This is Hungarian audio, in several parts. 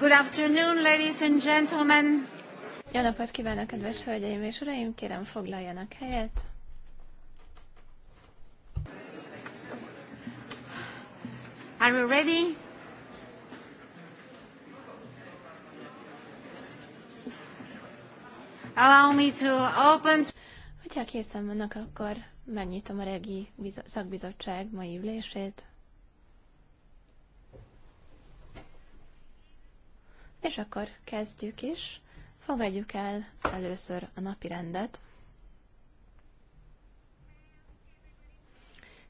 Good afternoon, ladies and gentlemen. Jó napot kívánok, kedves hölgyeim és uraim! Kérem, foglaljanak helyet. Are we ready? Allow me to open... Hogyha készen vannak, akkor Megnyitom a regi szakbizottság mai ülését. És akkor kezdjük is. Fogadjuk el először a napi rendet.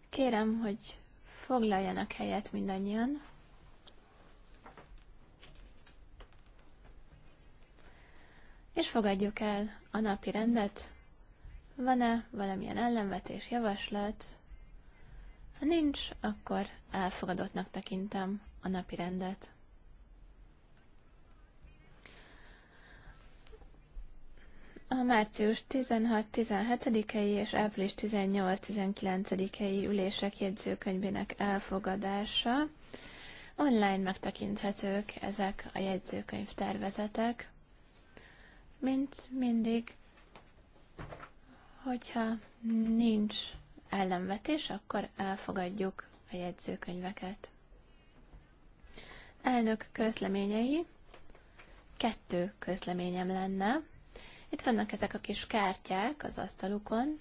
Kérem, hogy foglaljanak helyet mindannyian. És fogadjuk el a napi rendet van-e valamilyen ellenvetés, javaslat? Ha nincs, akkor elfogadottnak tekintem a napi rendet. A március 16 17 i és április 18 19 i ülések jegyzőkönyvének elfogadása. Online megtekinthetők ezek a jegyzőkönyv tervezetek. Mint mindig, Hogyha nincs ellenvetés, akkor elfogadjuk a jegyzőkönyveket. Elnök közleményei. Kettő közleményem lenne. Itt vannak ezek a kis kártyák az asztalukon.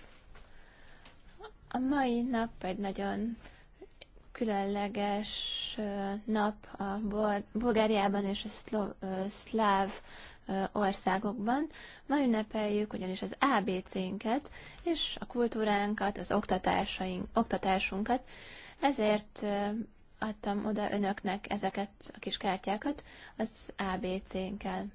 A mai nap egy nagyon különleges nap a Bulgáriában és a szláv országokban. Ma ünnepeljük ugyanis az ABC-nket és a kultúránkat, az oktatásaink, oktatásunkat. Ezért adtam oda önöknek ezeket a kis kártyákat az ABC-nkkel.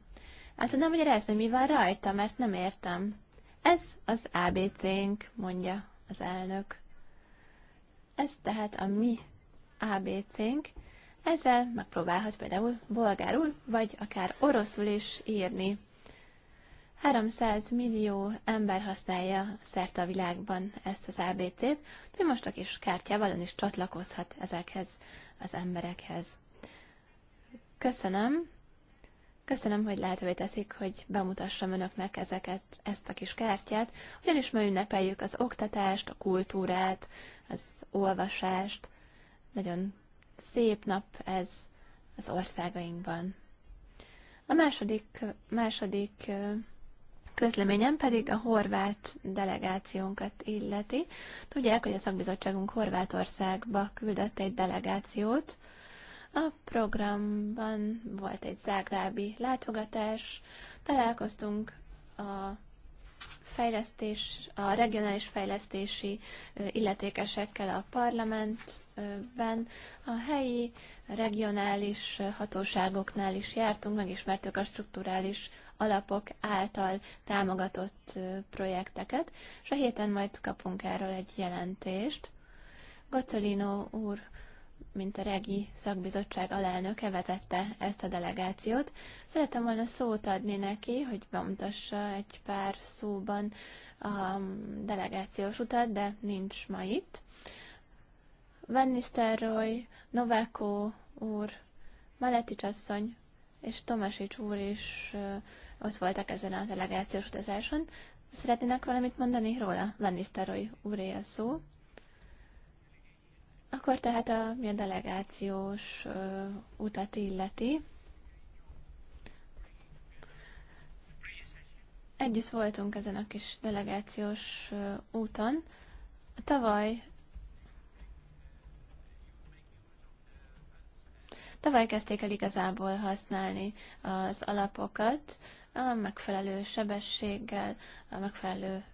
Hát hogy magyarázni, mi van rajta, mert nem értem. Ez az ABC-nk, mondja az elnök. Ez tehát a mi ABC-nk, ezzel megpróbálhat például bolgárul, vagy akár oroszul is írni. 300 millió ember használja szerte a világban ezt az ABC-t, úgyhogy most a kis kártyával ön is csatlakozhat ezekhez az emberekhez. Köszönöm. Köszönöm, hogy lehetővé teszik, hogy bemutassam önöknek ezeket, ezt a kis kártyát, ugyanis ma ünnepeljük az oktatást, a kultúrát, az olvasást. Nagyon szép nap ez az országainkban. A második, második közleményem pedig a horvát delegációnkat illeti. Tudják, hogy a szakbizottságunk Horvátországba küldött egy delegációt. A programban volt egy zágrábi látogatás, találkoztunk a fejlesztés, a regionális fejlesztési illetékesekkel a parlament ben a helyi, regionális hatóságoknál is jártunk, megismertük a strukturális alapok által támogatott projekteket, és a héten majd kapunk erről egy jelentést. Gocolino úr mint a Regi Szakbizottság alelnöke vezette ezt a delegációt. Szeretem volna szót adni neki, hogy bemutassa egy pár szóban a delegációs utat, de nincs ma itt. Van Nistelrooy, Novákó úr, Maletics asszony és Tomasics úr is ott voltak ezen a delegációs utazáson. Szeretnének valamit mondani róla? Van Nistelrooy úré a szó. Akkor tehát a, mi a delegációs ö, utat illeti. Együtt voltunk ezen a kis delegációs ö, úton. A tavaly Tavaly kezdték el igazából használni az alapokat a megfelelő sebességgel, a megfelelő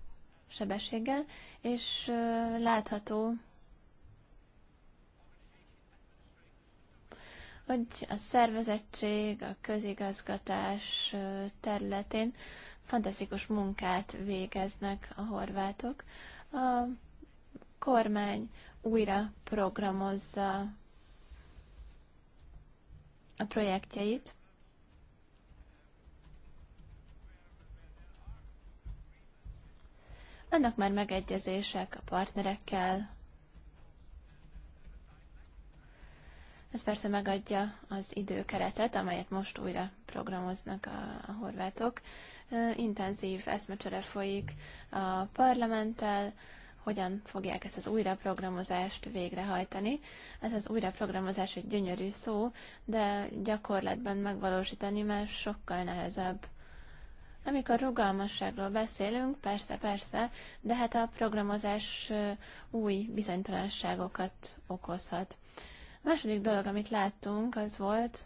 sebességgel, és látható, hogy a szervezettség, a közigazgatás területén fantasztikus munkát végeznek a horvátok. A kormány újra programozza a projektjeit. Vannak már megegyezések a partnerekkel. Ez persze megadja az időkeretet, amelyet most újra programoznak a, a horvátok. Intenzív eszmecsere folyik a parlamenttel, hogyan fogják ezt az újraprogramozást végrehajtani. Ez az újraprogramozás egy gyönyörű szó, de gyakorlatban megvalósítani már sokkal nehezebb. Amikor rugalmasságról beszélünk, persze, persze, de hát a programozás új bizonytalanságokat okozhat. A második dolog, amit láttunk, az volt,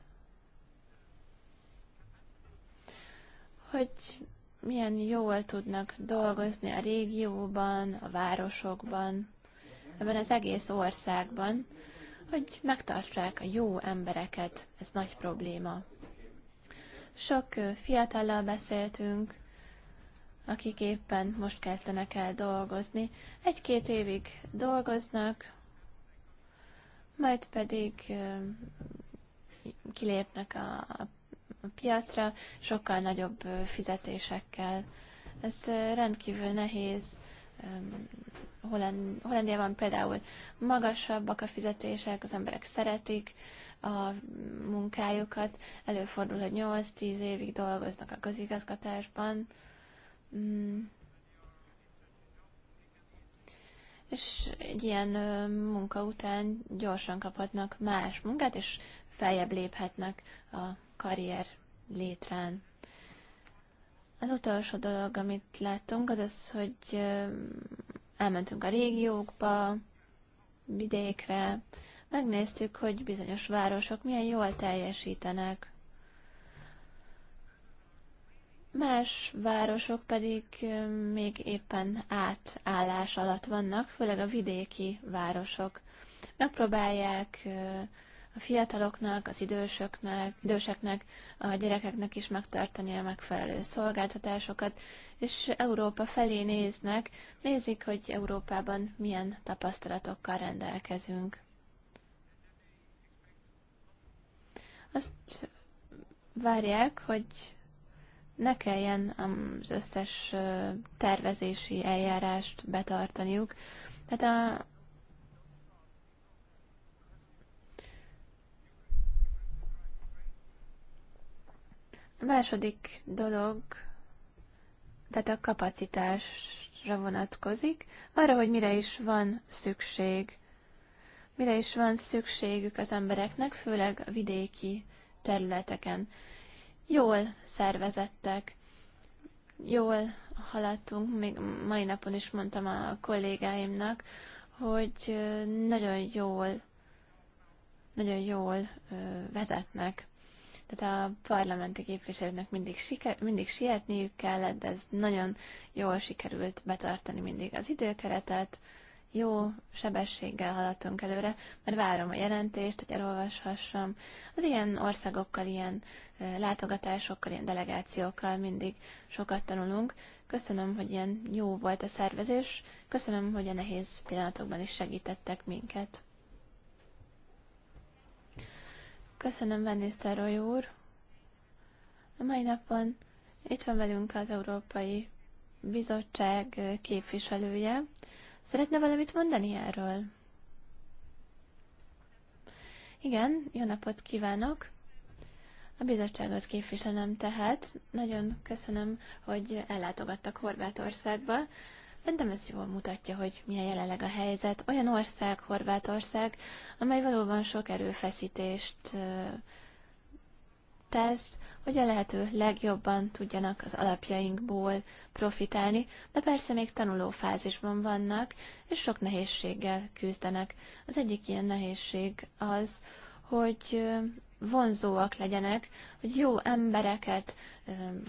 hogy milyen jól tudnak dolgozni a régióban, a városokban, ebben az egész országban, hogy megtartsák a jó embereket. Ez nagy probléma. Sok fiatallal beszéltünk, akik éppen most kezdenek el dolgozni. Egy-két évig dolgoznak, majd pedig kilépnek a a piacra sokkal nagyobb fizetésekkel. Ez rendkívül nehéz. Hollandiában például magasabbak a fizetések, az emberek szeretik a munkájukat, előfordul, hogy 8-10 évig dolgoznak a közigazgatásban. Mm. És egy ilyen munka után gyorsan kaphatnak más munkát, és feljebb léphetnek a karrier létrán. Az utolsó dolog, amit láttunk, az az, hogy elmentünk a régiókba, vidékre, megnéztük, hogy bizonyos városok milyen jól teljesítenek. Más városok pedig még éppen átállás alatt vannak, főleg a vidéki városok. Megpróbálják a fiataloknak, az idősöknek, időseknek, a gyerekeknek is megtartani a megfelelő szolgáltatásokat, és Európa felé néznek, nézik, hogy Európában milyen tapasztalatokkal rendelkezünk. Azt várják, hogy ne kelljen az összes tervezési eljárást betartaniuk. Tehát a, A második dolog, tehát a kapacitásra vonatkozik, arra, hogy mire is van szükség. Mire is van szükségük az embereknek, főleg a vidéki területeken. Jól szervezettek, jól haladtunk, még mai napon is mondtam a kollégáimnak, hogy nagyon jól, nagyon jól vezetnek. Tehát a parlamenti képviselőknek mindig, siker, mindig sietniük kellett, de ez nagyon jól sikerült betartani mindig az időkeretet, jó sebességgel haladtunk előre, mert várom a jelentést, hogy elolvashassam. Az ilyen országokkal, ilyen látogatásokkal, ilyen delegációkkal mindig sokat tanulunk. Köszönöm, hogy ilyen jó volt a szervezés, köszönöm, hogy a nehéz pillanatokban is segítettek minket. Köszönöm, Vennisztároly úr. A mai napon itt van velünk az Európai Bizottság képviselője. Szeretne valamit mondani erről? Igen, jó napot kívánok! A bizottságot képviselem tehát. Nagyon köszönöm, hogy ellátogattak Horvátországba. Szerintem ez jól mutatja, hogy milyen jelenleg a helyzet. Olyan ország, Horvátország, amely valóban sok erőfeszítést tesz, hogy a lehető legjobban tudjanak az alapjainkból profitálni, de persze még tanuló fázisban vannak, és sok nehézséggel küzdenek. Az egyik ilyen nehézség az, hogy vonzóak legyenek, hogy jó embereket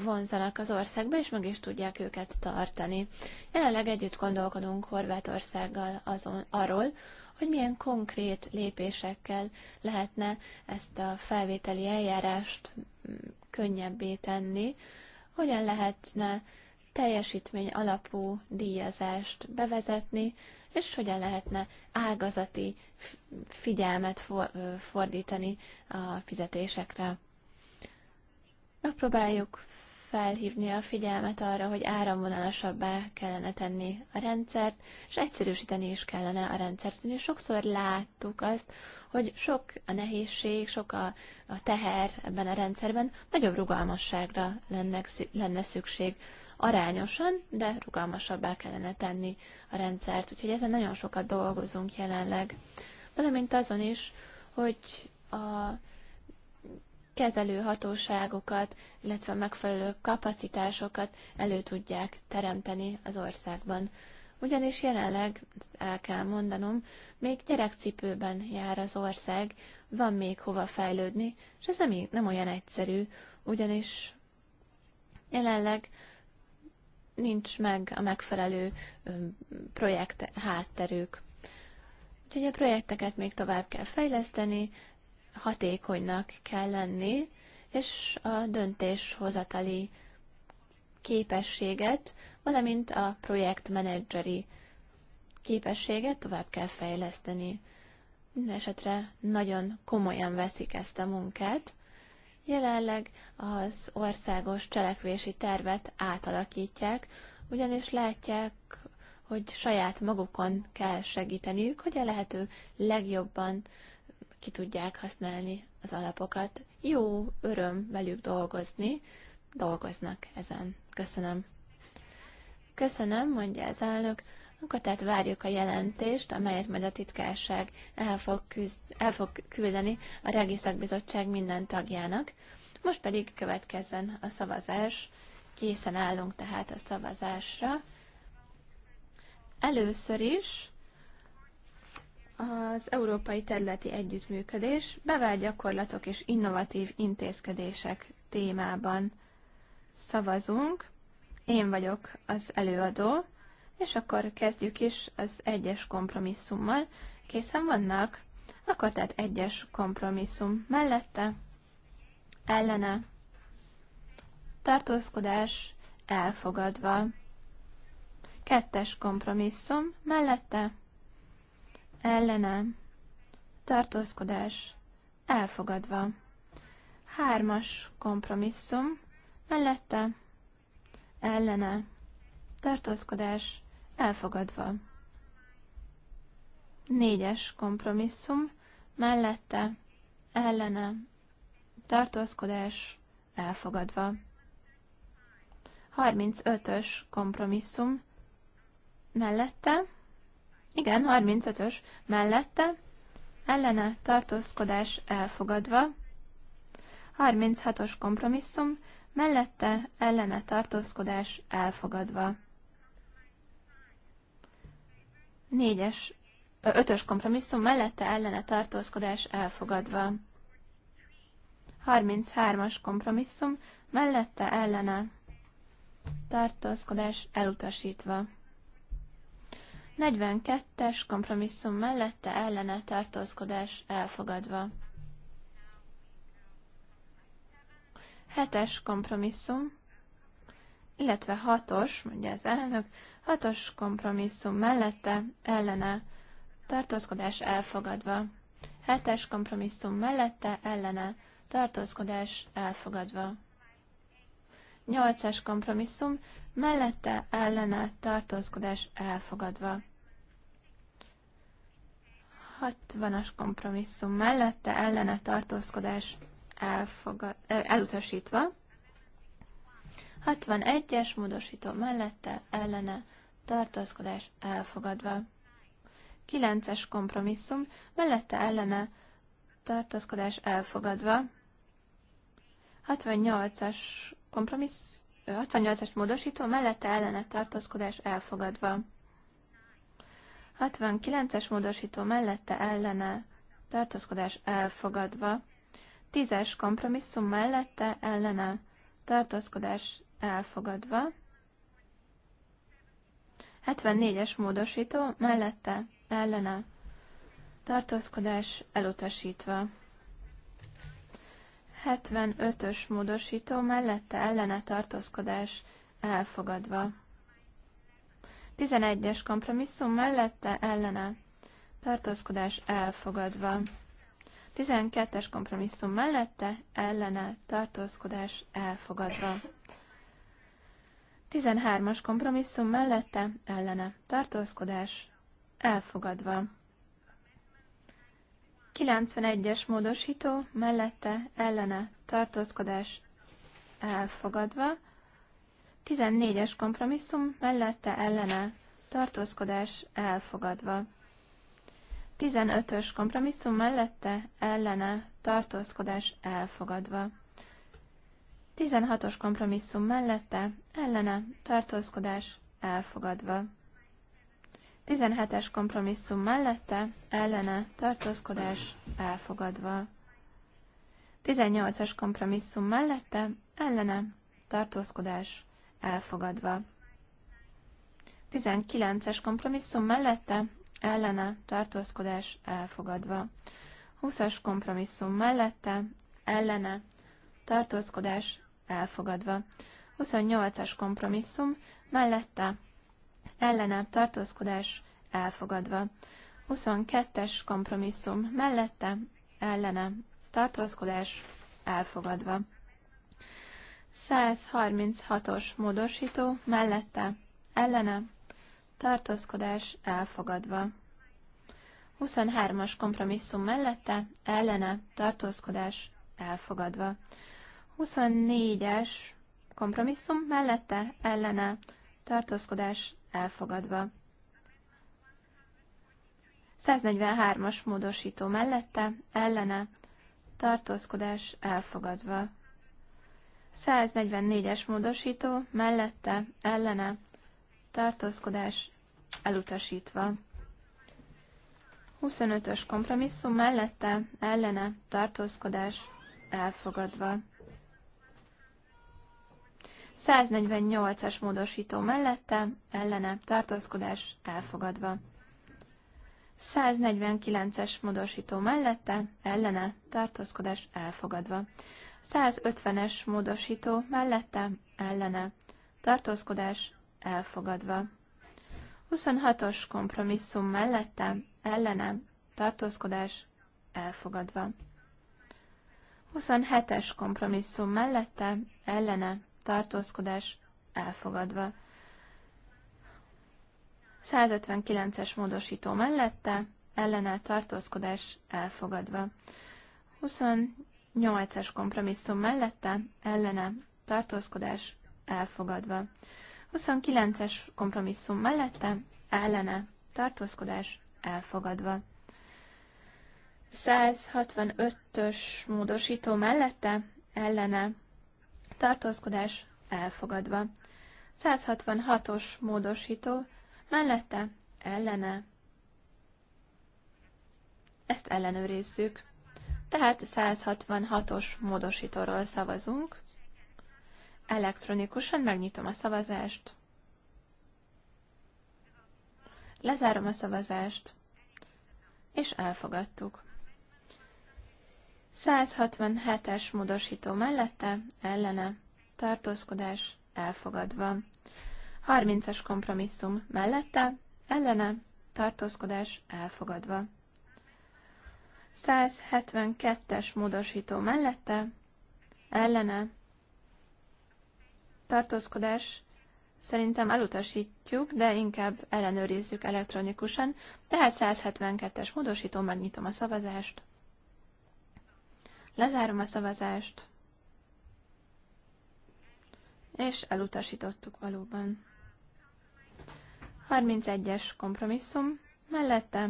vonzanak az országba, és meg is tudják őket tartani. Jelenleg együtt gondolkodunk Horvátországgal azon, arról, hogy milyen konkrét lépésekkel lehetne ezt a felvételi eljárást mm, könnyebbé tenni, hogyan lehetne teljesítmény alapú díjazást bevezetni, és hogyan lehetne ágazati figyelmet for, fordítani a fizetésekre. Megpróbáljuk felhívni a figyelmet arra, hogy áramvonalasabbá kellene tenni a rendszert, és egyszerűsíteni is kellene a rendszert. Mi sokszor láttuk azt, hogy sok a nehézség, sok a, a teher ebben a rendszerben, nagyobb rugalmasságra lenne, lenne szükség arányosan, de rugalmasabbá kellene tenni a rendszert. Úgyhogy ezen nagyon sokat dolgozunk jelenleg. Valamint azon is, hogy a kezelő hatóságokat, illetve a megfelelő kapacitásokat elő tudják teremteni az országban. Ugyanis jelenleg, el kell mondanom, még gyerekcipőben jár az ország, van még hova fejlődni, és ez nem, nem olyan egyszerű, ugyanis jelenleg nincs meg a megfelelő projekt hátterük. Úgyhogy a projekteket még tovább kell fejleszteni, hatékonynak kell lenni, és a döntéshozatali képességet, valamint a projektmenedzseri képességet tovább kell fejleszteni. Mindenesetre nagyon komolyan veszik ezt a munkát, Jelenleg az országos cselekvési tervet átalakítják, ugyanis látják, hogy saját magukon kell segíteniük, hogy a lehető legjobban ki tudják használni az alapokat. Jó öröm velük dolgozni, dolgoznak ezen. Köszönöm. Köszönöm, mondja az elnök. Akkor tehát várjuk a jelentést, amelyet majd a titkárság el fog, küzd, el fog küldeni a Regiszakbizottság minden tagjának. Most pedig következzen a szavazás. Készen állunk tehát a szavazásra. Először is az Európai Területi Együttműködés bevált gyakorlatok és innovatív intézkedések témában szavazunk. Én vagyok az előadó. És akkor kezdjük is az egyes kompromisszummal. Készen vannak? Akkor tehát egyes kompromisszum mellette, ellene, tartózkodás elfogadva. Kettes kompromisszum mellette, ellene, tartózkodás elfogadva. Hármas kompromisszum mellette, ellene, tartózkodás Elfogadva. Négyes kompromisszum. Mellette. Ellene. Tartózkodás. Elfogadva. 35-ös kompromisszum. Mellette. Igen, 35-ös. Mellette. Ellene. Tartózkodás. Elfogadva. 36-os kompromisszum mellette ellene tartózkodás elfogadva négyes, ötös kompromisszum mellette ellene tartózkodás elfogadva. 33-as kompromisszum mellette ellene tartózkodás elutasítva. 42-es kompromisszum mellette ellene tartózkodás elfogadva. 7-es kompromisszum illetve hatos, mondja az elnök, hatos kompromisszum mellette, ellene, tartózkodás elfogadva. Hetes kompromisszum mellette, ellene, tartózkodás elfogadva. Nyolcas kompromisszum mellette, ellene, tartózkodás elfogadva. 60-as kompromisszum mellette ellene tartózkodás elfogad, eh, elutasítva, 61-es módosító mellette ellene tartózkodás elfogadva. 9-es kompromisszum mellette ellene tartózkodás elfogadva. 68-as kompromissz, 68-as módosító mellette ellene tartózkodás elfogadva. 69-es módosító mellette ellene tartózkodás elfogadva. 10-es kompromisszum mellette ellene tartózkodás elfogadva. 74-es módosító mellette ellene tartózkodás elutasítva. 75-ös módosító mellette ellene tartózkodás elfogadva. 11-es kompromisszum mellette ellene tartózkodás elfogadva. 12-es kompromisszum mellette ellene tartózkodás elfogadva. 13-as kompromisszum mellette ellene tartózkodás elfogadva. 91-es módosító mellette ellene tartózkodás elfogadva. 14-es kompromisszum mellette ellene tartózkodás elfogadva. 15-ös kompromisszum mellette ellene tartózkodás elfogadva. 16-os kompromisszum mellette, ellene, tartózkodás elfogadva. 17-es kompromisszum mellette, ellene, tartózkodás elfogadva. 18-as kompromisszum mellette, ellene, tartózkodás elfogadva. 19-es kompromisszum mellette, ellene, tartózkodás elfogadva. 20-as kompromisszum mellette, ellene, tartózkodás elfogadva. 28-as kompromisszum, mellette ellenább tartózkodás elfogadva. 22-es kompromisszum, mellette ellene tartózkodás elfogadva. 136-os módosító, mellette ellene tartózkodás elfogadva. 23-as kompromisszum mellette ellene tartózkodás elfogadva. 24-es kompromisszum mellette ellene tartózkodás elfogadva. 143-as módosító mellette ellene tartózkodás elfogadva. 144-es módosító mellette ellene tartózkodás elutasítva. 25-ös kompromisszum mellette ellene tartózkodás elfogadva. 148-as módosító mellette, ellene, tartózkodás elfogadva. 149-es módosító mellette, ellene, tartózkodás elfogadva. 150-es módosító mellette, ellene, tartózkodás elfogadva. 26-os kompromisszum mellette, ellene, tartózkodás elfogadva. 27-es kompromisszum mellette, ellene, tartózkodás elfogadva. 159-es módosító mellette, ellene tartózkodás elfogadva. 28-es kompromisszum mellette, ellene tartózkodás elfogadva. 29-es kompromisszum mellette, ellene tartózkodás elfogadva. 165-ös módosító mellette, ellene tartózkodás elfogadva. 166-os módosító, mellette ellene. Ezt ellenőrizzük. Tehát 166-os módosítóról szavazunk. Elektronikusan megnyitom a szavazást. Lezárom a szavazást. És elfogadtuk. 167-es módosító mellette, ellene, tartózkodás elfogadva. 30-as kompromisszum mellette, ellene, tartózkodás elfogadva. 172-es módosító mellette, ellene, tartózkodás szerintem elutasítjuk, de inkább ellenőrizzük elektronikusan, tehát 172-es módosító, megnyitom a szavazást. Lezárom a szavazást. És elutasítottuk valóban. 31-es kompromisszum, mellette,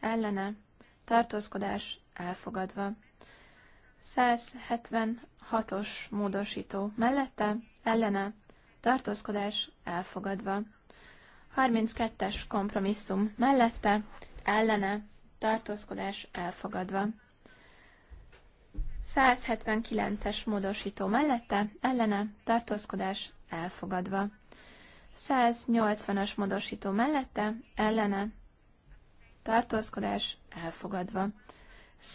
ellene, tartózkodás elfogadva. 176-os módosító, mellette, ellene, tartózkodás elfogadva. 32-es kompromisszum, mellette, ellene, tartózkodás elfogadva. 179-es módosító mellette, ellene, tartózkodás elfogadva. 180-as módosító mellette, ellene, tartózkodás elfogadva.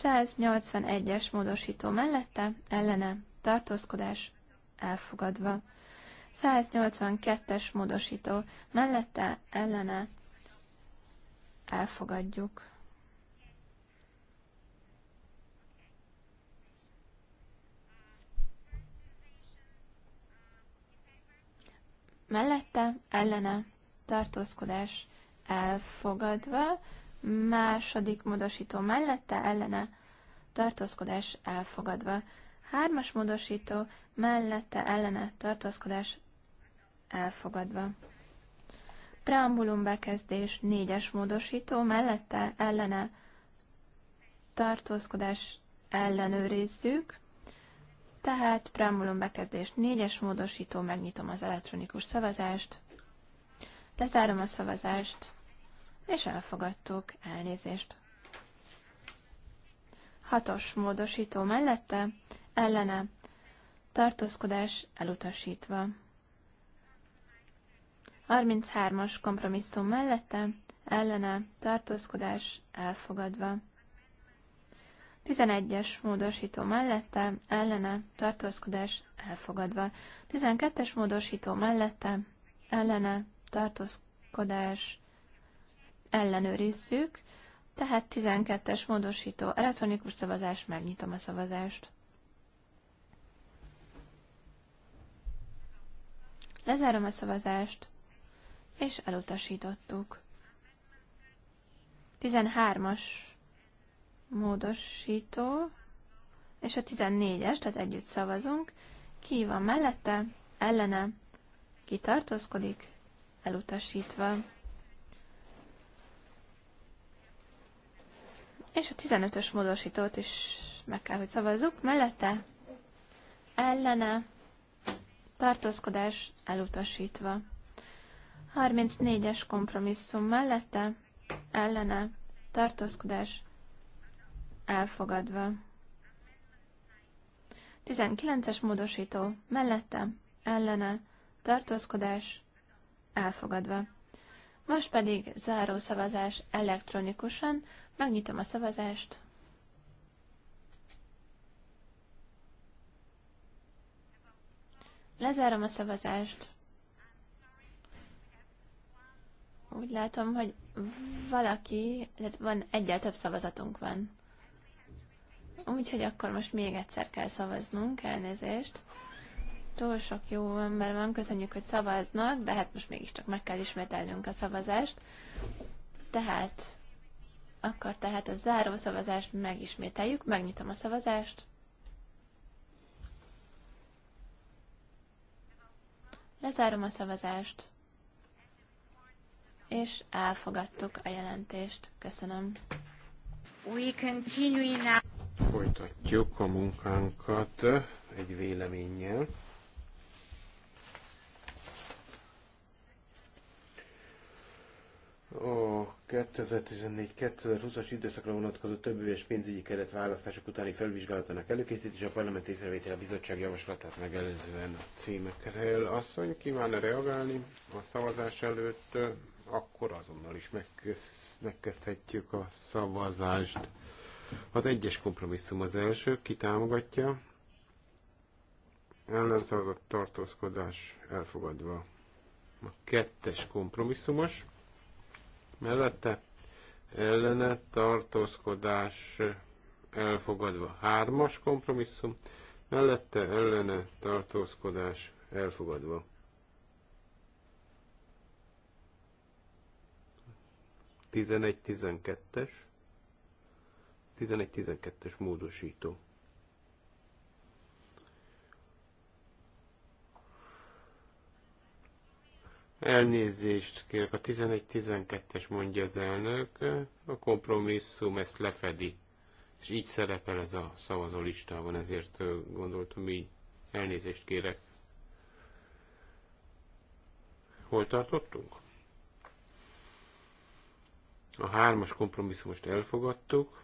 181-es módosító mellette, ellene, tartózkodás elfogadva. 182-es módosító mellette, ellene, elfogadjuk. mellette, ellene, tartózkodás elfogadva, második módosító mellette, ellene, tartózkodás elfogadva, hármas módosító mellette, ellene, tartózkodás elfogadva. Preambulum bekezdés négyes módosító mellette, ellene, tartózkodás ellenőrizzük, tehát preambulum bekezdés 4-es módosító, megnyitom az elektronikus szavazást, lezárom a szavazást, és elfogadtuk, elnézést. Hatos módosító mellette, ellene, tartózkodás elutasítva. 33-as kompromisszum mellette, ellene, tartózkodás elfogadva. 11-es módosító mellette, ellene, tartózkodás elfogadva. 12-es módosító mellette, ellene, tartózkodás ellenőrizzük, tehát 12-es módosító elektronikus szavazás, megnyitom a szavazást. Lezárom a szavazást, és elutasítottuk. 13-as módosító, és a 14-es, tehát együtt szavazunk. Ki van mellette, ellene, ki tartózkodik, elutasítva. És a 15-ös módosítót is meg kell, hogy szavazzuk. Mellette, ellene, tartózkodás elutasítva. 34-es kompromisszum mellette, ellene, tartózkodás elfogadva. 19-es módosító, mellette, ellene, tartózkodás, elfogadva. Most pedig záró szavazás elektronikusan, megnyitom a szavazást. Lezárom a szavazást. Úgy látom, hogy valaki, tehát van egyáltalán több szavazatunk van. Úgyhogy akkor most még egyszer kell szavaznunk, elnézést. Túl sok jó ember van, köszönjük, hogy szavaznak, de hát most mégiscsak meg kell ismételnünk a szavazást. Tehát, akkor tehát a záró szavazást megismételjük, megnyitom a szavazást. Lezárom a szavazást. És elfogadtuk a jelentést. Köszönöm. We continue now. Folytatjuk a munkánkat egy véleménnyel. A 2014-2020-as időszakra vonatkozó több éves pénzügyi keret választások utáni felvizsgálatának előkészítése a parlament észrevétel a bizottság javaslatát megelőzően a címekről. Asszony kívánna reagálni a szavazás előtt, akkor azonnal is megkezdhetjük a szavazást. Az egyes kompromisszum az első, ki támogatja, ellenszavazott tartózkodás elfogadva. A kettes kompromisszumos, mellette ellene tartózkodás elfogadva. Hármas kompromisszum, mellette ellene tartózkodás elfogadva. Tizenegy-tizenkettes. 11-12-es módosító. Elnézést kérek, a 11-12-es mondja az elnök, a kompromisszum ezt lefedi, és így szerepel ez a szavazó listában, ezért gondoltam így, elnézést kérek. Hol tartottunk? A hármas kompromisszumot elfogadtuk,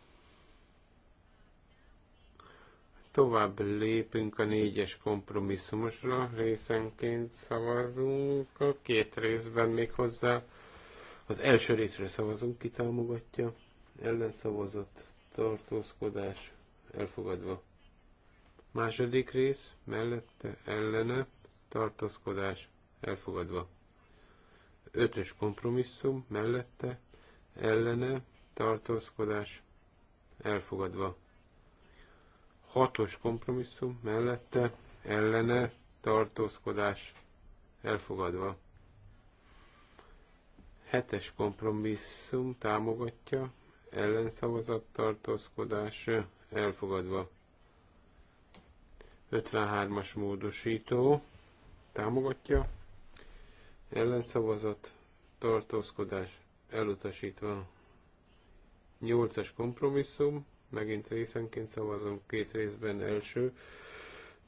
Tovább lépünk a négyes kompromisszumosra, részenként szavazunk a két részben még hozzá. Az első részre szavazunk, ki támogatja, ellenszavazott, tartózkodás, elfogadva. Második rész, mellette, ellene, tartózkodás, elfogadva. Ötös kompromisszum, mellette, ellene, tartózkodás, elfogadva. Hatos kompromisszum mellette ellene tartózkodás elfogadva. Hetes kompromisszum támogatja ellenszavazat tartózkodás elfogadva. 53-as módosító támogatja ellenszavazat tartózkodás elutasítva. 8-as kompromisszum megint részenként szavazunk, két részben első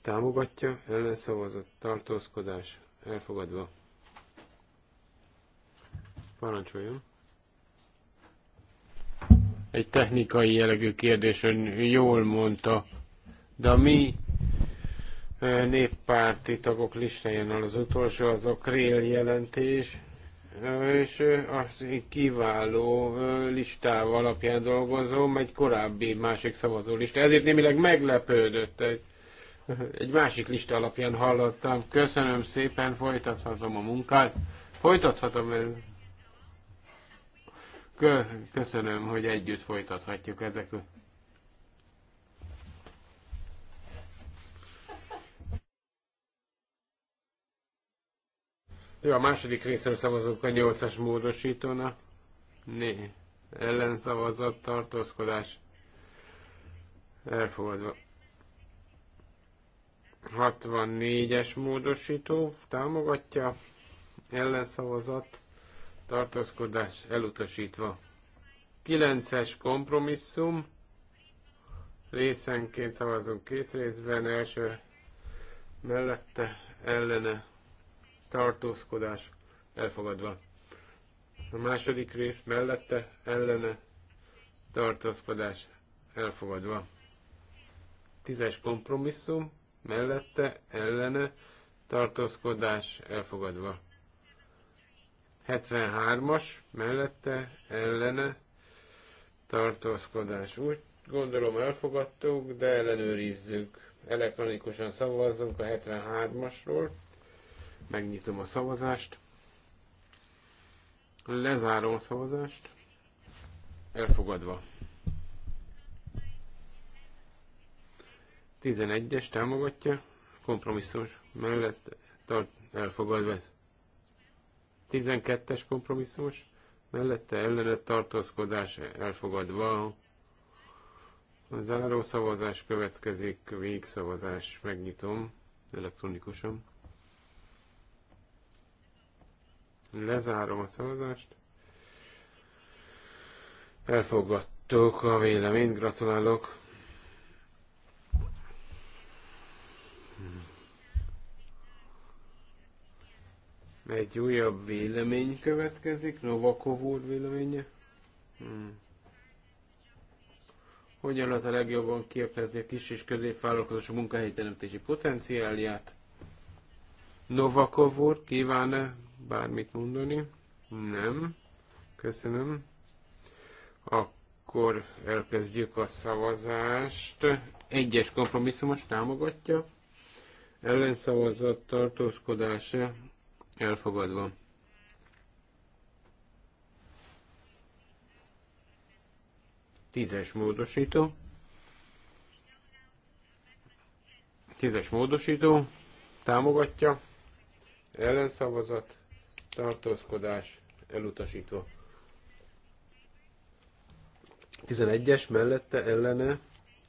támogatja, ellenszavazat, tartózkodás, elfogadva. Parancsoljon! Egy technikai jellegű kérdés, ön jól mondta, de a mi eh, néppárti tagok listáján az utolsó, az a Krél jelentés, és az kiváló listával alapján dolgozom, egy korábbi másik szavazó lista. Ezért némileg meglepődött, egy, egy másik lista alapján hallottam. Köszönöm szépen, folytathatom a munkát. Folytathatom el. Köszönöm, hogy együtt folytathatjuk ezeket. Jó, a második részről szavazunk a nyolcas módosítónak. Né. Ellenszavazat, tartózkodás. Elfogadva. 64-es módosító támogatja, ellenszavazat, tartózkodás elutasítva. 9-es kompromisszum, részenként szavazunk két részben, első mellette, ellene tartózkodás elfogadva. A második rész mellette ellene tartózkodás elfogadva. Tízes kompromisszum mellette ellene tartózkodás elfogadva. 73-as mellette ellene tartózkodás. Úgy gondolom elfogadtuk, de ellenőrizzük. Elektronikusan szavazzunk a 73-asról. Megnyitom a szavazást. Lezárom a szavazást. Elfogadva. 11-es támogatja, kompromisszumos mellett tart, elfogadva 12-es kompromisszumos, mellette ellenet tartózkodás elfogadva. A záró szavazás következik, végszavazás, megnyitom elektronikusan. Lezárom a szavazást. Elfogadtok a véleményt, gratulálok. Egy újabb vélemény következik, Novakov úr véleménye. Hmm. Hogyan lehet a legjobban kiepezni a kis és középvállalkozások munkahelyteremtési potenciálját? Novakov úr, kíván -e bármit mondani? Nem. Köszönöm. Akkor elkezdjük a szavazást. Egyes kompromisszumos támogatja. Ellenszavazat tartózkodása elfogadva. Tízes módosító. Tízes módosító támogatja. Ellenszavazat tartózkodás elutasítva. 11-es mellette ellene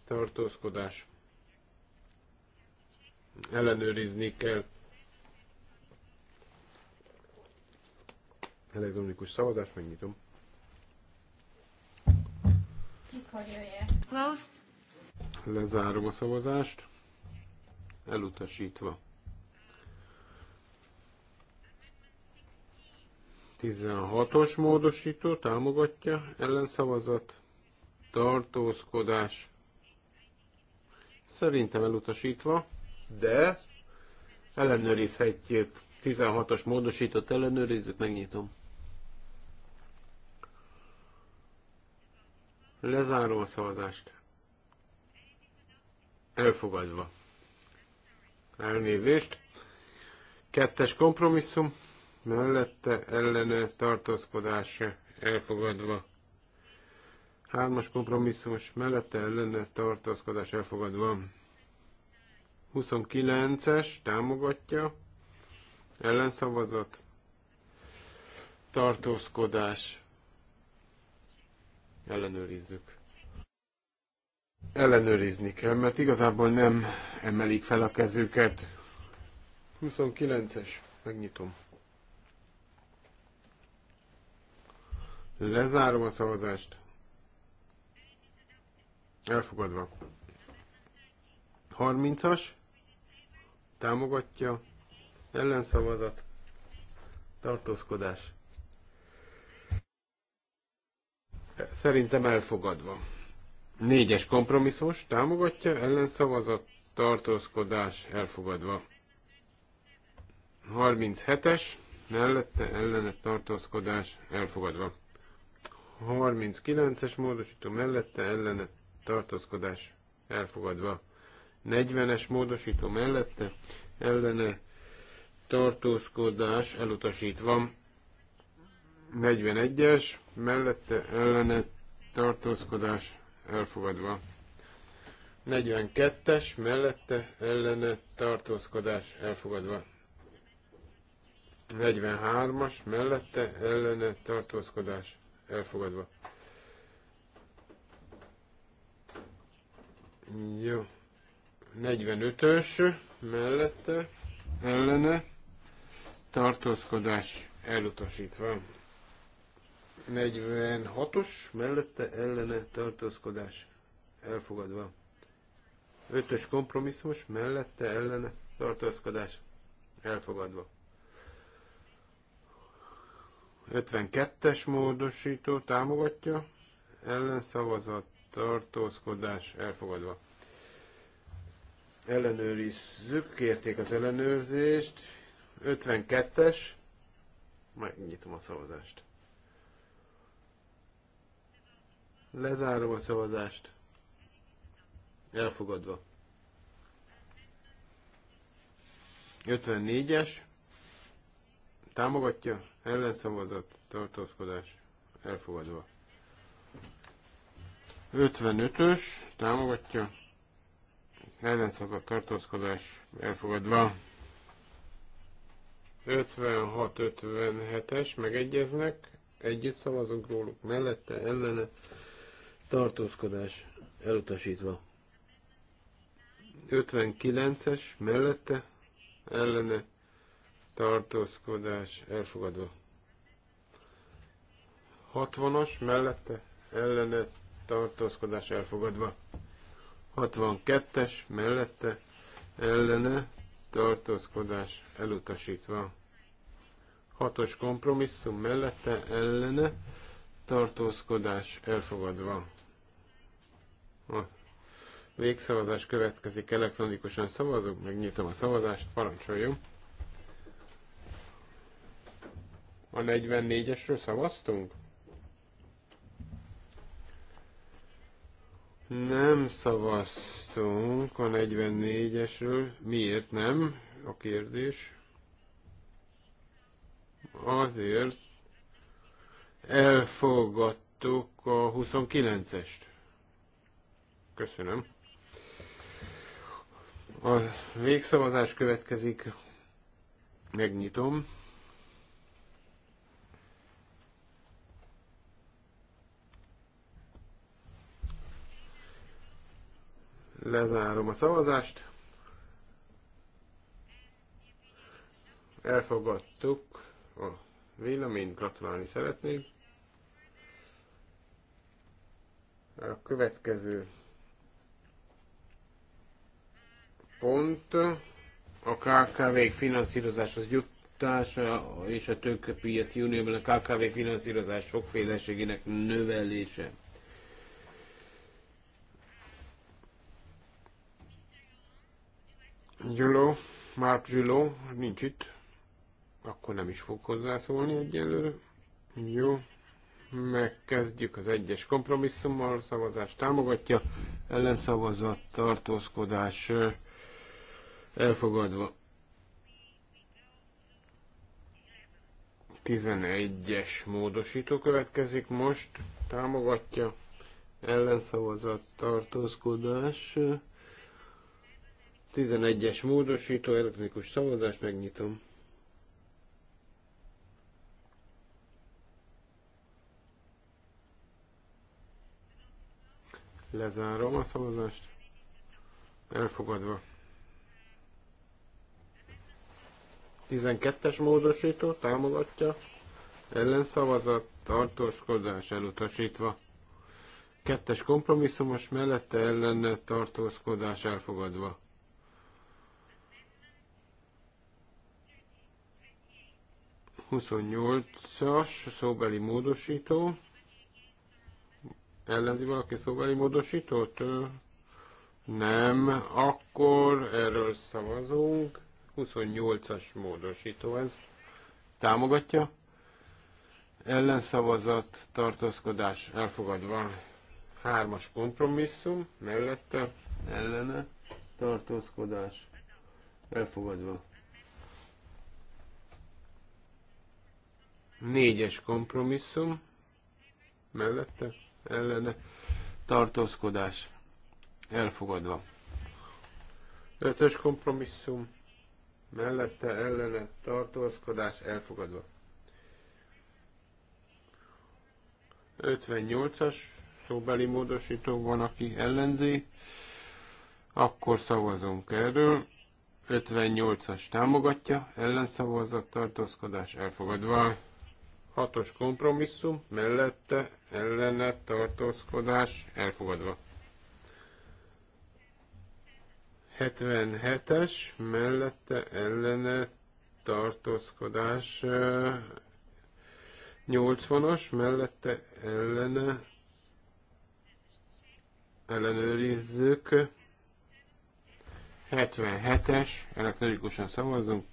tartózkodás ellenőrizni kell. Elektronikus szavazás, megnyitom. Closed. Lezárom a szavazást. Elutasítva. 16-os módosító támogatja, ellenszavazat, tartózkodás. Szerintem elutasítva, de ellenőrizhetjük. 16-os módosított ellenőrizzük, megnyitom. Lezárom a szavazást. Elfogadva. Elnézést. Kettes kompromisszum mellette ellene tartózkodása elfogadva. Hármas kompromisszumos mellette ellene tartózkodás elfogadva. 29-es támogatja, ellenszavazat, tartózkodás, ellenőrizzük. Ellenőrizni kell, mert igazából nem emelik fel a kezüket. 29-es, megnyitom. Lezárom a szavazást. Elfogadva. 30-as. Támogatja. Ellenszavazat. Tartózkodás. Szerintem elfogadva. Négyes kompromisszós. Támogatja. Ellenszavazat. Tartózkodás. Elfogadva. 37-es. Mellette ellenet tartózkodás. Elfogadva. 39-es módosító mellette ellene tartózkodás elfogadva. 40-es módosító mellette ellene tartózkodás elutasítva. 41-es mellette ellene tartózkodás elfogadva. 42-es mellette ellene tartózkodás elfogadva. 43-as mellette ellene tartózkodás elfogadva. Jó. 45-ös mellette, ellene, tartózkodás elutasítva. 46-os mellette, ellene, tartózkodás elfogadva. 5-ös kompromisszumos mellette, ellene, tartózkodás elfogadva. 52-es módosító támogatja, ellenszavazat, tartózkodás elfogadva. Ellenőrizzük, kérték az ellenőrzést. 52-es, megnyitom a szavazást. Lezárom a szavazást. Elfogadva. 54-es. Támogatja, ellenszavazat, tartózkodás elfogadva. 55-ös támogatja, ellenszavazat, tartózkodás elfogadva. 56-57-es megegyeznek, együtt szavazunk róluk, mellette, ellene, tartózkodás elutasítva. 59-es mellette, ellene, tartózkodás elfogadva. 60-as mellette ellene tartózkodás elfogadva. 62-es mellette ellene tartózkodás elutasítva. 6-os kompromisszum mellette ellene tartózkodás elfogadva. A végszavazás következik, elektronikusan szavazok, megnyitom a szavazást, parancsoljon. A 44-esről szavaztunk? Nem szavaztunk a 44-esről. Miért nem? A kérdés. Azért elfogadtuk a 29-est. Köszönöm. A végszavazás következik. Megnyitom. Lezárom a szavazást. Elfogadtuk a véleményt, gratulálni szeretnék. A következő pont a kkv finanszírozáshoz juttatása és a tőkepiaci unióban a KKV finanszírozás sokféleségének növelése. Gyuló, Márk Gyuló, nincs itt, akkor nem is fog hozzászólni egyelőre. Jó, megkezdjük az egyes kompromisszummal, szavazás támogatja, ellenszavazat, tartózkodás elfogadva. 11-es módosító következik most, támogatja, ellenszavazat, tartózkodás 11-es módosító elektronikus szavazást megnyitom. Lezárom a szavazást. Elfogadva. 12-es módosító támogatja. Ellenszavazat, tartózkodás elutasítva. Kettes kompromisszumos mellette ellen tartózkodás elfogadva. 28-as szóbeli módosító. Ellenzi valaki szóbeli módosítót? Nem. Akkor erről szavazunk. 28-as módosító ez. Támogatja? Ellenszavazat, tartózkodás elfogadva. Hármas kompromisszum, mellette, ellene, tartózkodás elfogadva. Négyes kompromisszum mellette ellene tartózkodás elfogadva. Ötös kompromisszum mellette ellene tartózkodás elfogadva. 58-as szóbeli módosító van, aki ellenzi, akkor szavazunk erről. 58-as támogatja, ellenszavazat, tartózkodás elfogadva. Hatos kompromisszum, mellette ellene tartózkodás elfogadva. 77-es, mellette ellene tartózkodás 80-as, mellette ellene ellenőrizzük. 77-es, elektronikusan szavazunk.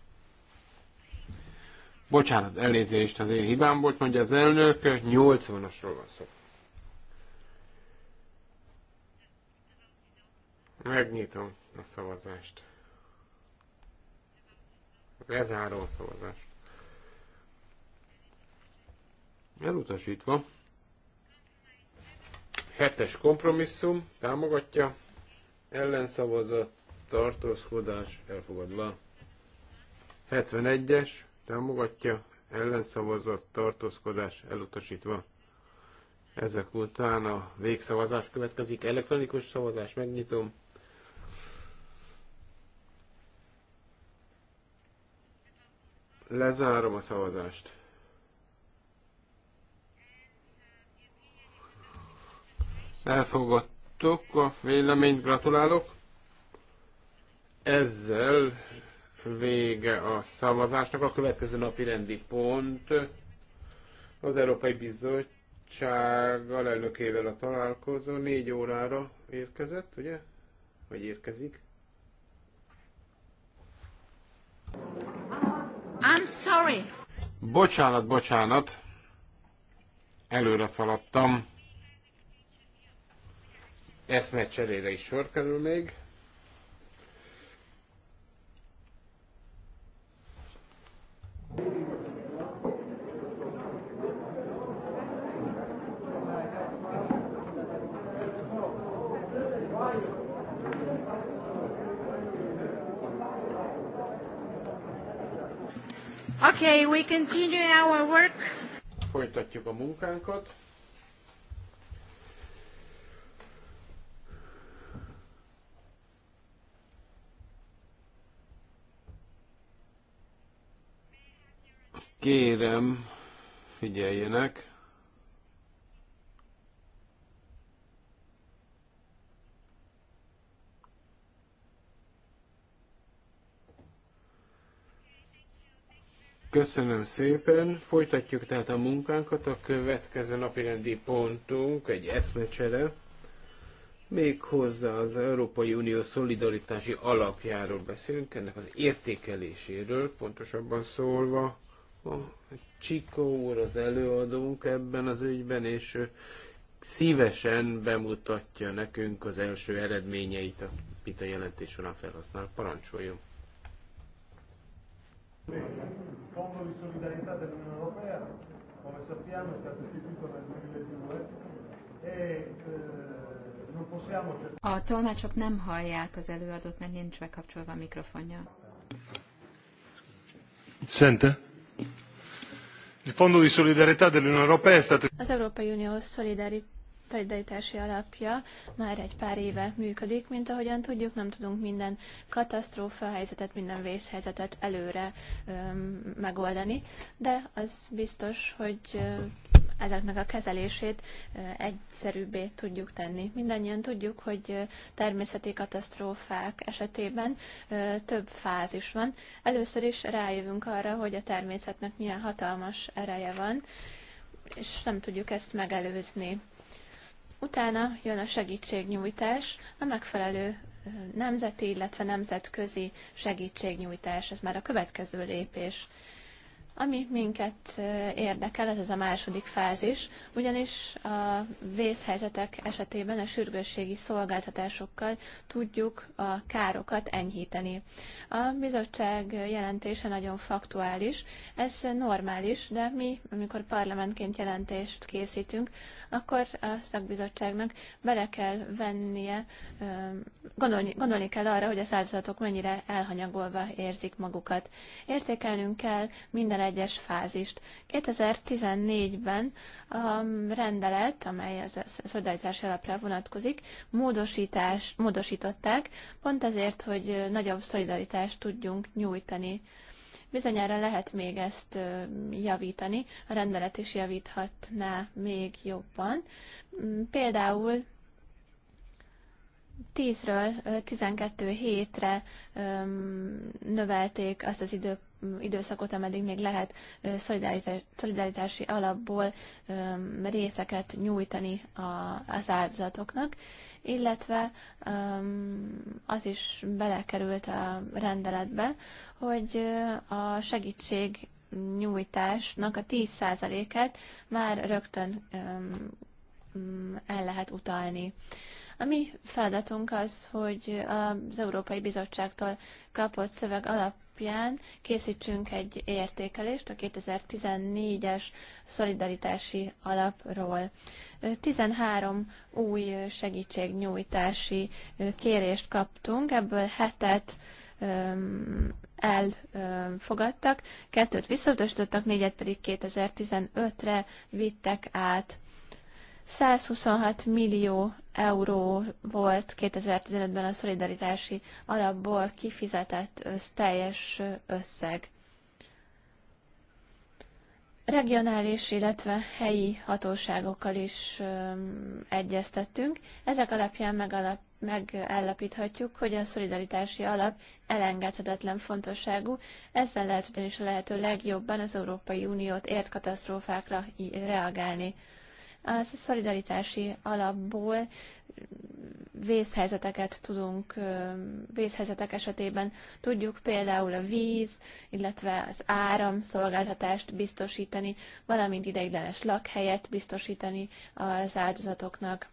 Bocsánat, elnézést, az én hibám volt, mondja az elnök, 80-asról van szó. Megnyitom a szavazást. Lezárom a szavazást. Elutasítva. Hetes kompromisszum, támogatja, ellenszavazat, tartózkodás, elfogadva. 71-es, támogatja, ellenszavazat, tartózkodás elutasítva. Ezek után a végszavazás következik. Elektronikus szavazás, megnyitom. Lezárom a szavazást. Elfogadtok a véleményt, gratulálok. Ezzel vége a szavazásnak. A következő napi rendi pont az Európai Bizottság alelnökével a találkozó négy órára érkezett, ugye? Vagy érkezik? I'm sorry. Bocsánat, bocsánat. Előre szaladtam. Eszmecserére is sor kerül még. Okay, we continue our work. Folytatjuk a munkánkat. Kérem, figyeljenek. Köszönöm szépen. Folytatjuk tehát a munkánkat. A következő napirendi pontunk egy eszmecsere. Méghozzá az Európai Unió szolidaritási alapjáról beszélünk, ennek az értékeléséről, pontosabban szólva. A Csikó úr az előadónk ebben az ügyben, és szívesen bemutatja nekünk az első eredményeit, amit a jelentés során felhasznál. Parancsoljon! Thank A tolmácsok nem hallják az előadót, mert nincs bekapcsolva a mikrofonja. Szente. Az Európai Unió szolidaritás szolidaritási alapja már egy pár éve működik, mint ahogyan tudjuk, nem tudunk minden katasztrófa helyzetet, minden vészhelyzetet előre öm, megoldani, de az biztos, hogy öm, ezeknek a kezelését egyszerűbbé tudjuk tenni. Mindannyian tudjuk, hogy természeti katasztrófák esetében több fázis van. Először is rájövünk arra, hogy a természetnek milyen hatalmas ereje van, és nem tudjuk ezt megelőzni. Utána jön a segítségnyújtás, a megfelelő nemzeti, illetve nemzetközi segítségnyújtás, ez már a következő lépés. Ami minket érdekel, ez az a második fázis, ugyanis a vészhelyzetek esetében a sürgősségi szolgáltatásokkal tudjuk a károkat enyhíteni. A bizottság jelentése nagyon faktuális, ez normális, de mi, amikor parlamentként jelentést készítünk, akkor a szakbizottságnak bele kell vennie, gondolni, gondolni kell arra, hogy a áldozatok mennyire elhanyagolva érzik magukat. Értékelnünk kell minden egyes fázist. 2014-ben a um, rendelet, amely az szolidaritási alapra vonatkozik, módosítás, módosították, pont azért, hogy nagyobb szolidaritást tudjunk nyújtani. Bizonyára lehet még ezt javítani, a rendelet is javíthatná még jobban. Mm, például 10-ről 12 hétre növelték azt az idő, időszakot, ameddig még lehet szolidaritási alapból részeket nyújtani az áldozatoknak, illetve az is belekerült a rendeletbe, hogy a segítség nyújtásnak a 10 et már rögtön el lehet utalni. A mi feladatunk az, hogy az Európai Bizottságtól kapott szöveg alap alapján készítsünk egy értékelést a 2014-es szolidaritási alapról. 13 új segítségnyújtási kérést kaptunk, ebből hetet elfogadtak, kettőt visszautasítottak, négyet pedig 2015-re vittek át. 126 millió euró volt 2015-ben a szolidaritási alapból kifizetett össz, teljes összeg. Regionális, illetve helyi hatóságokkal is ö, egyeztettünk. Ezek alapján megalap, megállapíthatjuk, hogy a szolidaritási alap elengedhetetlen fontosságú, ezzel lehet ugyanis a lehető legjobban az Európai Uniót ért katasztrófákra reagálni a szolidaritási alapból vészhelyzeteket tudunk, vészhelyzetek esetében tudjuk például a víz, illetve az áram szolgáltatást biztosítani, valamint ideiglenes lakhelyet biztosítani az áldozatoknak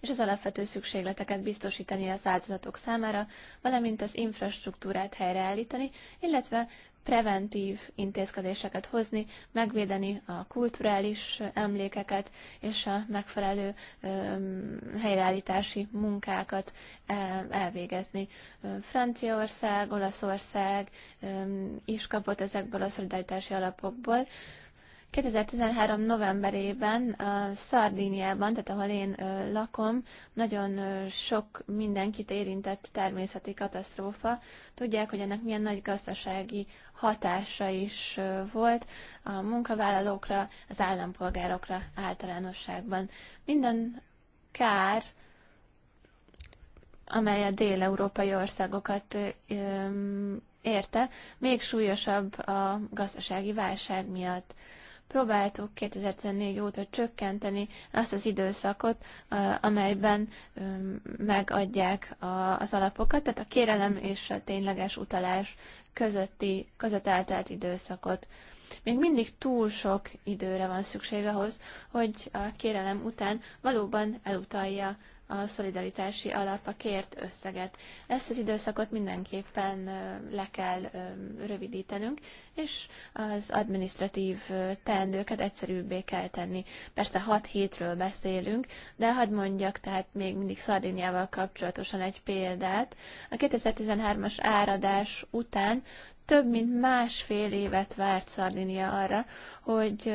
és az alapvető szükségleteket biztosítani az áldozatok számára, valamint az infrastruktúrát helyreállítani, illetve preventív intézkedéseket hozni, megvédeni a kulturális emlékeket és a megfelelő helyreállítási munkákat elvégezni. Franciaország, Olaszország is kapott ezekből a szolidaritási alapokból, 2013. novemberében Szardíniában, tehát ahol én lakom, nagyon sok mindenkit érintett természeti katasztrófa. Tudják, hogy ennek milyen nagy gazdasági hatása is volt a munkavállalókra, az állampolgárokra általánosságban. Minden kár, amely a dél-európai országokat érte, még súlyosabb a gazdasági válság miatt. Próbáltuk 2014 óta csökkenteni azt az időszakot, amelyben megadják az alapokat, tehát a kérelem és a tényleges utalás közötti, között eltelt időszakot. Még mindig túl sok időre van szükség ahhoz, hogy a kérelem után valóban elutalja a szolidaritási alap a kért összeget. Ezt az időszakot mindenképpen le kell rövidítenünk, és az administratív teendőket egyszerűbbé kell tenni. Persze 6 hétről beszélünk, de hadd mondjak tehát még mindig Szardiniával kapcsolatosan egy példát. A 2013-as áradás után több mint másfél évet várt Szardinia arra, hogy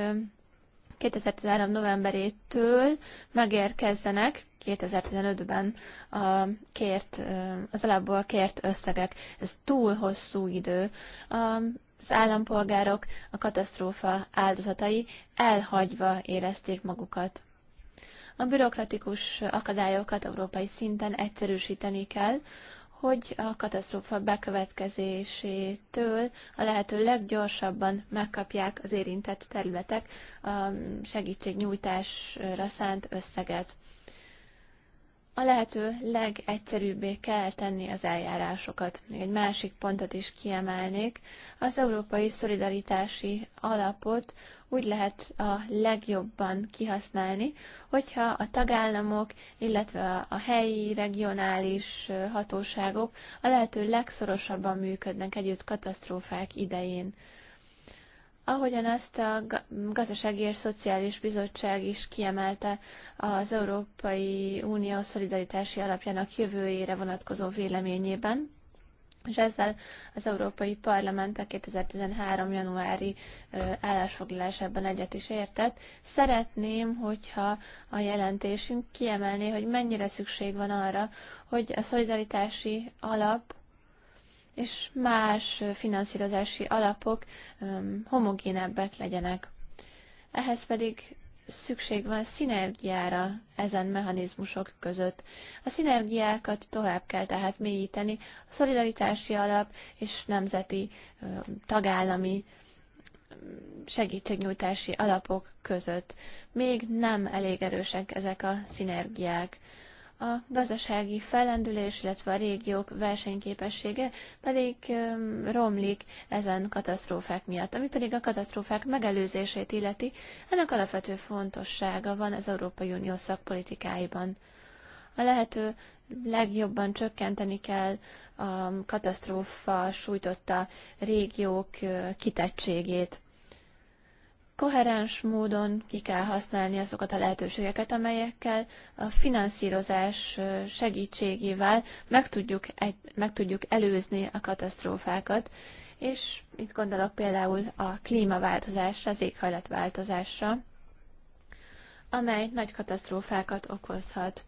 2013. novemberétől megérkezzenek 2015-ben a kért, az alapból kért összegek. Ez túl hosszú idő. Az állampolgárok, a katasztrófa áldozatai elhagyva érezték magukat. A bürokratikus akadályokat európai szinten egyszerűsíteni kell, hogy a katasztrófa bekövetkezésétől a lehető leggyorsabban megkapják az érintett területek a segítségnyújtásra szánt összeget a lehető legegyszerűbbé kell tenni az eljárásokat. Még egy másik pontot is kiemelnék. Az Európai Szolidaritási Alapot úgy lehet a legjobban kihasználni, hogyha a tagállamok, illetve a helyi, regionális hatóságok a lehető legszorosabban működnek együtt katasztrófák idején. Ahogyan ezt a Gazdasági és Szociális Bizottság is kiemelte az Európai Unió szolidaritási alapjának jövőjére vonatkozó véleményében, és ezzel az Európai Parlament a 2013. januári állásfoglalásában egyet is értett. Szeretném, hogyha a jelentésünk kiemelné, hogy mennyire szükség van arra, hogy a szolidaritási alap és más finanszírozási alapok homogénebbek legyenek. Ehhez pedig szükség van szinergiára ezen mechanizmusok között. A szinergiákat tovább kell tehát mélyíteni a szolidaritási alap és nemzeti tagállami segítségnyújtási alapok között. Még nem elég erősek ezek a szinergiák a gazdasági fellendülés, illetve a régiók versenyképessége pedig romlik ezen katasztrófák miatt. Ami pedig a katasztrófák megelőzését illeti, ennek alapvető fontossága van az Európai Unió szakpolitikáiban. A lehető legjobban csökkenteni kell a katasztrófa sújtotta régiók kitettségét koherens módon ki kell használni azokat a lehetőségeket, amelyekkel a finanszírozás segítségével meg tudjuk, meg tudjuk előzni a katasztrófákat, és itt gondolok például a klímaváltozásra, az éghajlatváltozásra, amely nagy katasztrófákat okozhat.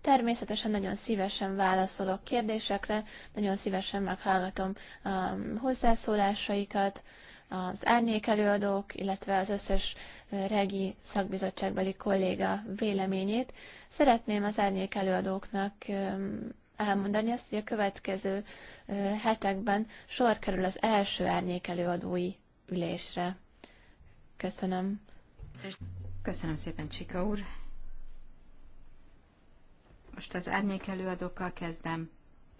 Természetesen nagyon szívesen válaszolok kérdésekre, nagyon szívesen meghallgatom a um, hozzászólásaikat, az árnyék előadók, illetve az összes regi szakbizottságbeli kolléga véleményét. Szeretném az árnyék előadóknak elmondani azt, hogy a következő hetekben sor kerül az első árnyék előadói ülésre. Köszönöm. Köszönöm szépen, Csika úr. Most az árnyék előadókkal kezdem.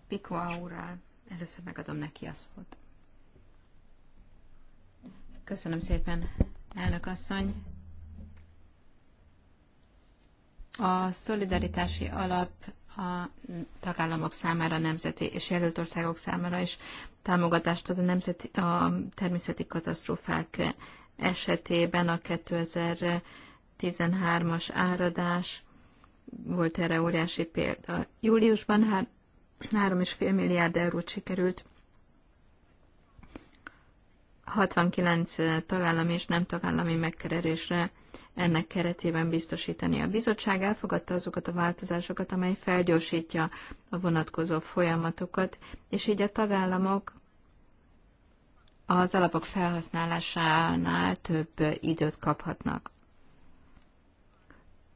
Pikoa úrral. Először megadom neki a szót. Köszönöm szépen, elnök asszony. A szolidaritási alap a tagállamok számára, nemzeti és jelölt országok számára is támogatást ad a, nemzeti, a természeti katasztrófák esetében a 2013-as áradás volt erre óriási példa. Júliusban 3,5 milliárd eurót sikerült 69 eh, tagállami és nem tagállami megkeresésre ennek keretében biztosítani. A bizottság elfogadta azokat a változásokat, amely felgyorsítja a vonatkozó folyamatokat, és így a tagállamok az alapok felhasználásánál több időt kaphatnak.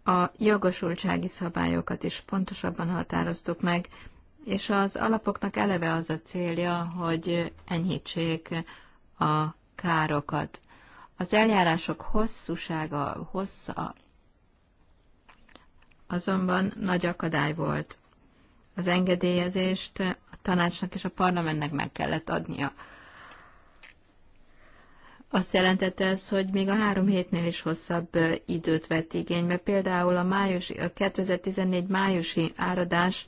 A jogosultsági szabályokat is pontosabban határoztuk meg, és az alapoknak eleve az a célja, hogy enyhítsék a károkat. Az eljárások hosszúsága, hossza azonban nagy akadály volt. Az engedélyezést a tanácsnak és a parlamentnek meg kellett adnia. Azt jelentette ez, hogy még a három hétnél is hosszabb időt vett igénybe. Például a, májusi, a 2014 májusi áradás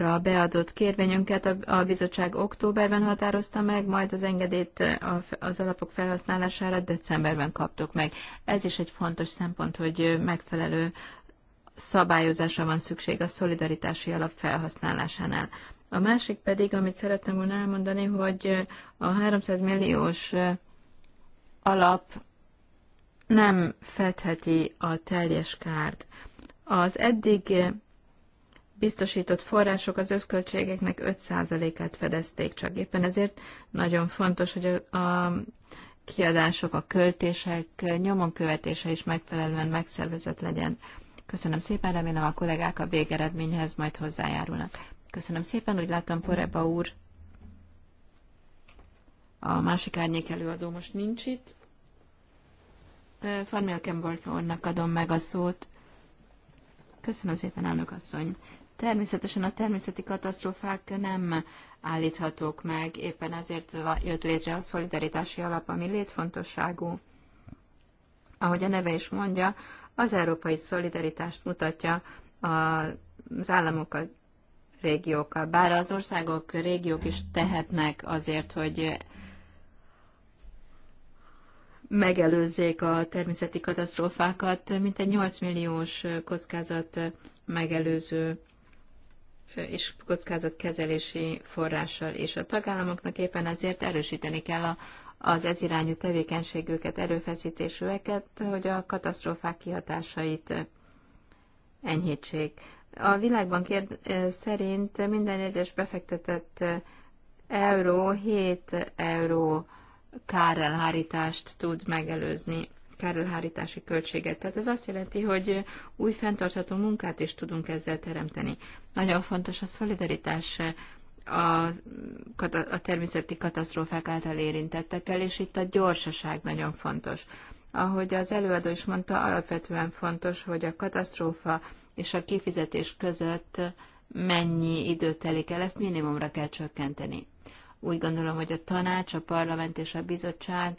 ra beadott kérvényünket a bizottság októberben határozta meg, majd az engedélyt az alapok felhasználására decemberben kaptuk meg. Ez is egy fontos szempont, hogy megfelelő szabályozásra van szükség a szolidaritási alap felhasználásánál. A másik pedig, amit szerettem volna elmondani, hogy a 300 milliós alap nem fedheti a teljes kárt. Az eddig biztosított források az összköltségeknek 5%-át fedezték csak. Éppen ezért nagyon fontos, hogy a, a kiadások, a költések nyomon követése is megfelelően megszervezett legyen. Köszönöm szépen, remélem a kollégák a végeredményhez majd hozzájárulnak. Köszönöm szépen, úgy látom Poreba úr, a másik árnyék előadó most nincs itt. Farmilkenborg úrnak adom meg a szót. Köszönöm szépen, elnök asszony. Természetesen a természeti katasztrófák nem állíthatók meg, éppen ezért jött létre a szolidaritási alap, ami létfontosságú. Ahogy a neve is mondja, az európai szolidaritást mutatja az államokat, régiókkal. Bár az országok, régiók is tehetnek azért, hogy megelőzzék a természeti katasztrófákat, mint egy 8 milliós kockázat megelőző és kockázatkezelési forrással, és a tagállamoknak éppen ezért erősíteni kell a, az ezirányú tevékenységüket, erőfeszítésüket, hogy a katasztrófák kihatásait enyhítsék. A világban kérd, szerint minden egyes befektetett euró 7 euró kárelhárítást tud megelőzni kárelhárítási költséget. Tehát ez azt jelenti, hogy új fenntartható munkát is tudunk ezzel teremteni. Nagyon fontos a szolidaritás a, a természeti katasztrófák által érintettekkel, és itt a gyorsaság nagyon fontos. Ahogy az előadó is mondta, alapvetően fontos, hogy a katasztrófa és a kifizetés között mennyi idő telik el, ezt minimumra kell csökkenteni. Úgy gondolom, hogy a tanács, a parlament és a bizottság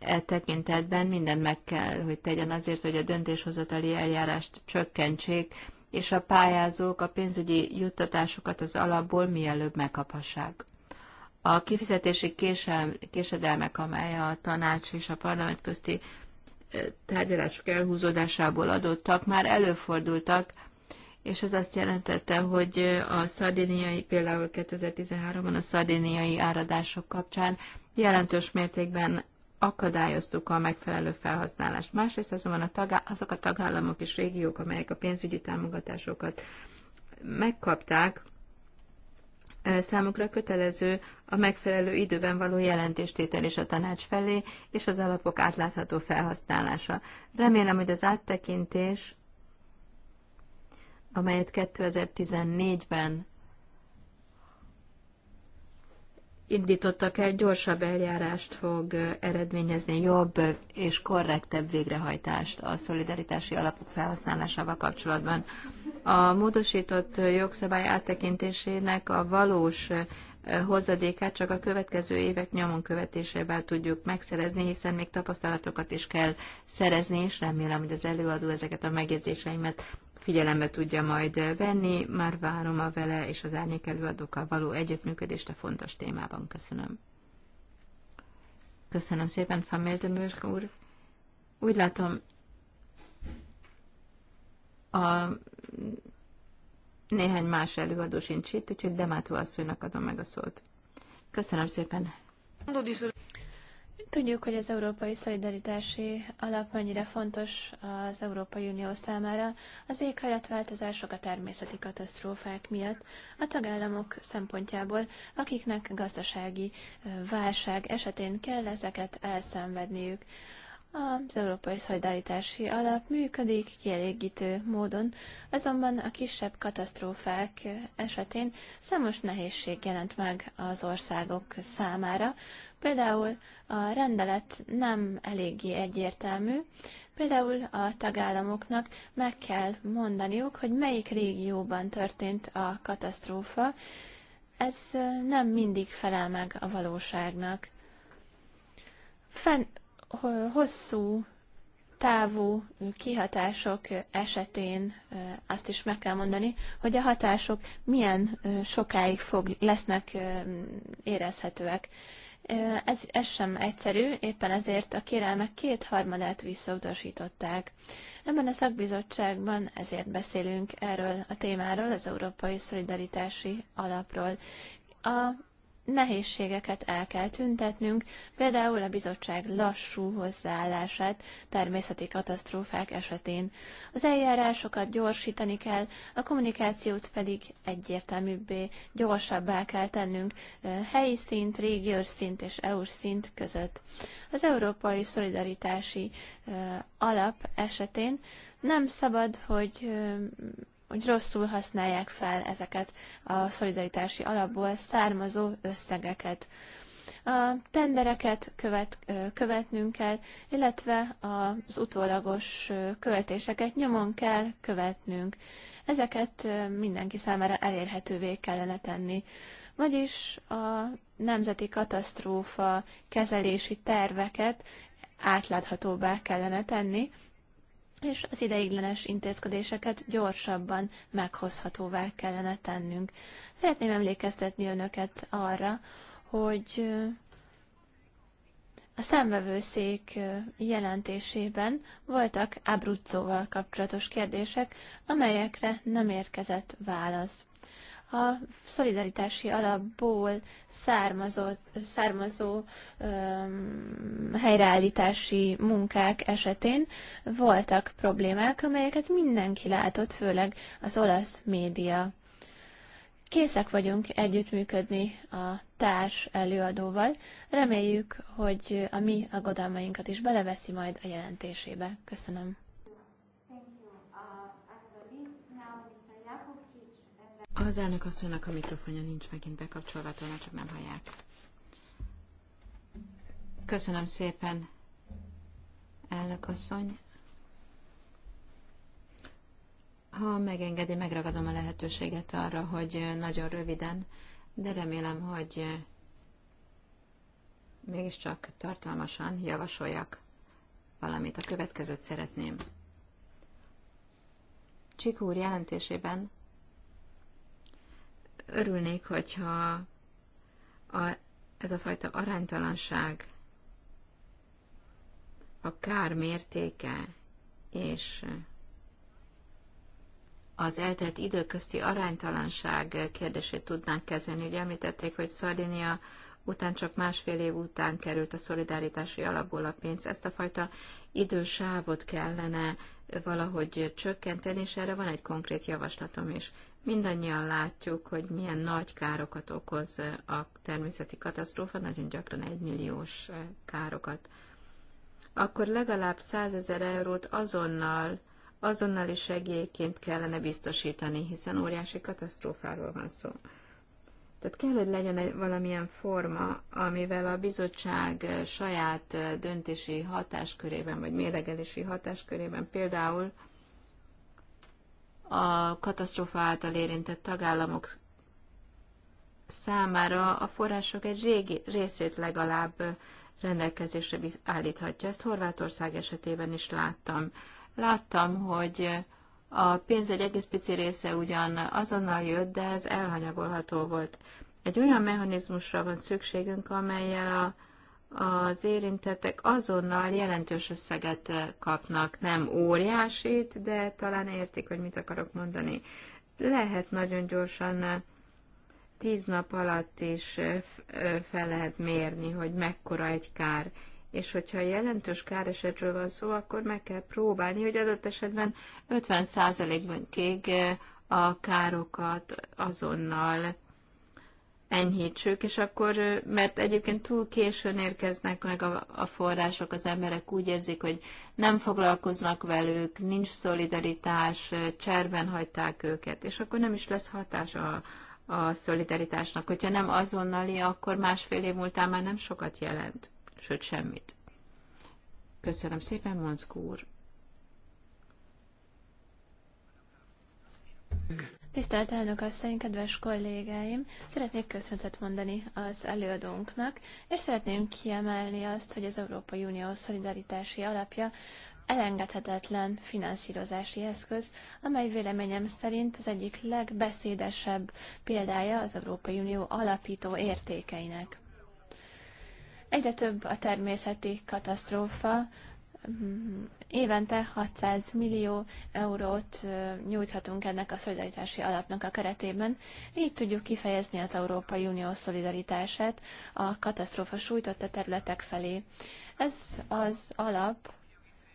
e tekintetben mindent meg kell, hogy tegyen azért, hogy a döntéshozatali eljárást csökkentsék, és a pályázók a pénzügyi juttatásokat az alapból mielőbb megkaphassák. A kifizetési késedelmek, amely a tanács és a parlament közti e, tárgyalások elhúzódásából adottak, már előfordultak, és ez azt jelentette, hogy a szardiniai, például 2013-ban a szardiniai áradások kapcsán jelentős mértékben akadályoztuk a megfelelő felhasználást. Másrészt azonban a tagá- azok a tagállamok és régiók, amelyek a pénzügyi támogatásokat megkapták, számukra kötelező a megfelelő időben való jelentéstétel és a tanács felé, és az alapok átlátható felhasználása. Remélem, hogy az áttekintés, amelyet 2014-ben indítottak el, gyorsabb eljárást fog eredményezni, jobb és korrektebb végrehajtást a szolidaritási alapok felhasználásával kapcsolatban. A módosított jogszabály áttekintésének a valós eh, hozadékát csak a következő évek nyomon követésével tudjuk megszerezni, hiszen még tapasztalatokat is kell szerezni, és remélem, hogy az előadó ezeket a megjegyzéseimet figyelembe tudja majd venni. Már várom a vele és az árnyék előadókkal való együttműködést a fontos témában. Köszönöm. Köszönöm szépen, Famildemürk úr. Úgy látom, a néhány más előadó sincs itt, úgyhogy Demátó asszonynak adom meg a szót. Köszönöm szépen. Tudjuk, hogy az Európai Szolidaritási Alap mennyire fontos az Európai Unió számára az éghajlatváltozások a természeti katasztrófák miatt, a tagállamok szempontjából, akiknek gazdasági válság esetén kell ezeket elszenvedniük. Az Európai Szolidaritási Alap működik kielégítő módon, azonban a kisebb katasztrófák esetén számos nehézség jelent meg az országok számára, Például a rendelet nem eléggé egyértelmű, például a tagállamoknak meg kell mondaniuk, hogy melyik régióban történt a katasztrófa, ez nem mindig felel meg a valóságnak. Fenn, hosszú távú kihatások esetén azt is meg kell mondani, hogy a hatások milyen sokáig fog, lesznek érezhetőek. Ez, ez sem egyszerű, éppen ezért a kérelmek kétharmadát visszautasították. Ebben a szakbizottságban ezért beszélünk erről a témáról, az Európai Szolidaritási Alapról. A nehézségeket el kell tüntetnünk, például a bizottság lassú hozzáállását természeti katasztrófák esetén. Az eljárásokat gyorsítani kell, a kommunikációt pedig egyértelműbbé, gyorsabbá kell tennünk helyi szint, régiós szint és EU-s szint között. Az Európai Szolidaritási Alap esetén nem szabad, hogy hogy rosszul használják fel ezeket a szolidaritási alapból származó összegeket. A tendereket követ, követnünk kell, illetve az utólagos követéseket nyomon kell követnünk. Ezeket mindenki számára elérhetővé kellene tenni. Vagyis a nemzeti katasztrófa kezelési terveket átláthatóbbá kellene tenni, és az ideiglenes intézkedéseket gyorsabban meghozhatóvá kellene tennünk. Szeretném emlékeztetni önöket arra, hogy a számvevőszék jelentésében voltak Abruzzóval kapcsolatos kérdések, amelyekre nem érkezett válasz a szolidaritási alapból származó, származó öm, helyreállítási munkák esetén voltak problémák, amelyeket mindenki látott, főleg az olasz média. Készek vagyunk együttműködni a társ előadóval. Reméljük, hogy a mi aggodalmainkat is beleveszi majd a jelentésébe. Köszönöm. Az elnök asszonynak a mikrofonja nincs megint bekapcsolva, tőle csak nem hallják. Köszönöm szépen, elnök asszony. Ha megengedi, megragadom a lehetőséget arra, hogy nagyon röviden, de remélem, hogy mégiscsak tartalmasan javasoljak valamit. A következőt szeretném. Csikúr jelentésében örülnék, hogyha a, ez a fajta aránytalanság, a kár mértéke és az eltelt időközti aránytalanság kérdését tudnánk kezelni. Ugye említették, hogy Szardinia után csak másfél év után került a szolidaritási alapból a pénz. Ezt a fajta idősávot kellene valahogy csökkenteni, és erre van egy konkrét javaslatom is. Mindannyian látjuk, hogy milyen nagy károkat okoz a természeti katasztrófa, nagyon gyakran egymilliós eh, károkat. Akkor legalább 100 ezer eurót azonnal, azonnali segélyként kellene biztosítani, hiszen óriási katasztrófáról van szó. Tehát kell, hogy legyen valamilyen forma, amivel a bizottság eh, saját eh, döntési hatáskörében, vagy mérlegelési hatáskörében például a katasztrófa által érintett tagállamok számára a források egy régi részét legalább rendelkezésre állíthatja. Ezt Horvátország esetében is láttam. Láttam, hogy a pénz egy egész pici része ugyan azonnal jött, de ez elhanyagolható volt. Egy olyan mechanizmusra van szükségünk, amelyel a az érintettek azonnal jelentős összeget kapnak, nem óriásét, de talán értik, hogy mit akarok mondani. Lehet nagyon gyorsan tíz nap alatt is fel lehet mérni, hogy mekkora egy kár. És hogyha jelentős káresetről van szó, akkor meg kell próbálni, hogy adott esetben 50%-ban kég a károkat azonnal enyhítsük, és akkor, mert egyébként túl későn érkeznek meg a, a források, az emberek úgy érzik, hogy nem foglalkoznak velük, nincs szolidaritás, cserben hagyták őket, és akkor nem is lesz hatás a, a szolidaritásnak. Hogyha nem azonnali, akkor másfél év múltán már nem sokat jelent, sőt semmit. Köszönöm szépen, Monszkó úr. Tisztelt elnök asszony, kedves kollégáim! Szeretnék köszönetet mondani az előadónknak, és szeretném kiemelni azt, hogy az Európai Unió szolidaritási alapja elengedhetetlen finanszírozási eszköz, amely véleményem szerint az egyik legbeszédesebb példája az Európai Unió alapító értékeinek. Egyre több a természeti katasztrófa, évente 600 millió eurót nyújthatunk ennek a szolidaritási alapnak a keretében. Így tudjuk kifejezni az Európai Unió szolidaritását a katasztrófa sújtotta területek felé. Ez az alap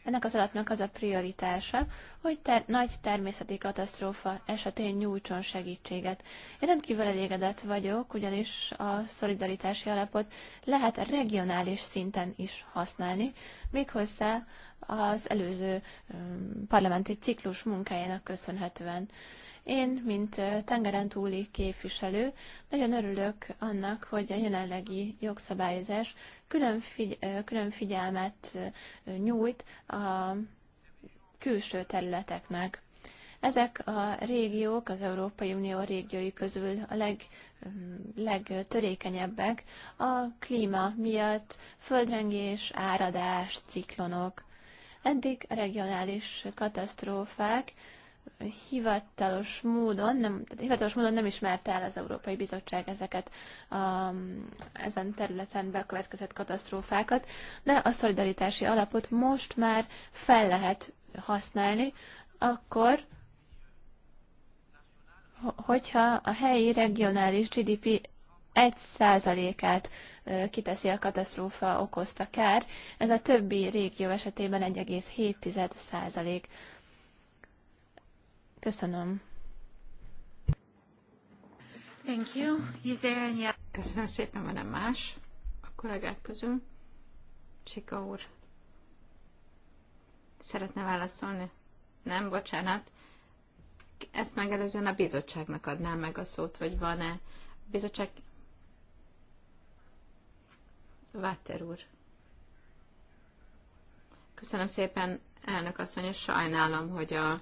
ennek az alapnak az a prioritása, hogy ter- nagy természeti katasztrófa esetén nyújtson segítséget. Én rendkívül elégedett vagyok, ugyanis a szolidaritási alapot lehet regionális szinten is használni, méghozzá az előző mm, parlamenti ciklus munkájának köszönhetően. Én, mint tengeren túli képviselő, nagyon örülök annak, hogy a jelenlegi jogszabályozás külön, figy- külön figyelmet nyújt a külső területeknek. Ezek a régiók az Európai Unió régiói közül a leg, legtörékenyebbek a klíma miatt, földrengés, áradás, ciklonok. Eddig a regionális katasztrófák hivatalos módon, nem, tehát hivatalos módon nem ismerte el az Európai Bizottság ezeket a, ezen területen bekövetkezett katasztrófákat, de a szolidaritási alapot most már fel lehet használni, akkor, hogyha a helyi regionális GDP 1%-át kiteszi a katasztrófa okozta kár, ez a többi régió esetében 1,7%. Köszönöm. Thank you. Is there any... Köszönöm szépen, van -e más a kollégák közül? Csika úr. Szeretne válaszolni? Nem, bocsánat. Ezt megelőzően a bizottságnak adnám meg a szót, hogy van-e a bizottság... Váter úr. Köszönöm szépen, elnök asszony, és sajnálom, hogy a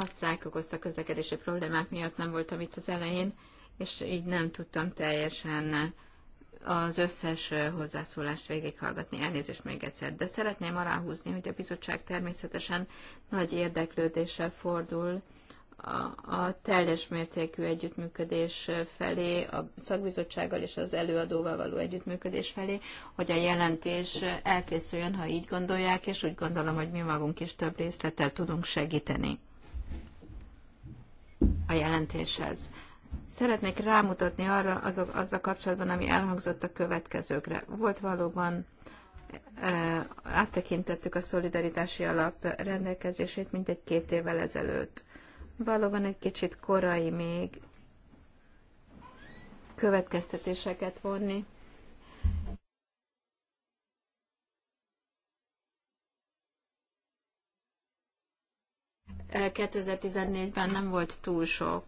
a sztrájk okozta közlekedési problémák miatt nem voltam itt az elején, és így nem tudtam teljesen az összes hozzászólást végighallgatni. Elnézést még egyszer, de szeretném aláhúzni, hogy a bizottság természetesen nagy érdeklődéssel fordul a, a teljes mértékű együttműködés felé, a szakbizottsággal és az előadóval való együttműködés felé, hogy a jelentés elkészüljön, ha így gondolják, és úgy gondolom, hogy mi magunk is több részlettel tudunk segíteni a jelentéshez. Szeretnék rámutatni arra azok, azzal kapcsolatban, ami elhangzott a következőkre. Volt valóban e, áttekintettük a szolidaritási alap rendelkezését mint egy két évvel ezelőtt. Valóban egy kicsit korai még következtetéseket vonni, 2014-ben nem volt túl sok,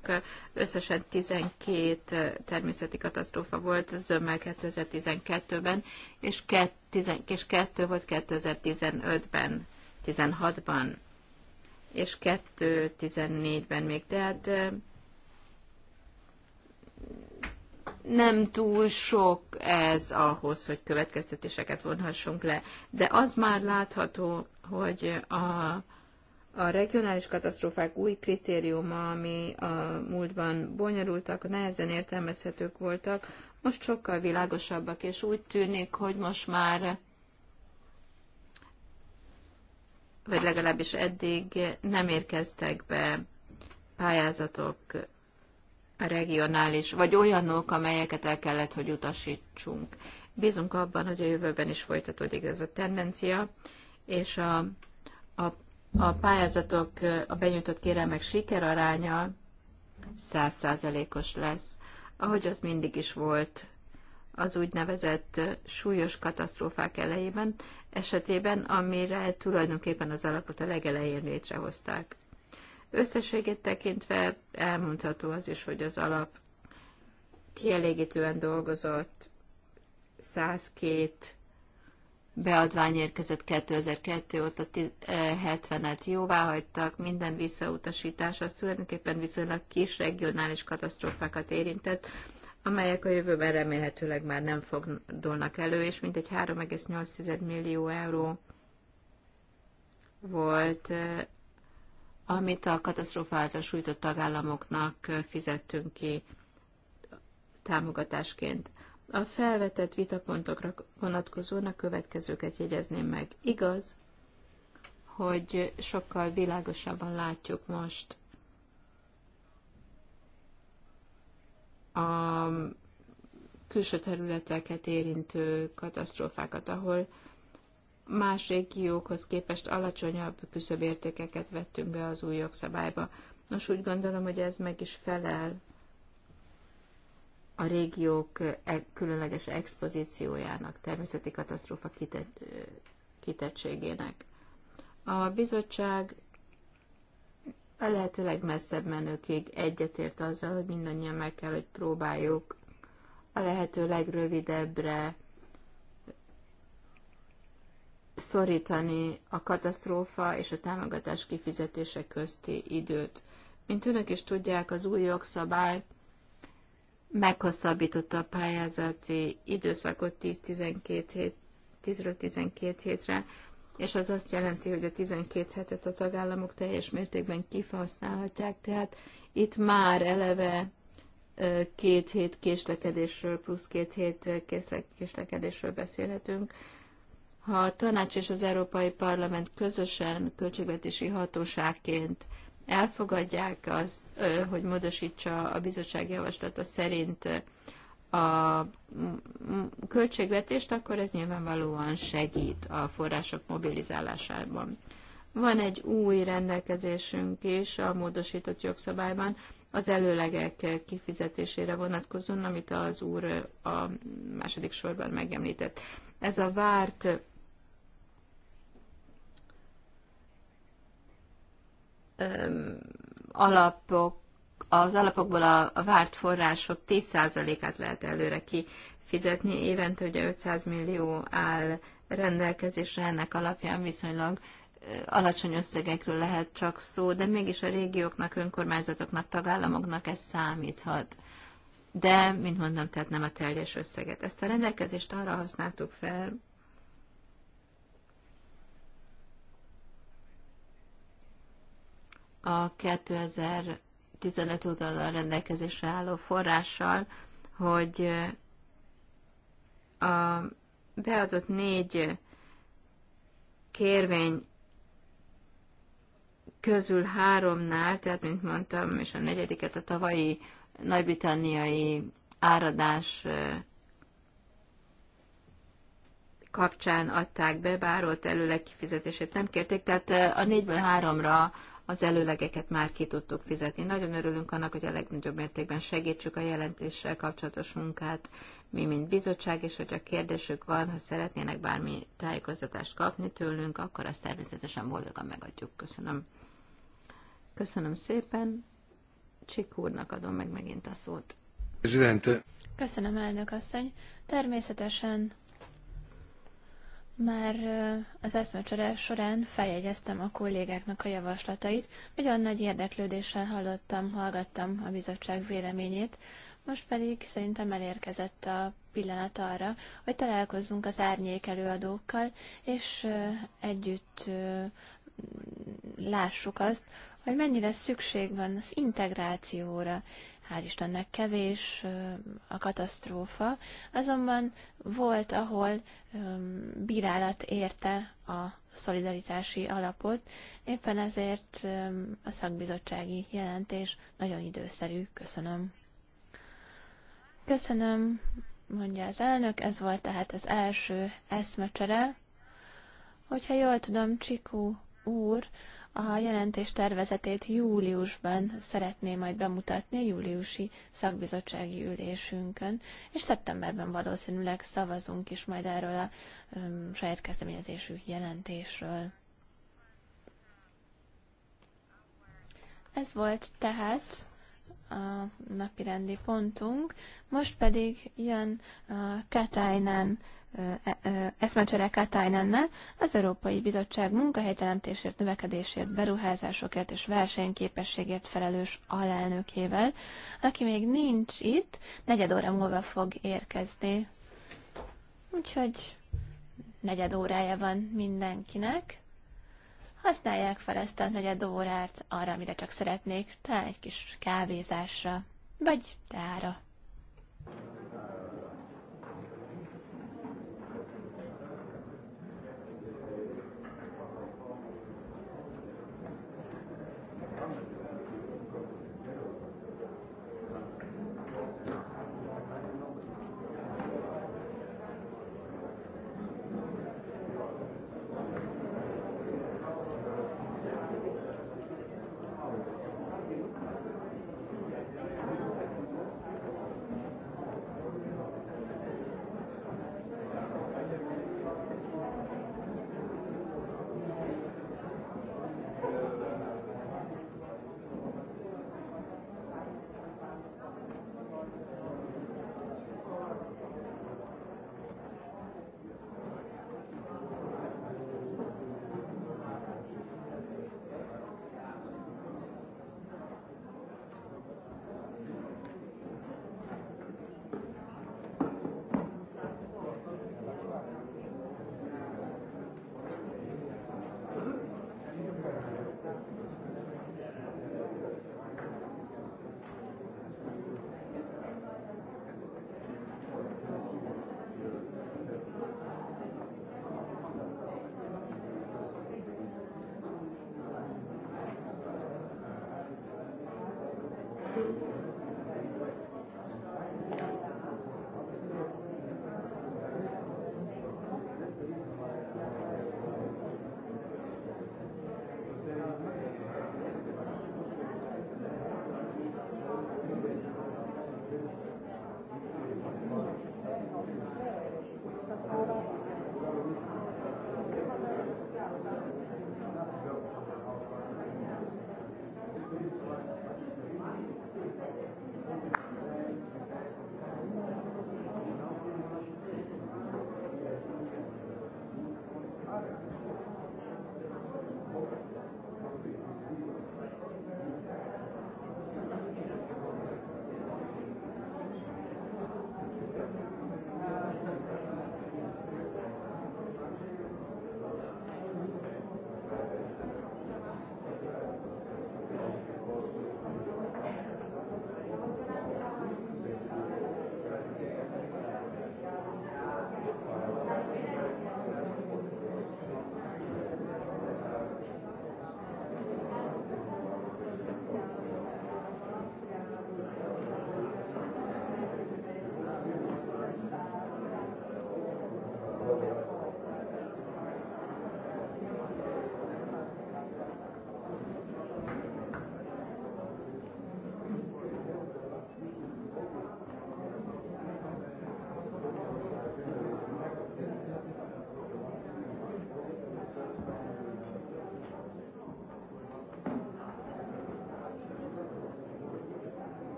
összesen 12 természeti katasztrófa volt zömmel 2012-ben, és 2 volt 2015-ben, 16-ban, és 2014-ben még, de hát, nem túl sok ez ahhoz, hogy következtetéseket vonhassunk le, de az már látható, hogy a a regionális katasztrófák új kritériuma, ami a múltban bonyolultak, nehezen értelmezhetők voltak, most sokkal világosabbak, és úgy tűnik, hogy most már vagy legalábbis eddig nem érkeztek be pályázatok regionális, vagy olyanok, amelyeket el kellett, hogy utasítsunk. Bízunk abban, hogy a jövőben is folytatódik ez a tendencia, és a, a a pályázatok, a benyújtott kérelmek sikeraránya 100%-os lesz, ahogy az mindig is volt az úgynevezett súlyos katasztrófák elejében, esetében, amire tulajdonképpen az alapot a legelején létrehozták. Összességét tekintve elmondható az is, hogy az alap kielégítően dolgozott 102 beadvány érkezett 2002 óta 70-et eh, hagytak, minden visszautasítás az tulajdonképpen viszonylag kis regionális katasztrófákat érintett, amelyek a jövőben remélhetőleg már nem fordulnak elő, és mintegy 3,8 millió euró volt, eh, amit a katasztrófáltal sújtott tagállamoknak eh, fizettünk ki támogatásként. A felvetett vitapontokra vonatkozóan a következőket jegyezném meg. Igaz, hogy sokkal világosabban látjuk most a külső területeket érintő katasztrófákat, ahol más régiókhoz képest alacsonyabb küszöbértékeket vettünk be az új jogszabályba. Nos, úgy gondolom, hogy ez meg is felel a régiók e- különleges expozíciójának, természeti katasztrófa kitettségének. A bizottság a lehető legmesszebb menőkig egyetért azzal, hogy mindannyian meg kell, hogy próbáljuk a lehető legrövidebbre szorítani a katasztrófa és a támogatás kifizetése közti időt. Mint önök is tudják, az új jogszabály meghosszabbította a pályázati időszakot 10-12 hét, 10 12 hétre, és az azt jelenti, hogy a 12 hetet a tagállamok teljes mértékben kifasználhatják, tehát itt már eleve két hét késlekedésről, plusz két hét késlekedésről beszélhetünk. Ha a tanács és az Európai Parlament közösen költségvetési hatóságként elfogadják, az, hogy módosítsa a bizottság javaslata szerint a költségvetést, akkor ez nyilvánvalóan segít a források mobilizálásában. Van egy új rendelkezésünk is a módosított jogszabályban, az előlegek kifizetésére vonatkozóan, amit az úr a második sorban megemlített. Ez a várt alapok, az alapokból a, a várt források 10%-át lehet előre kifizetni. Évente ugye 500 millió áll rendelkezésre, ennek alapján viszonylag alacsony összegekről lehet csak szó, de mégis a régióknak, önkormányzatoknak, tagállamoknak ez számíthat. De, mint mondom, tehát nem a teljes összeget. Ezt a rendelkezést arra használtuk fel, a 2015 oldalra rendelkezésre álló forrással, hogy a beadott négy kérvény közül háromnál, tehát mint mondtam, és a negyediket a tavalyi nagybritanniai áradás kapcsán adták be, bár ott előleg kifizetését nem kérték, tehát a négyből háromra az előlegeket már ki tudtuk fizetni. Nagyon örülünk annak, hogy a legnagyobb mértékben segítsük a jelentéssel kapcsolatos munkát, mi, mint bizottság, és hogyha kérdésük van, ha szeretnének bármi tájékoztatást kapni tőlünk, akkor azt természetesen boldogan megadjuk. Köszönöm. Köszönöm szépen. Csik úrnak adom meg megint a szót. Presidente. Köszönöm, elnök asszony. Természetesen már az eszmecsere során feljegyeztem a kollégáknak a javaslatait, nagyon nagy érdeklődéssel hallottam, hallgattam a bizottság véleményét, most pedig szerintem elérkezett a pillanat arra, hogy találkozzunk az árnyék előadókkal, és együtt lássuk azt, hogy mennyire szükség van az integrációra, hál' Istennek kevés a katasztrófa, azonban volt, ahol bírálat érte a szolidaritási alapot, éppen ezért a szakbizottsági jelentés nagyon időszerű. Köszönöm. Köszönöm, mondja az elnök, ez volt tehát az első eszmecsere. Hogyha jól tudom, Csikú úr a jelentés tervezetét júliusban szeretné majd bemutatni a júliusi szakbizottsági ülésünkön, és szeptemberben valószínűleg szavazunk is majd erről a um, saját kezdeményezésű jelentésről. Ez volt tehát a napirendi pontunk, most pedig jön a Katájnán E, eszmecsere Katainennel az Európai Bizottság munkahelyteremtésért, növekedésért, beruházásokért és versenyképességért felelős alelnökével, aki még nincs itt, negyed óra múlva fog érkezni. Úgyhogy negyed órája van mindenkinek. Használják fel ezt a negyed órát arra, amire csak szeretnék, talán egy kis kávézásra, vagy teára. الحمد لله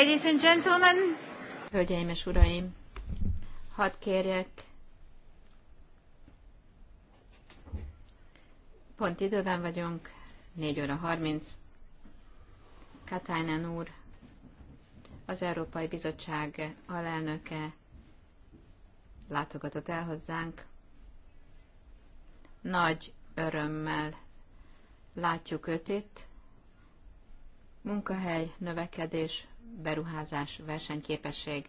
Ladies and gentlemen. Hölgyeim és uraim, hadd kérjek Pont időben vagyunk, 4 óra 30. Katainen úr, az Európai Bizottság alelnöke látogatott el hozzánk. Nagy örömmel látjuk őt itt. Munkahely, növekedés, beruházás, versenyképesség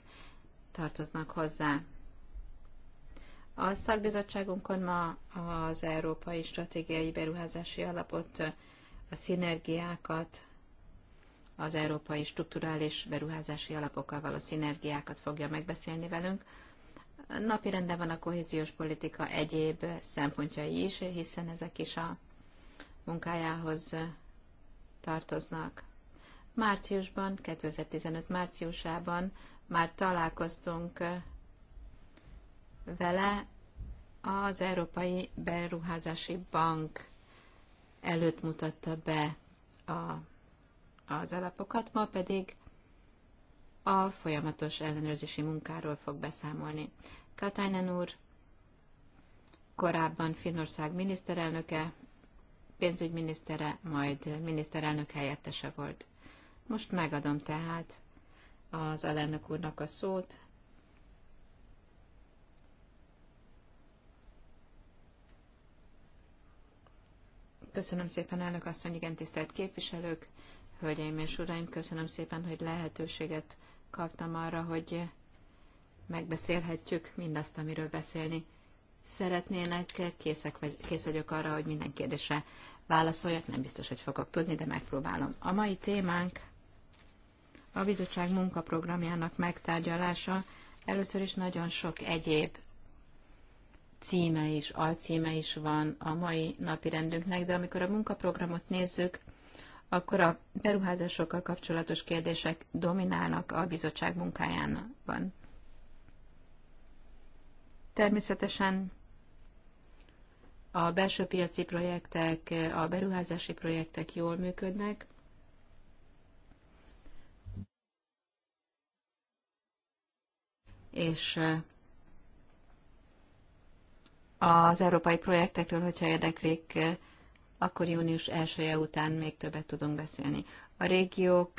tartoznak hozzá. A szakbizottságunkon ma az Európai Stratégiai Beruházási Alapot, a szinergiákat, az Európai Strukturális Beruházási Alapokkal való szinergiákat fogja megbeszélni velünk. Napi rende van a kohéziós politika egyéb szempontjai is, hiszen ezek is a munkájához tartoznak. Márciusban, 2015 márciusában már találkoztunk vele az Európai Beruházási Bank előtt mutatta be a, az alapokat, ma pedig a folyamatos ellenőrzési munkáról fog beszámolni. Katainen úr, korábban Finnország miniszterelnöke, pénzügyminisztere, majd miniszterelnök helyettese volt. Most megadom tehát az alelnök úrnak a szót. Köszönöm szépen, elnök asszony, igen, tisztelt képviselők, hölgyeim és uraim, köszönöm szépen, hogy lehetőséget kaptam arra, hogy megbeszélhetjük mindazt, amiről beszélni szeretnének. Készek vagy, kész vagyok arra, hogy minden kérdésre válaszoljak, nem biztos, hogy fogok tudni, de megpróbálom. A mai témánk a bizottság munkaprogramjának megtárgyalása először is nagyon sok egyéb címe is, alcíme is van a mai napi rendünknek, de amikor a munkaprogramot nézzük, akkor a beruházásokkal kapcsolatos kérdések dominálnak a bizottság munkájában. Természetesen a belső piaci projektek, a beruházási projektek jól működnek, és az európai projektekről, hogyha érdeklik, akkor június 1 -e után még többet tudunk beszélni. A régiók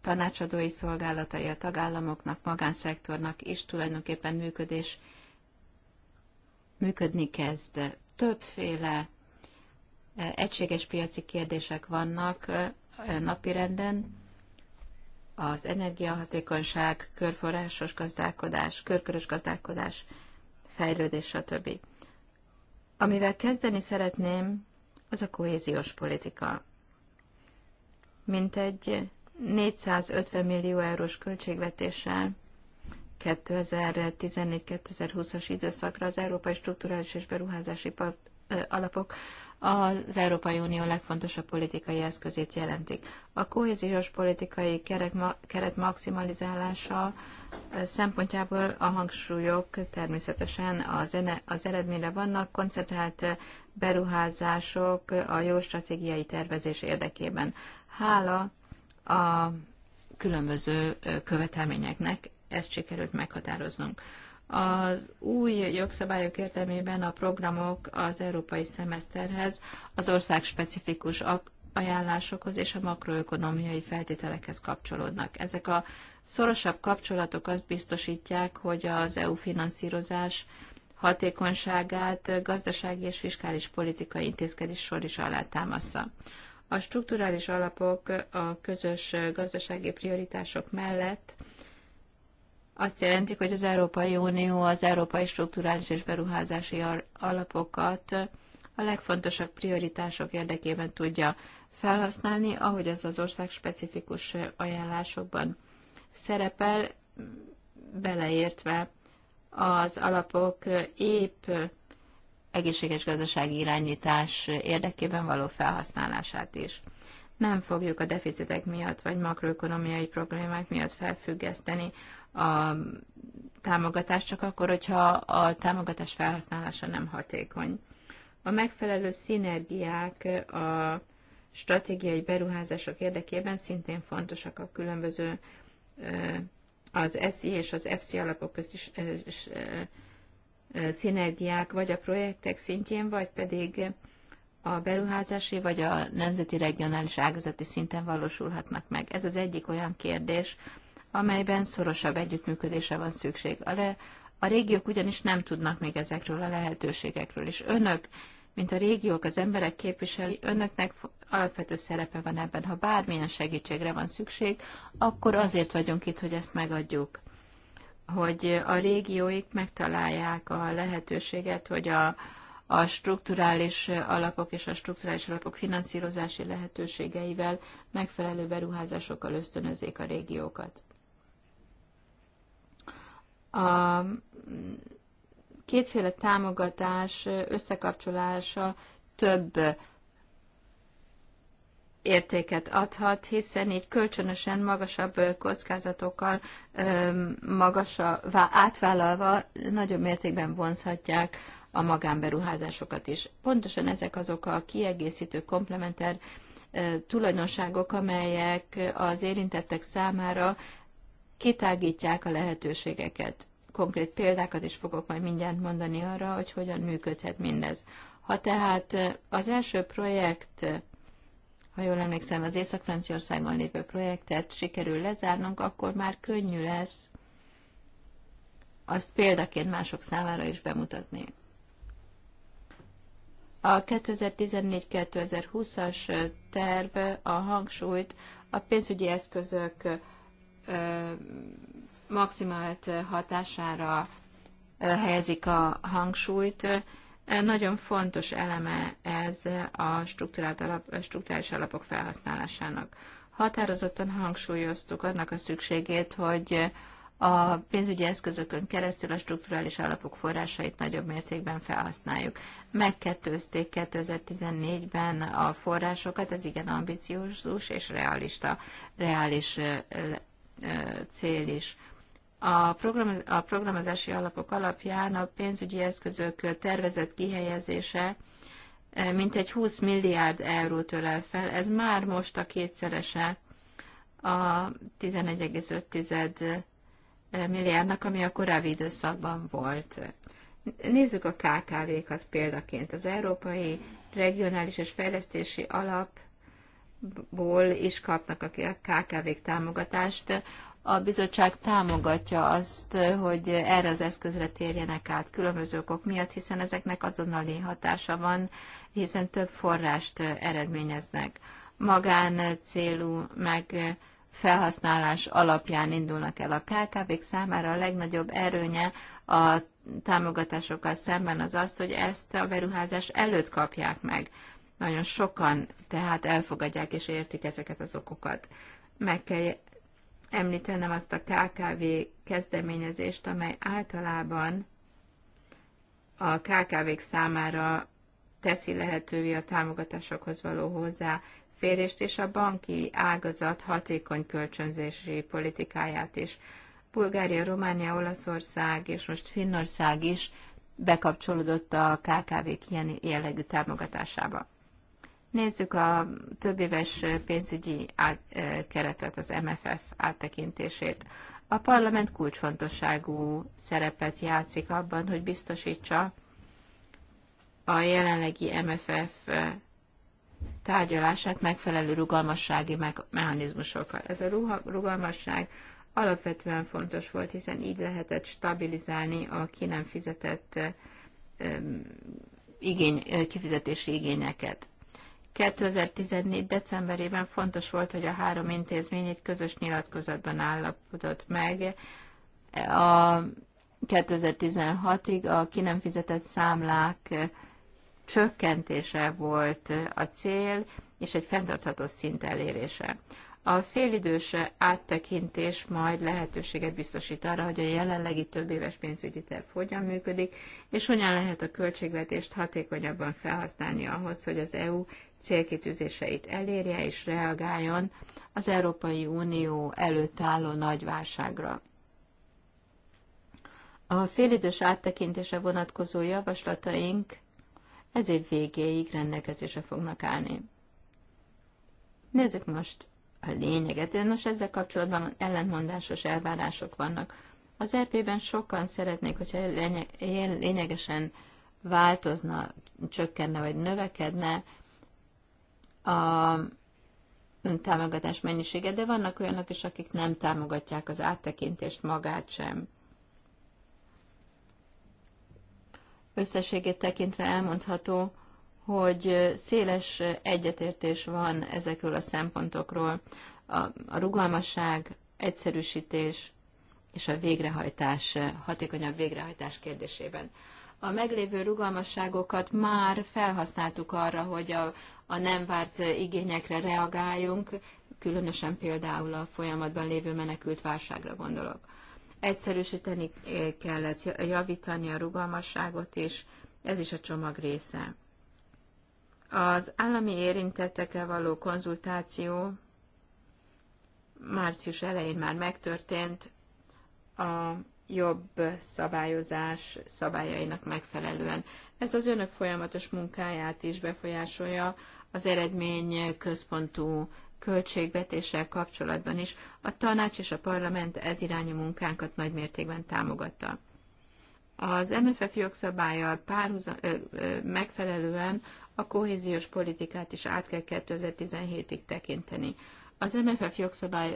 tanácsadói szolgálatai a tagállamoknak, magánszektornak is tulajdonképpen működés működni kezd. Többféle egységes piaci kérdések vannak napirenden, az energiahatékonyság, körforrásos gazdálkodás, körkörös gazdálkodás, fejlődés, stb. Amivel kezdeni szeretném, az a kohéziós politika. Mint egy 450 millió eurós költségvetéssel 2014-2020-as időszakra az Európai Strukturális és Beruházási alapok az Európai Unió legfontosabb politikai eszközét jelentik. A kohéziós politikai kerek, keret maximalizálása szempontjából a hangsúlyok természetesen az, ene, az eredményre vannak, koncentrált beruházások a jó stratégiai tervezés érdekében. Hála a különböző követelményeknek ezt sikerült meghatároznunk. Az új jogszabályok értelmében a programok az európai szemeszterhez, az ország specifikus ajánlásokhoz és a makroökonomiai feltételekhez kapcsolódnak. Ezek a szorosabb kapcsolatok azt biztosítják, hogy az EU finanszírozás hatékonyságát gazdasági és fiskális politikai intézkedés sor is alátámasza. A strukturális alapok a közös gazdasági prioritások mellett azt jelenti, hogy az Európai Unió az Európai Strukturális és Beruházási Alapokat a legfontosabb prioritások érdekében tudja felhasználni, ahogy ez az ország specifikus ajánlásokban szerepel, beleértve az alapok épp egészséges gazdasági irányítás érdekében való felhasználását is. Nem fogjuk a deficitek miatt vagy makroökonomiai problémák miatt felfüggeszteni a támogatás csak akkor, hogyha a támogatás felhasználása nem hatékony. A megfelelő szinergiák a stratégiai beruházások érdekében szintén fontosak a különböző az SI és az FC alapok közt is szinergiák, vagy a projektek szintjén, vagy pedig a beruházási, vagy a nemzeti regionális ágazati szinten valósulhatnak meg. Ez az egyik olyan kérdés, amelyben szorosabb együttműködésre van szükség. A, re, a régiók ugyanis nem tudnak még ezekről a lehetőségekről, és önök, mint a régiók, az emberek képviselői, önöknek alapvető szerepe van ebben. Ha bármilyen segítségre van szükség, akkor azért vagyunk itt, hogy ezt megadjuk. Hogy a régióik megtalálják a lehetőséget, hogy a, a strukturális alapok és a strukturális alapok finanszírozási lehetőségeivel megfelelő beruházásokkal ösztönözzék a régiókat. A kétféle támogatás összekapcsolása több értéket adhat, hiszen így kölcsönösen magasabb kockázatokkal magasavá átvállalva nagyobb mértékben vonzhatják a magánberuházásokat is. Pontosan ezek azok a kiegészítő, komplementer tulajdonságok, amelyek az érintettek számára kitágítják a lehetőségeket. Konkrét példákat is fogok majd mindjárt mondani arra, hogy hogyan működhet mindez. Ha tehát az első projekt, ha jól emlékszem, az Észak-Franciaországban lévő projektet sikerül lezárnunk, akkor már könnyű lesz azt példaként mások számára is bemutatni. A 2014-2020-as terv a hangsúlyt a pénzügyi eszközök maximált hatására helyezik a hangsúlyt. Nagyon fontos eleme ez a alap, struktúrális alapok felhasználásának. Határozottan hangsúlyoztuk annak a szükségét, hogy a pénzügyi eszközökön keresztül a strukturális alapok forrásait nagyobb mértékben felhasználjuk. Megkettőzték 2014-ben a forrásokat, ez igen ambiciózus és realista, reális cél is. A, program, a programozási alapok alapján a pénzügyi eszközök tervezett kihelyezése mintegy 20 milliárd eurót ölel fel. Ez már most a kétszerese a 11,5 milliárdnak, ami a korábbi időszakban volt. Nézzük a KKV-kat példaként. Az Európai Regionális és Fejlesztési Alap ból is kapnak a KKV-k támogatást. A bizottság támogatja azt, hogy erre az eszközre térjenek át különböző okok miatt, hiszen ezeknek azonnali hatása van, hiszen több forrást eredményeznek. Magán célú meg felhasználás alapján indulnak el a KKV-k számára a legnagyobb erőnye a támogatásokkal szemben az azt, hogy ezt a beruházás előtt kapják meg. Nagyon sokan tehát elfogadják és értik ezeket az okokat. Meg kell említenem azt a KKV kezdeményezést, amely általában a KKV-k számára teszi lehetővé a támogatásokhoz való hozzáférést és a banki ágazat hatékony kölcsönzési politikáját is. Bulgária, Románia, Olaszország és most Finnország is bekapcsolódott a KKV-k ilyen jellegű támogatásába. Nézzük a több éves pénzügyi át, keretet, az MFF áttekintését. A parlament kulcsfontosságú szerepet játszik abban, hogy biztosítsa a jelenlegi MFF tárgyalását megfelelő rugalmassági mechanizmusokkal. Ez a rugalmasság alapvetően fontos volt, hiszen így lehetett stabilizálni a ki nem fizetett igény, kifizetési igényeket. 2014. decemberében fontos volt, hogy a három intézmény egy közös nyilatkozatban állapodott meg a 2016-ig a ki nem fizetett számlák csökkentése volt a cél, és egy fenntartható szint elérése. A félidős áttekintés majd lehetőséget biztosít arra, hogy a jelenlegi több éves pénzügyi terv hogyan működik, és hogyan lehet a költségvetést hatékonyabban felhasználni ahhoz, hogy az EU célkitűzéseit elérje és reagáljon az Európai Unió előtt álló nagy válságra. A félidős áttekintése vonatkozó javaslataink ez év végéig rendelkezésre fognak állni. Nézzük most a lényeget. Nos, ezzel kapcsolatban ellentmondásos elvárások vannak. Az EP-ben sokan szeretnék, hogyha lényegesen változna, csökkenne vagy növekedne a támogatás mennyisége, de vannak olyanok is, akik nem támogatják az áttekintést magát sem. Összességét tekintve elmondható, hogy széles egyetértés van ezekről a szempontokról. A, a rugalmasság, egyszerűsítés és a végrehajtás, hatékonyabb végrehajtás kérdésében a meglévő rugalmasságokat már felhasználtuk arra, hogy a, a nem várt igényekre reagáljunk, különösen például a folyamatban lévő menekült válságra gondolok. Egyszerűsíteni kellett, javítani a rugalmasságot is, ez is a csomag része. Az állami érintettekkel való konzultáció március elején már megtörtént, a jobb szabályozás szabályainak megfelelően. Ez az önök folyamatos munkáját is befolyásolja az eredmény központú költségvetéssel kapcsolatban is. A tanács és a parlament ez irányú munkánkat nagymértékben támogatta. Az MFF jogszabályal párhuza, ö, ö, megfelelően a kohéziós politikát is át kell 2017-ig tekinteni. Az MFF jogszabály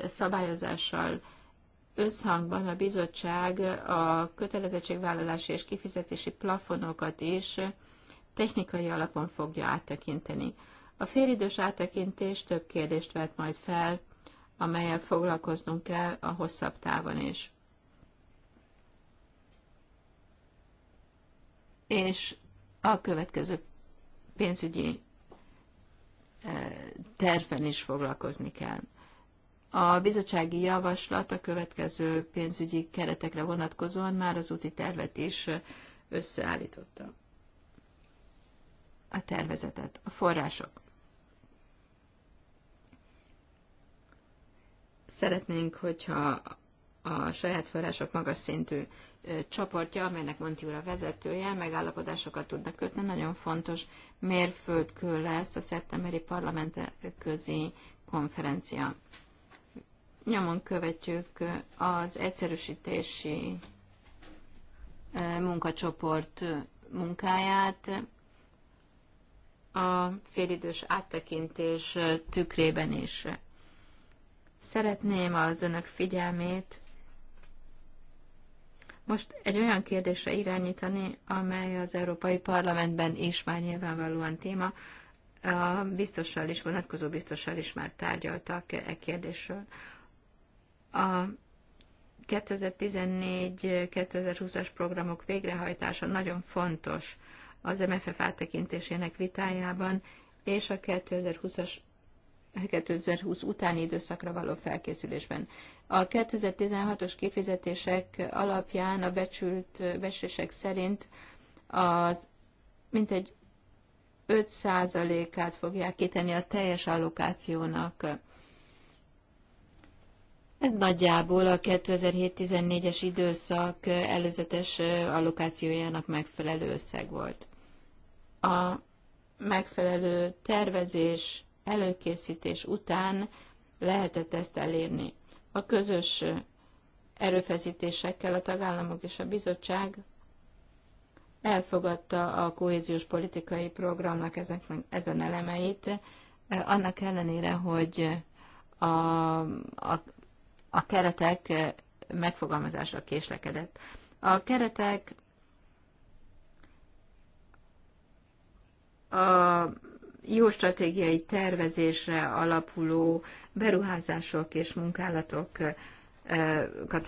összhangban a bizottság a kötelezettségvállalási és kifizetési plafonokat is technikai alapon fogja áttekinteni. A félidős áttekintés több kérdést vet majd fel, amelyel foglalkoznunk kell a hosszabb távon is. És a következő pénzügyi eh, terven is foglalkozni kell. A bizottsági javaslat a következő pénzügyi keretekre vonatkozóan már az úti tervet is összeállította. A tervezetet, a források. Szeretnénk, hogyha a saját források magas szintű csoportja, amelynek Monti úr a vezetője, megállapodásokat tudnak kötni. Nagyon fontos mérföldkő lesz a szeptemberi parlament közi konferencia nyomon követjük az egyszerűsítési munkacsoport munkáját. A félidős áttekintés tükrében is. Szeretném az önök figyelmét most egy olyan kérdésre irányítani, amely az Európai Parlamentben is már nyilvánvalóan téma. A biztossal is, vonatkozó biztossal is már tárgyaltak e kérdésről. A 2014-2020-as programok végrehajtása nagyon fontos az MFF áttekintésének vitájában, és a 2020-as 2020 utáni időszakra való felkészülésben. A 2016-os kifizetések alapján a becsült vesések szerint az mintegy 5%-át fogják kitenni a teljes allokációnak ez nagyjából a 2007-14-es időszak előzetes allokációjának megfelelő összeg volt. A megfelelő tervezés, előkészítés után lehetett ezt elérni. A közös erőfeszítésekkel a tagállamok és a bizottság elfogadta a kohéziós politikai programnak ezeknek ezen elemeit, annak ellenére, hogy a, a a keretek megfogalmazása késlekedett. A keretek a jó stratégiai tervezésre alapuló beruházások és munkálatokat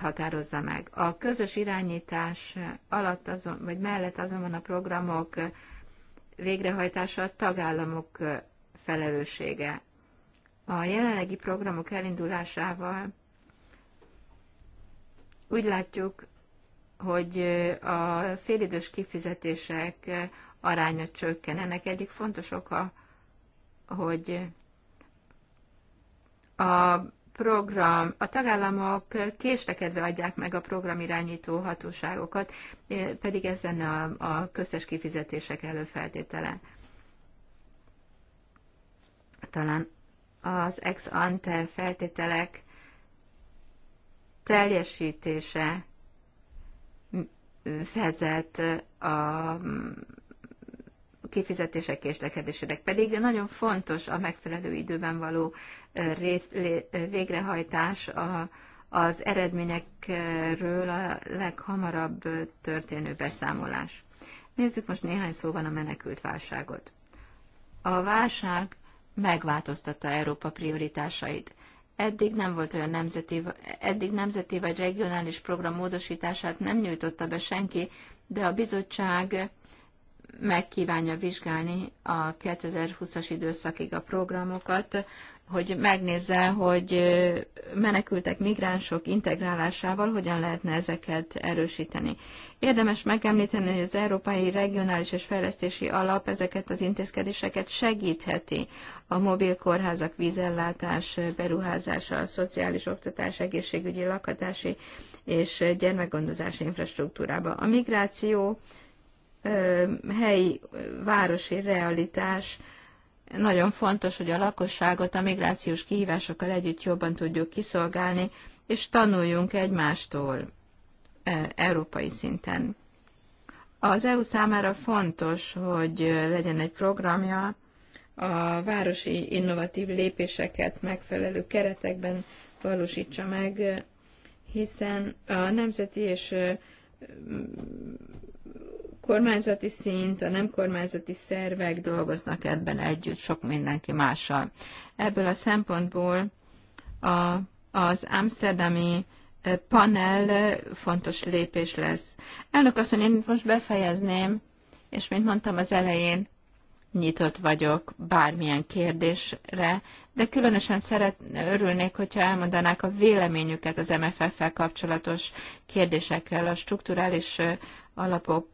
határozza meg. A közös irányítás alatt azon, vagy mellett azonban a programok végrehajtása a tagállamok felelőssége. A jelenlegi programok elindulásával úgy látjuk, hogy a félidős kifizetések aránya csökken. Ennek egyik fontos oka, hogy a program, a tagállamok késlekedve adják meg a programirányító hatóságokat, pedig ez lenne a, a köztes kifizetések előfeltétele. Talán az ex ante feltételek teljesítése vezet a kifizetések késlekedésének. Pedig nagyon fontos a megfelelő időben való végrehajtás a, az eredményekről a leghamarabb történő beszámolás. Nézzük most néhány szóval a menekült válságot. A válság megváltoztatta Európa prioritásait. Eddig nem volt olyan nemzeti, eddig nemzeti vagy regionális program módosítását nem nyújtotta be senki, de a bizottság megkívánja vizsgálni a 2020-as időszakig a programokat, hogy megnézze, hogy menekültek migránsok integrálásával hogyan lehetne ezeket erősíteni. Érdemes megemlíteni, hogy az Európai Regionális és Fejlesztési Alap ezeket az intézkedéseket segítheti a mobil kórházak vízellátás beruházása, a szociális oktatás, egészségügyi lakatási és gyermekgondozási infrastruktúrába. A migráció helyi városi realitás, nagyon fontos, hogy a lakosságot a migrációs kihívásokkal együtt jobban tudjuk kiszolgálni, és tanuljunk egymástól e, európai szinten. Az EU számára fontos, hogy legyen egy programja, a városi innovatív lépéseket megfelelő keretekben valósítsa meg, hiszen a nemzeti és kormányzati szint, a nem kormányzati szervek dolgoznak ebben együtt sok mindenki mással. Ebből a szempontból a, az amsterdami eh, panel eh, fontos lépés lesz. Elnök mondja, én most befejezném, és mint mondtam az elején, nyitott vagyok bármilyen kérdésre, de különösen szeret, örülnék, hogyha elmondanák a véleményüket az MFF-fel kapcsolatos kérdésekkel, a strukturális eh, alapok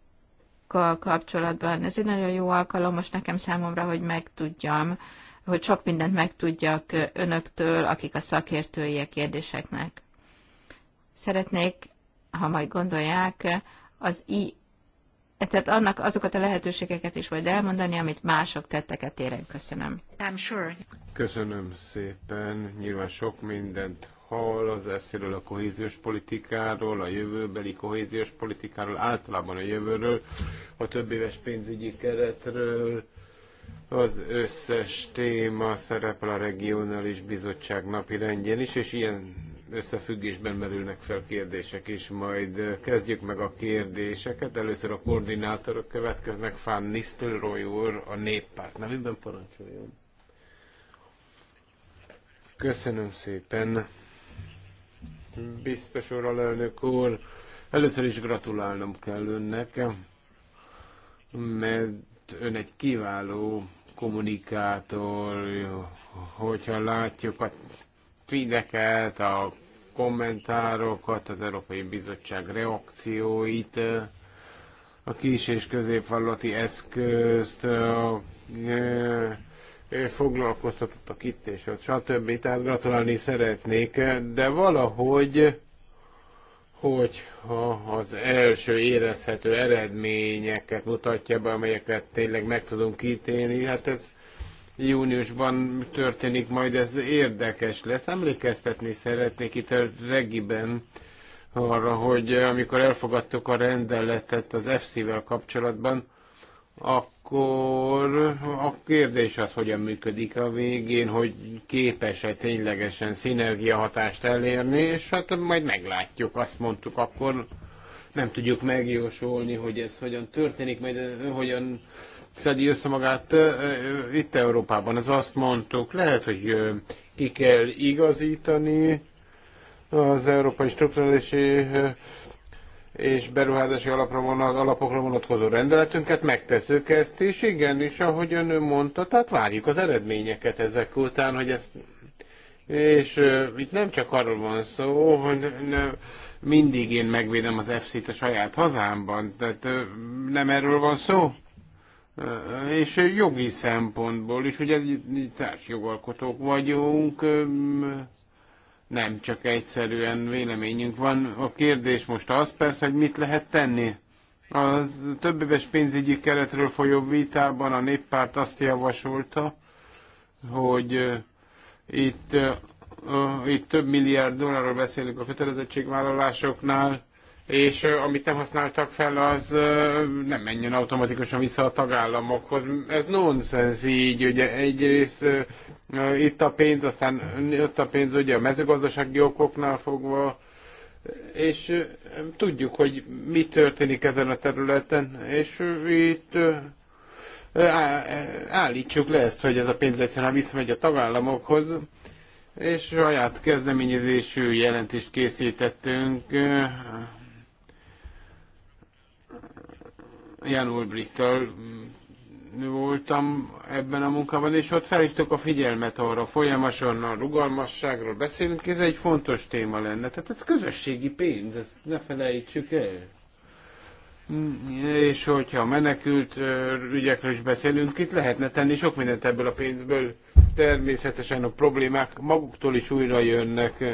kal kapcsolatban. Ez egy nagyon jó alkalom most nekem számomra, hogy megtudjam, hogy sok mindent megtudjak önöktől, akik a szakértői a kérdéseknek. Szeretnék, ha majd gondolják, az i tehát annak azokat a lehetőségeket is majd elmondani, amit mások tettek a téren. Köszönöm. I'm sure. Köszönöm szépen. Nyilván sok mindent hall az EFSZ-ről, a kohéziós politikáról, a jövőbeli kohéziós politikáról, általában a jövőről, a több éves pénzügyi keretről, az összes téma szerepel a regionális bizottság napi rendjén is, és ilyen összefüggésben merülnek fel kérdések is. Majd kezdjük meg a kérdéseket. Először a koordinátorok következnek. Fán Nistelrooy úr a néppárt nevében parancsoljon. Köszönöm szépen biztos úr, elnök úr. Először is gratulálnom kell önnek, mert ön egy kiváló kommunikátor, hogyha látjuk a feedeket, a kommentárokat, az Európai Bizottság reakcióit, a kis és középvallati eszközt, a foglalkoztatottak itt és ott, stb. Tehát gratulálni szeretnék, de valahogy hogyha az első érezhető eredményeket mutatja be, amelyeket tényleg meg tudunk ítélni, hát ez júniusban történik, majd ez érdekes lesz. Emlékeztetni szeretnék itt a regiben arra, hogy amikor elfogadtuk a rendeletet az FC-vel kapcsolatban, akkor a kérdés az, hogyan működik a végén, hogy képes-e ténylegesen szinergia hatást elérni, és hát majd meglátjuk, azt mondtuk akkor, nem tudjuk megjósolni, hogy ez hogyan történik, majd eh, hogyan szedi össze magát eh, eh, itt Európában. Az azt mondtuk, lehet, hogy ki kell igazítani az európai strukturális és beruházási alapra vonat, alapokra vonatkozó rendeletünket, megteszük ezt is, és ahogy ön mondta, tehát várjuk az eredményeket ezek után, hogy ezt és uh, itt nem csak arról van szó, hogy ne, mindig én megvédem az FC-t a saját hazámban, tehát uh, nem erről van szó. Uh, és uh, jogi szempontból is, ugye társjogalkotók vagyunk, um, nem csak egyszerűen véleményünk van. A kérdés most az persze, hogy mit lehet tenni. Az többéves pénzügyi keretről folyó vitában a néppárt azt javasolta, hogy itt, itt több milliárd dollárról beszélünk a kötelezettségvállalásoknál, és amit nem használtak fel, az nem menjen automatikusan vissza a tagállamokhoz. Ez nonsens így, ugye egyrészt itt a pénz, aztán ott a pénz ugye a mezőgazdasági okoknál fogva, és tudjuk, hogy mi történik ezen a területen, és itt állítsuk le ezt, hogy ez a pénz egyszerűen visszamegy a tagállamokhoz, és saját kezdeményezésű jelentést készítettünk Jan Ulbrichtől voltam ebben a munkában, és ott felhívtuk a figyelmet arra, folyamatosan a rugalmasságról beszélünk, ez egy fontos téma lenne. Tehát ez közösségi pénz, ezt ne felejtsük el. És hogyha menekült ügyekről is beszélünk, itt lehetne tenni sok mindent ebből a pénzből. Természetesen a problémák maguktól is újra jönnek.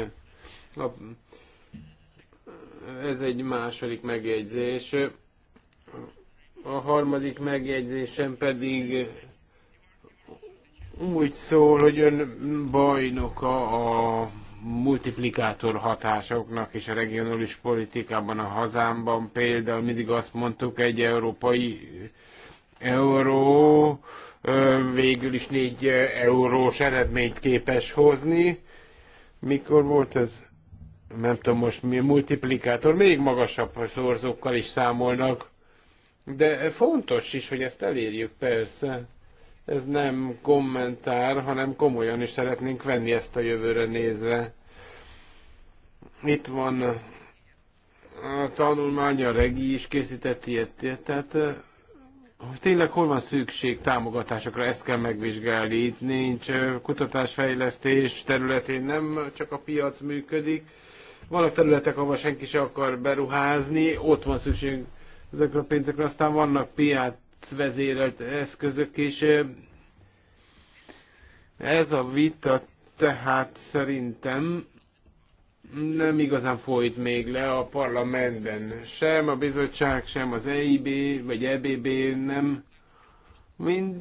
Ez egy második megjegyzés a harmadik megjegyzésem pedig úgy szól, hogy ön bajnoka a multiplikátor hatásoknak és a regionális politikában a hazámban például mindig azt mondtuk, egy európai euró végül is négy eurós eredményt képes hozni. Mikor volt ez? Nem tudom most mi multiplikátor, még magasabb szorzókkal is számolnak. De fontos is, hogy ezt elérjük persze. Ez nem kommentár, hanem komolyan is szeretnénk venni ezt a jövőre nézve. Itt van a tanulmány, a regi is készített ilyet, tehát tényleg hol van szükség támogatásokra, ezt kell megvizsgálni. Itt nincs kutatásfejlesztés területén, nem csak a piac működik. Vannak területek, ahol senki se akar beruházni, ott van szükség ezekről a pénzekről, Aztán vannak piacvezérelt eszközök is. Ez a vita tehát szerintem nem igazán folyt még le a parlamentben. Sem a bizottság, sem az EIB, vagy EBB nem. Mind,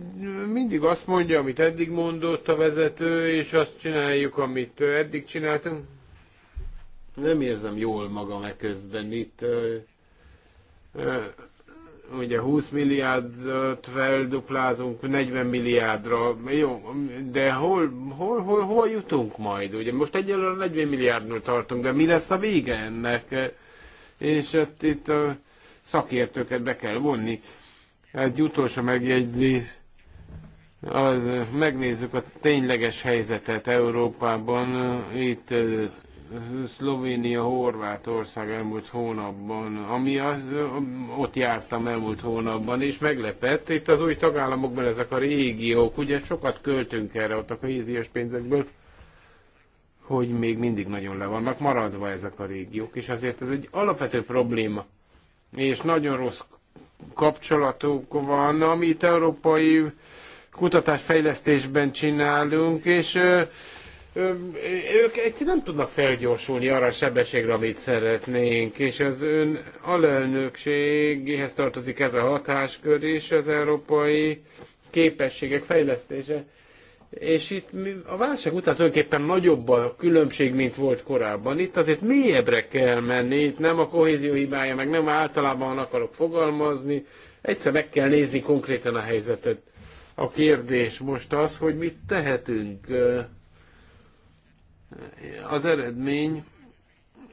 mindig azt mondja, amit eddig mondott a vezető, és azt csináljuk, amit eddig csináltunk. Nem érzem jól magam e közben itt ugye 20 milliárdot felduplázunk 40 milliárdra, jó, de hol, hol, hol, hol jutunk majd? Ugye most egyelőre 40 milliárdnál tartunk, de mi lesz a vége ennek? És ott, itt a szakértőket be kell vonni. Egy utolsó megjegyzés, az, megnézzük a tényleges helyzetet Európában. Itt Szlovénia, Horvátország elmúlt hónapban, ami az, ott jártam elmúlt hónapban, és meglepett, itt az új tagállamokban ezek a régiók, ugye sokat költünk erre ott a kohéziós pénzekből, hogy még mindig nagyon le vannak maradva ezek a régiók, és azért ez egy alapvető probléma, és nagyon rossz kapcsolatok van, amit európai kutatásfejlesztésben csinálunk, és ők egyszerűen nem tudnak felgyorsulni arra a sebességre, amit szeretnénk, és az ön alelnökségéhez tartozik ez a hatáskör is, az európai képességek fejlesztése. És itt a válság után tulajdonképpen nagyobb a különbség, mint volt korábban. Itt azért mélyebbre kell menni, itt nem a kohézió hibája, meg nem általában akarok fogalmazni. Egyszer meg kell nézni konkrétan a helyzetet. A kérdés most az, hogy mit tehetünk az eredmény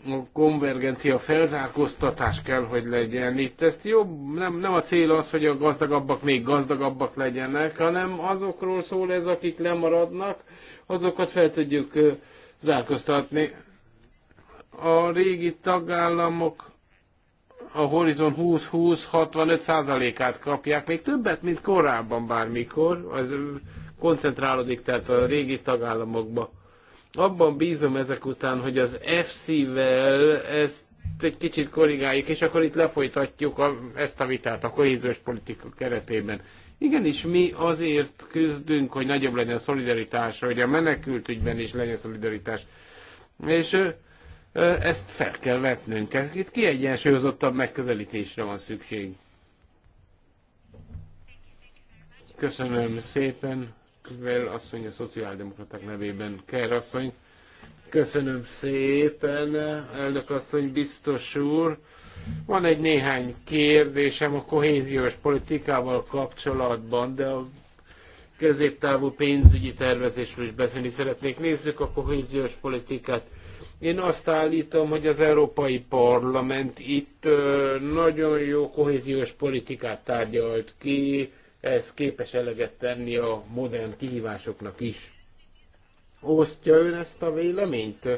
a konvergencia, felzárkóztatás kell, hogy legyen. Itt ezt jobb, nem, nem a cél az, hogy a gazdagabbak még gazdagabbak legyenek, hanem azokról szól ez, akik lemaradnak, azokat fel tudjuk zárkóztatni. A régi tagállamok a Horizon 20-20-65%-át kapják, még többet, mint korábban bármikor, az koncentrálódik tehát a régi tagállamokba abban bízom ezek után, hogy az FC-vel ezt egy kicsit korrigáljuk, és akkor itt lefolytatjuk a, ezt a vitát a kohéziós politika keretében. Igenis, mi azért küzdünk, hogy nagyobb legyen a szolidaritás, hogy a menekült ügyben is legyen szolidaritás. És ezt fel kell vetnünk. Ez, itt kiegyensúlyozottabb megközelítésre van szükség. Köszönöm szépen. Kvel asszony a szociáldemokraták nevében. Kerr asszony, köszönöm szépen, elnök asszony, biztos úr. Van egy néhány kérdésem a kohéziós politikával kapcsolatban, de a középtávú pénzügyi tervezésről is beszélni szeretnék. Nézzük a kohéziós politikát. Én azt állítom, hogy az Európai Parlament itt nagyon jó kohéziós politikát tárgyalt ki, ez képes eleget tenni a modern kihívásoknak is. Osztja ön ezt a véleményt?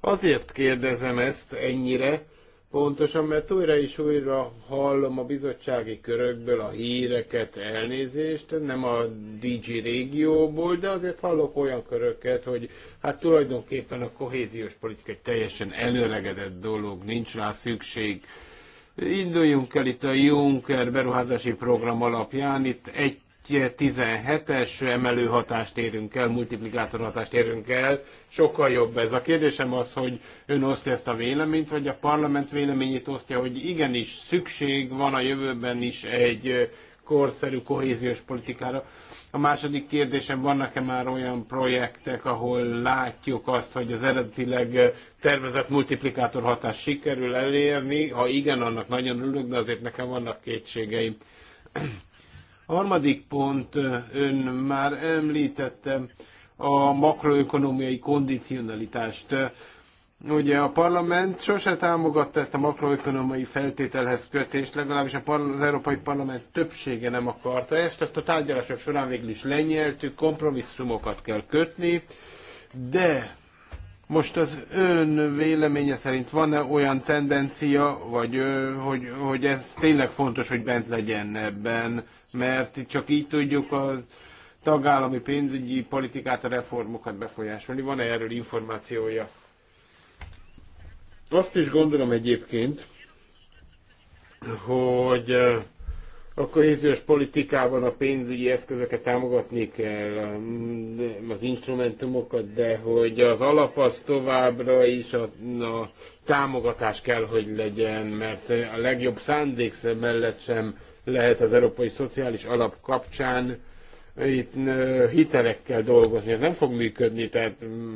Azért kérdezem ezt ennyire, pontosan, mert újra és újra hallom a bizottsági körökből a híreket, elnézést, nem a DG régióból, de azért hallok olyan köröket, hogy hát tulajdonképpen a kohéziós politika egy teljesen előregedett dolog, nincs rá szükség, Induljunk el itt a Juncker beruházási program alapján, itt egy 17-es emelő hatást érünk el, multiplikátor hatást érünk el, sokkal jobb ez. A kérdésem az, hogy ön osztja ezt a véleményt, vagy a parlament véleményét osztja, hogy igenis szükség van a jövőben is egy korszerű kohéziós politikára. A második kérdésem, vannak-e már olyan projektek, ahol látjuk azt, hogy az eredetileg tervezett multiplikátor hatás sikerül elérni? Ha igen, annak nagyon örülök, de azért nekem vannak kétségeim. Harmadik pont, ön már említette a makroökonomiai kondicionalitást. Ugye a parlament sose támogatta ezt a makroökonomai feltételhez kötést, legalábbis a az Európai Parlament többsége nem akarta ezt, ezt a tárgyalások során végül is lenyeltük, kompromisszumokat kell kötni, de most az ön véleménye szerint van-e olyan tendencia, vagy hogy, hogy ez tényleg fontos, hogy bent legyen ebben, mert csak így tudjuk a tagállami pénzügyi politikát, a reformokat befolyásolni. Van-e erről információja? Azt is gondolom egyébként, hogy a kohéziós politikában a pénzügyi eszközöket támogatni kell, az instrumentumokat, de hogy az alap az továbbra is a, a támogatás kell, hogy legyen, mert a legjobb szándék mellett sem lehet az Európai Szociális Alap kapcsán itt hitelekkel dolgozni. Ez nem fog működni, tehát mm,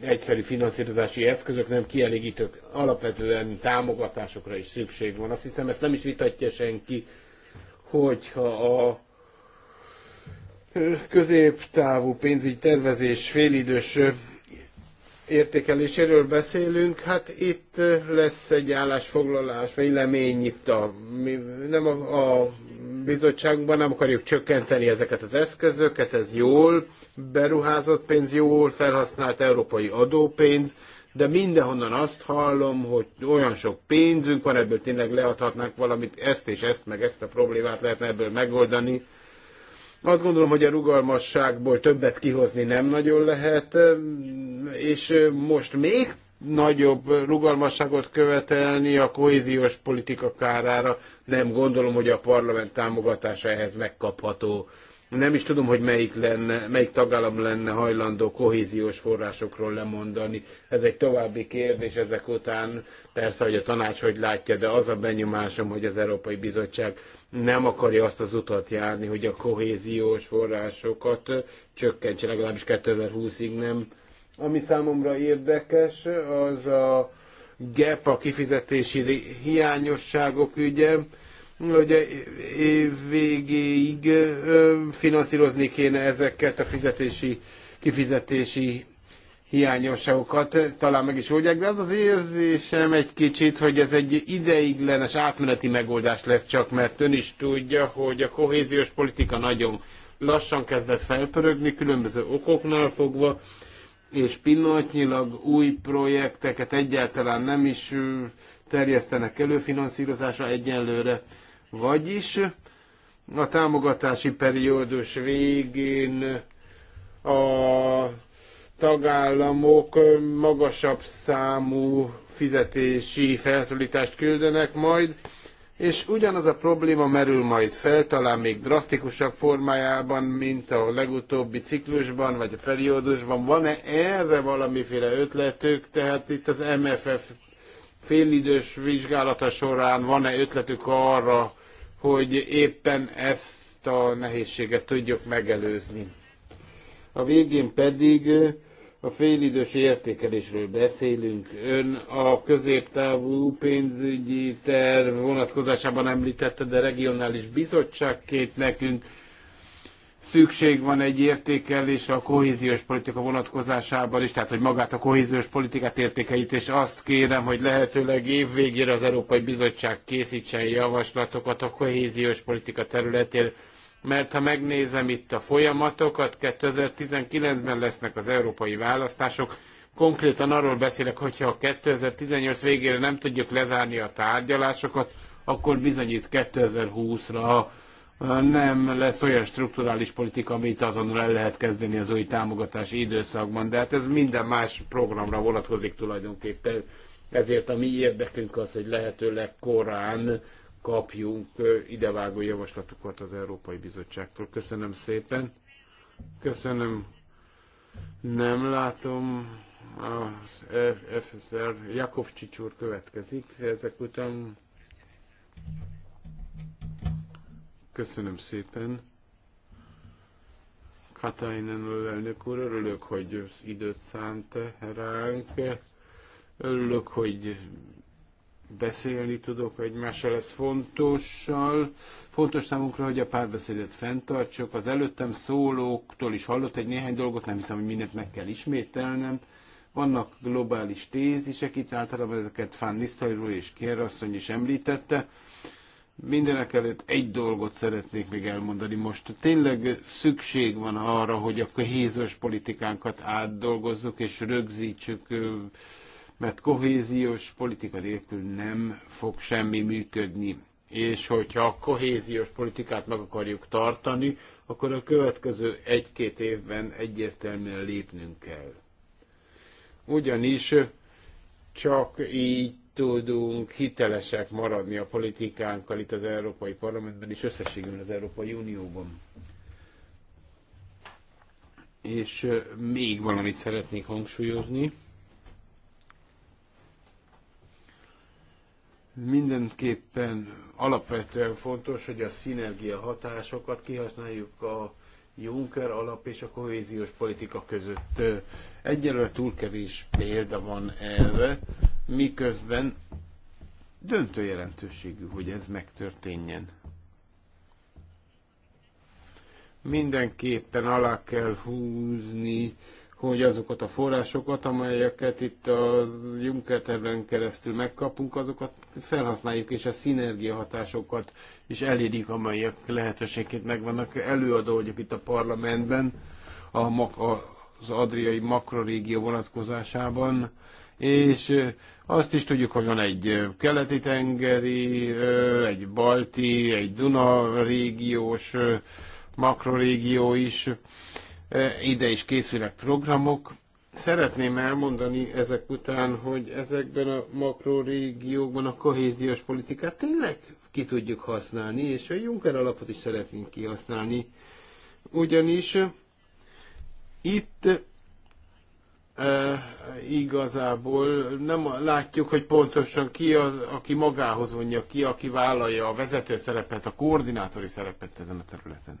egyszerű finanszírozási eszközök nem kielégítők, alapvetően támogatásokra is szükség van. Azt hiszem, ezt nem is vitatja senki, hogyha a középtávú pénzügyi tervezés félidős értékeléséről beszélünk, hát itt lesz egy állásfoglalás, vélemény itt a, mi nem a, a bizottságunkban nem akarjuk csökkenteni ezeket az eszközöket, ez jól, beruházott pénz, jól felhasznált európai adópénz, de mindenhonnan azt hallom, hogy olyan sok pénzünk van, ebből tényleg leadhatnánk valamit, ezt és ezt, meg ezt a problémát lehetne ebből megoldani. Azt gondolom, hogy a rugalmasságból többet kihozni nem nagyon lehet, és most még nagyobb rugalmasságot követelni a kohéziós politika kárára, nem gondolom, hogy a parlament támogatása ehhez megkapható. Nem is tudom, hogy melyik, lenne, melyik tagállam lenne hajlandó kohéziós forrásokról lemondani. Ez egy további kérdés ezek után. Persze, hogy a tanács hogy látja, de az a benyomásom, hogy az Európai Bizottság nem akarja azt az utat járni, hogy a kohéziós forrásokat csökkentse, legalábbis 2020-ig nem. Ami számomra érdekes, az a gap, a kifizetési hiányosságok ügye ugye végéig finanszírozni kéne ezeket a fizetési, kifizetési hiányosságokat, talán meg is oldják, de az az érzésem egy kicsit, hogy ez egy ideiglenes átmeneti megoldás lesz csak, mert ön is tudja, hogy a kohéziós politika nagyon lassan kezdett felpörögni, különböző okoknál fogva, és pillanatnyilag új projekteket egyáltalán nem is terjesztenek előfinanszírozásra egyenlőre. Vagyis a támogatási periódus végén a tagállamok magasabb számú fizetési felszólítást küldenek majd, és ugyanaz a probléma merül majd fel, talán még drasztikusabb formájában, mint a legutóbbi ciklusban, vagy a periódusban. Van-e erre valamiféle ötletük? Tehát itt az MFF félidős vizsgálata során van-e ötletük arra, hogy éppen ezt a nehézséget tudjuk megelőzni. A végén pedig a félidős értékelésről beszélünk. Ön a középtávú pénzügyi terv vonatkozásában említette, de regionális bizottságként nekünk szükség van egy értékelés a kohéziós politika vonatkozásában is, tehát hogy magát a kohéziós politikát értékeit és azt kérem, hogy lehetőleg évvégére az Európai Bizottság készítsen javaslatokat a kohéziós politika területén, mert ha megnézem itt a folyamatokat, 2019-ben lesznek az európai választások, konkrétan arról beszélek, hogyha a 2018 végére nem tudjuk lezárni a tárgyalásokat, akkor bizonyít 2020-ra nem lesz olyan strukturális politika, amit azonnal el lehet kezdeni az új támogatási időszakban, de hát ez minden más programra vonatkozik tulajdonképpen. Ezért a mi érdekünk az, hogy lehetőleg korán kapjunk idevágó javaslatokat az Európai Bizottságtól. Köszönöm szépen. Köszönöm. Nem látom. Az FSR Jakov Csicsúr következik ezek után. Köszönöm szépen. Katainen elnök úr, örülök, hogy időt szánt ránk. Örülök, hogy beszélni tudok egymással, ez fontossal. Fontos számunkra, hogy a párbeszédet fenntartsuk. Az előttem szólóktól is hallott egy néhány dolgot, nem hiszem, hogy mindent meg kell ismételnem. Vannak globális tézisek, itt általában ezeket Fán Nisztelrú és Kérasszony is említette. Mindenek előtt egy dolgot szeretnék még elmondani most. Tényleg szükség van arra, hogy a kohéziós politikánkat átdolgozzuk és rögzítsük, mert kohéziós politika nélkül nem fog semmi működni. És hogyha a kohéziós politikát meg akarjuk tartani, akkor a következő egy-két évben egyértelműen lépnünk kell. Ugyanis csak így tudunk hitelesek maradni a politikánkkal itt az Európai Parlamentben és összességében az Európai Unióban. És még valamit szeretnék hangsúlyozni. Mindenképpen alapvetően fontos, hogy a szinergia hatásokat kihasználjuk a Juncker alap és a kohéziós politika között. Egyelőre túl kevés példa van erre, miközben döntő jelentőségű, hogy ez megtörténjen. Mindenképpen alá kell húzni, hogy azokat a forrásokat, amelyeket itt a Juncker keresztül megkapunk, azokat felhasználjuk, és a szinergia hatásokat is elérjük, amelyek lehetőségét megvannak. Előadó vagyok itt a parlamentben, a, az adriai makrorégió vonatkozásában, és azt is tudjuk, hogy van egy keleti-tengeri, egy balti, egy Duna régiós makrorégió is, ide is készülnek programok. Szeretném elmondani ezek után, hogy ezekben a makrorégiókban a kohéziós politikát tényleg ki tudjuk használni, és a Juncker alapot is szeretnénk kihasználni. Ugyanis itt e, igazából nem látjuk, hogy pontosan ki az, aki magához vonja, ki, aki vállalja a vezető szerepet, a koordinátori szerepet ezen a területen.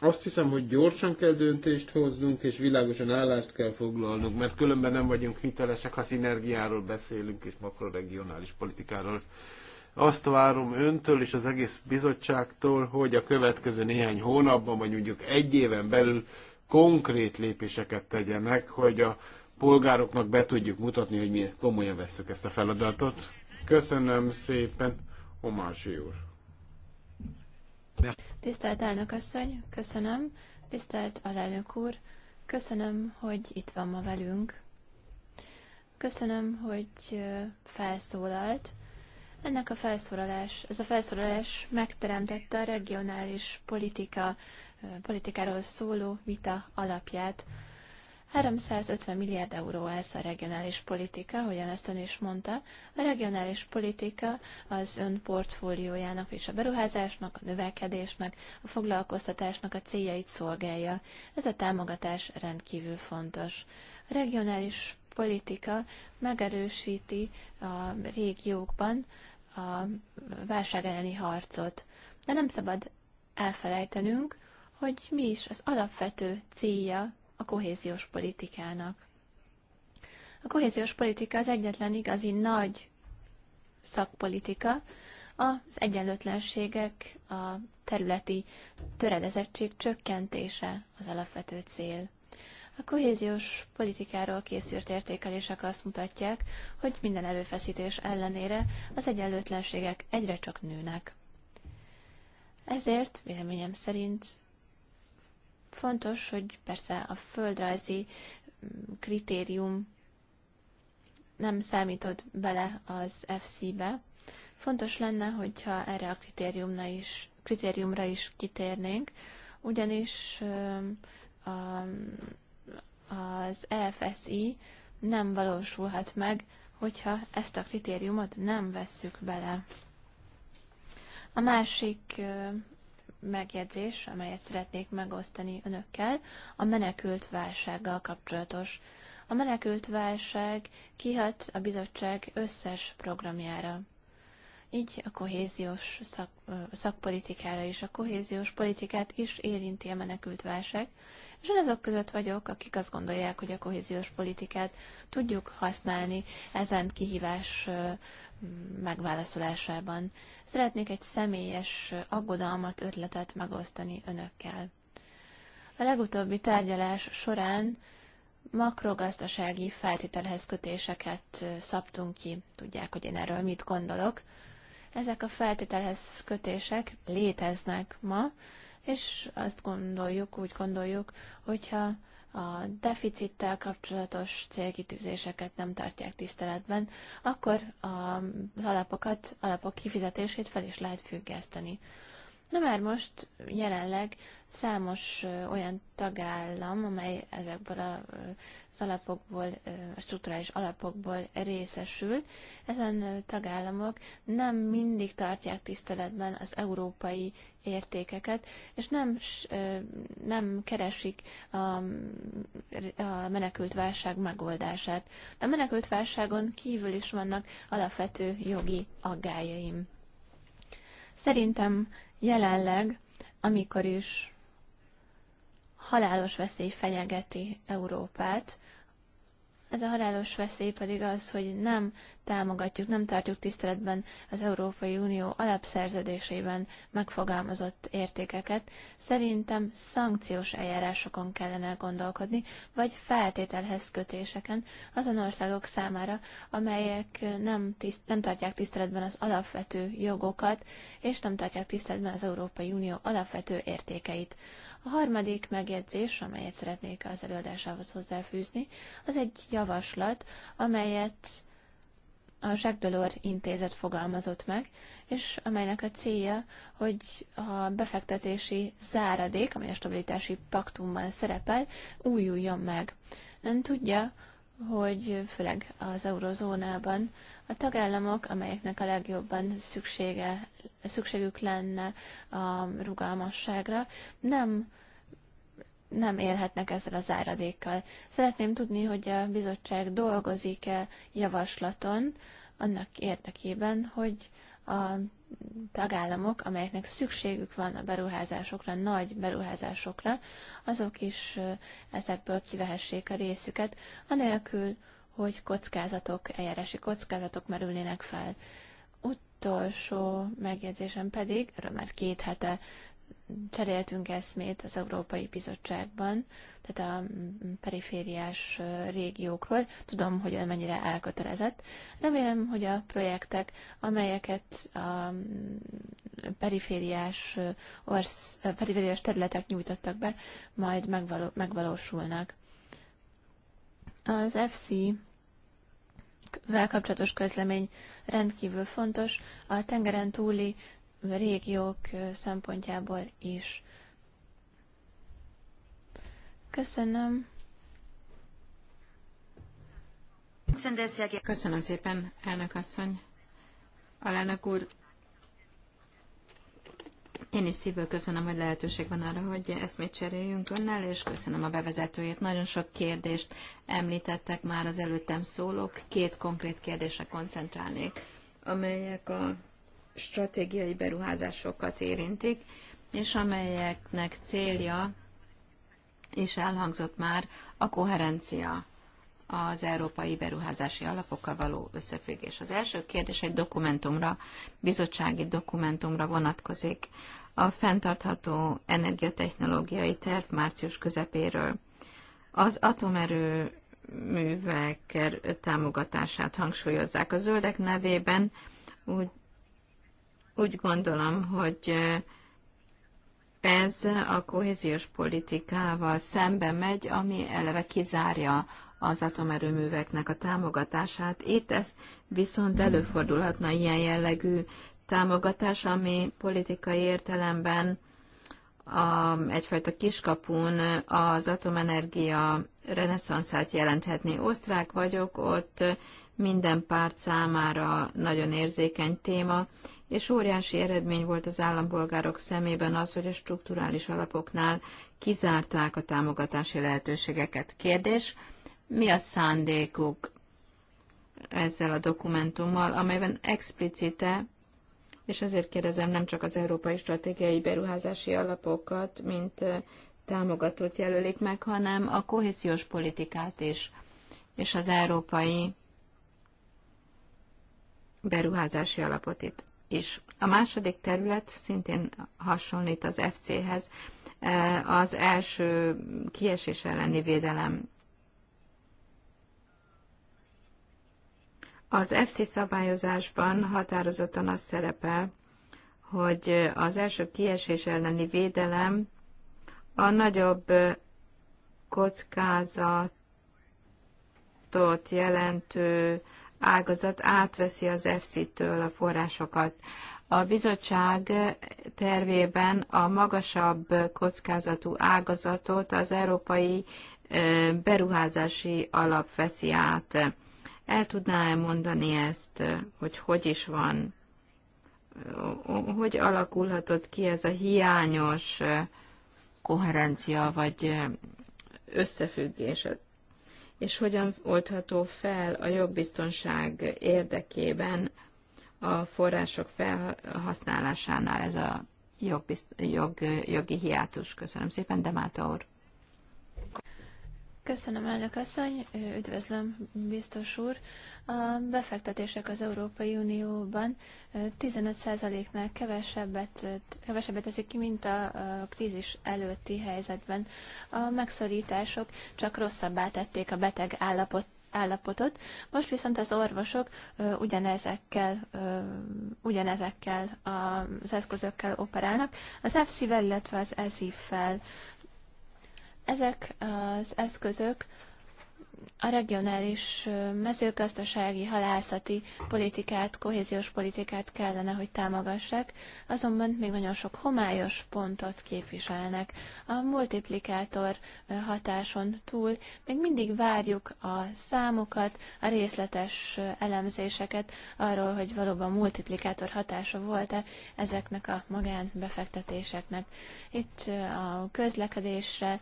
Azt hiszem, hogy gyorsan kell döntést hoznunk, és világosan állást kell foglalnunk, mert különben nem vagyunk hitelesek, ha szinergiáról beszélünk, és makroregionális politikáról. Azt várom öntől és az egész bizottságtól, hogy a következő néhány hónapban, vagy mondjuk egy éven belül konkrét lépéseket tegyenek, hogy a polgároknak be tudjuk mutatni, hogy mi komolyan vesszük ezt a feladatot. Köszönöm szépen, Homási úr. Tisztelt elnök asszony, köszönöm. Tisztelt alelnök úr, köszönöm, hogy itt van ma velünk. Köszönöm, hogy felszólalt, ennek a felszólalás, ez a felszólalás megteremtette a regionális politika, politikáról szóló vita alapját. 350 milliárd euró ez a regionális politika, hogyan ezt ön is mondta. A regionális politika az ön portfóliójának és a beruházásnak, a növekedésnek, a foglalkoztatásnak a céljait szolgálja. Ez a támogatás rendkívül fontos. A regionális politika megerősíti a régiókban a válság elleni harcot. De nem szabad elfelejtenünk, hogy mi is az alapvető célja a kohéziós politikának. A kohéziós politika az egyetlen igazi nagy szakpolitika, az egyenlőtlenségek, a területi töredezettség csökkentése az alapvető cél. A kohéziós politikáról készült értékelések azt mutatják, hogy minden előfeszítés ellenére az egyenlőtlenségek egyre csak nőnek. Ezért véleményem szerint fontos, hogy persze a földrajzi mm, kritérium nem számított bele az FC-be. Fontos lenne, hogyha erre a kritériumra is, kritériumra is kitérnénk, ugyanis a az EFSI nem valósulhat meg, hogyha ezt a kritériumot nem vesszük bele. A másik megjegyzés, amelyet szeretnék megosztani önökkel, a menekült válsággal kapcsolatos. A menekült válság kihat a bizottság összes programjára. Így a kohéziós szak, szakpolitikára is, a kohéziós politikát is érinti a menekült válság, és én azok között vagyok, akik azt gondolják, hogy a kohéziós politikát tudjuk használni ezen kihívás megválaszolásában. Szeretnék egy személyes aggodalmat, ötletet megosztani önökkel. A legutóbbi tárgyalás során makrogazdasági feltételhez kötéseket szabtunk ki. Tudják, hogy én erről mit gondolok. Ezek a feltételhez kötések léteznek ma, és azt gondoljuk, úgy gondoljuk, hogyha a deficittel kapcsolatos célkitűzéseket nem tartják tiszteletben, akkor az alapokat, alapok kifizetését fel is lehet függeszteni. Na már most jelenleg számos olyan tagállam, amely ezekből az alapokból, a strukturális alapokból részesül, ezen tagállamok nem mindig tartják tiszteletben az európai értékeket, és nem, nem keresik a, a menekült válság megoldását. De a menekült válságon kívül is vannak alapvető jogi aggájaim. Szerintem Jelenleg, amikor is halálos veszély fenyegeti Európát, ez a halálos veszély pedig az, hogy nem támogatjuk, nem tartjuk tiszteletben az Európai Unió alapszerződésében megfogalmazott értékeket. Szerintem szankciós eljárásokon kellene gondolkodni, vagy feltételhez kötéseken azon országok számára, amelyek nem, tiszt, nem tartják tiszteletben az alapvető jogokat, és nem tartják tiszteletben az Európai Unió alapvető értékeit. A harmadik megjegyzés, amelyet szeretnék az előadásához hozzáfűzni, az egy javaslat, amelyet a Jacques Delors intézet fogalmazott meg, és amelynek a célja, hogy a befektetési záradék, amely a stabilitási paktumban szerepel, újuljon meg. Ön tudja, hogy főleg az eurozónában a tagállamok, amelyeknek a legjobban szüksége, szükségük lenne a rugalmasságra, nem nem élhetnek ezzel az áradékkal. Szeretném tudni, hogy a bizottság dolgozik-e javaslaton annak érdekében, hogy a tagállamok, amelyeknek szükségük van a beruházásokra, nagy beruházásokra, azok is ezekből kivehessék a részüket, anélkül, hogy kockázatok, eljárási kockázatok merülnének fel. Utolsó megjegyzésem pedig, erről már két hete cseréltünk eszmét az Európai Bizottságban, tehát a perifériás régiókról. Tudom, hogy ön mennyire elkötelezett. Remélem, hogy a projektek, amelyeket a perifériás, orsz, perifériás területek nyújtottak be, majd megvalósulnak. Az FC vel kapcsolatos közlemény rendkívül fontos a tengeren túli régiók szempontjából is. Köszönöm. Köszönöm szépen, elnök asszony. Alának úr, én is szívből köszönöm, hogy lehetőség van arra, hogy eszmét cseréljünk önnel, és köszönöm a bevezetőjét. Nagyon sok kérdést említettek már az előttem szólók. Két konkrét kérdésre koncentrálnék, amelyek a stratégiai beruházásokat érintik, és amelyeknek célja, és elhangzott már, a koherencia az európai beruházási alapokkal való összefüggés. Az első kérdés egy dokumentumra, bizottsági dokumentumra vonatkozik, a fenntartható energiatechnológiai terv március közepéről. Az atomerő művek támogatását hangsúlyozzák a zöldek nevében. Úgy, úgy gondolom, hogy ez a kohéziós politikával szembe megy, ami eleve kizárja az atomerőműveknek a támogatását. Itt ez viszont előfordulhatna ilyen jellegű támogatás, ami politikai értelemben a, egyfajta kiskapun az atomenergia reneszanszát jelenthetni. Osztrák vagyok, ott minden párt számára nagyon érzékeny téma, és óriási eredmény volt az állampolgárok szemében az, hogy a strukturális alapoknál kizárták a támogatási lehetőségeket. Kérdés, mi a szándékuk ezzel a dokumentummal, amelyben explicite és ezért kérdezem nem csak az Európai Stratégiai Beruházási Alapokat, mint támogatót jelölik meg, hanem a kohéziós politikát is, és az Európai Beruházási Alapot itt is. A második terület szintén hasonlít az FC-hez, az első kiesés elleni védelem Az FC szabályozásban határozottan az szerepel, hogy az első kiesés elleni védelem a nagyobb kockázatot jelentő ágazat átveszi az FC-től a forrásokat. A bizottság tervében a magasabb kockázatú ágazatot az Európai eh, Beruházási Alap veszi át. El tudná e mondani ezt, hogy hogy is van, hogy alakulhatott ki ez a hiányos koherencia vagy összefüggés, és hogyan oldható fel a jogbiztonság érdekében a források felhasználásánál ez a jogbizt, jog, jogi hiátus. Köszönöm szépen, Demáta úr. Köszönöm, elnök asszony, üdvözlöm, biztos úr. A befektetések az Európai Unióban 15%-nál kevesebbet, kevesebbet teszik ki, mint a, krízis előtti helyzetben. A megszorítások csak rosszabbá tették a beteg állapot, állapotot. Most viszont az orvosok ugyanezekkel, ugyanezekkel az eszközökkel operálnak. Az EFSZ-vel, illetve az EZIF-fel ezek az eszközök a regionális mezőgazdasági, halászati politikát, kohéziós politikát kellene, hogy támogassák, azonban még nagyon sok homályos pontot képviselnek. A multiplikátor hatáson túl még mindig várjuk a számokat, a részletes elemzéseket arról, hogy valóban multiplikátor hatása volt-e ezeknek a magánbefektetéseknek. Itt a közlekedésre,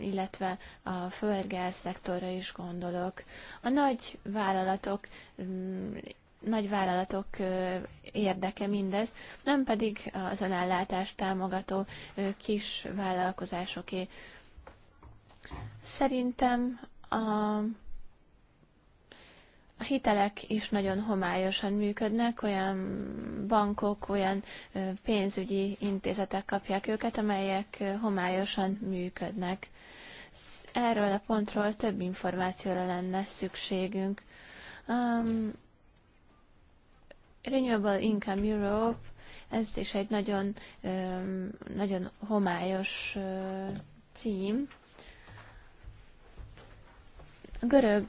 illetve a földgáz szektor szektorra is gondolok. A nagy vállalatok mm, nagy vállalatok érdeke mindez, nem pedig az önállátást támogató kis vállalkozásoké. Szerintem a, a hitelek is nagyon homályosan működnek, olyan bankok, olyan pénzügyi intézetek kapják őket, amelyek homályosan működnek erről a pontról több információra lenne szükségünk. Um, Renewable Income Europe, ez is egy nagyon, um, nagyon homályos uh, cím. A görög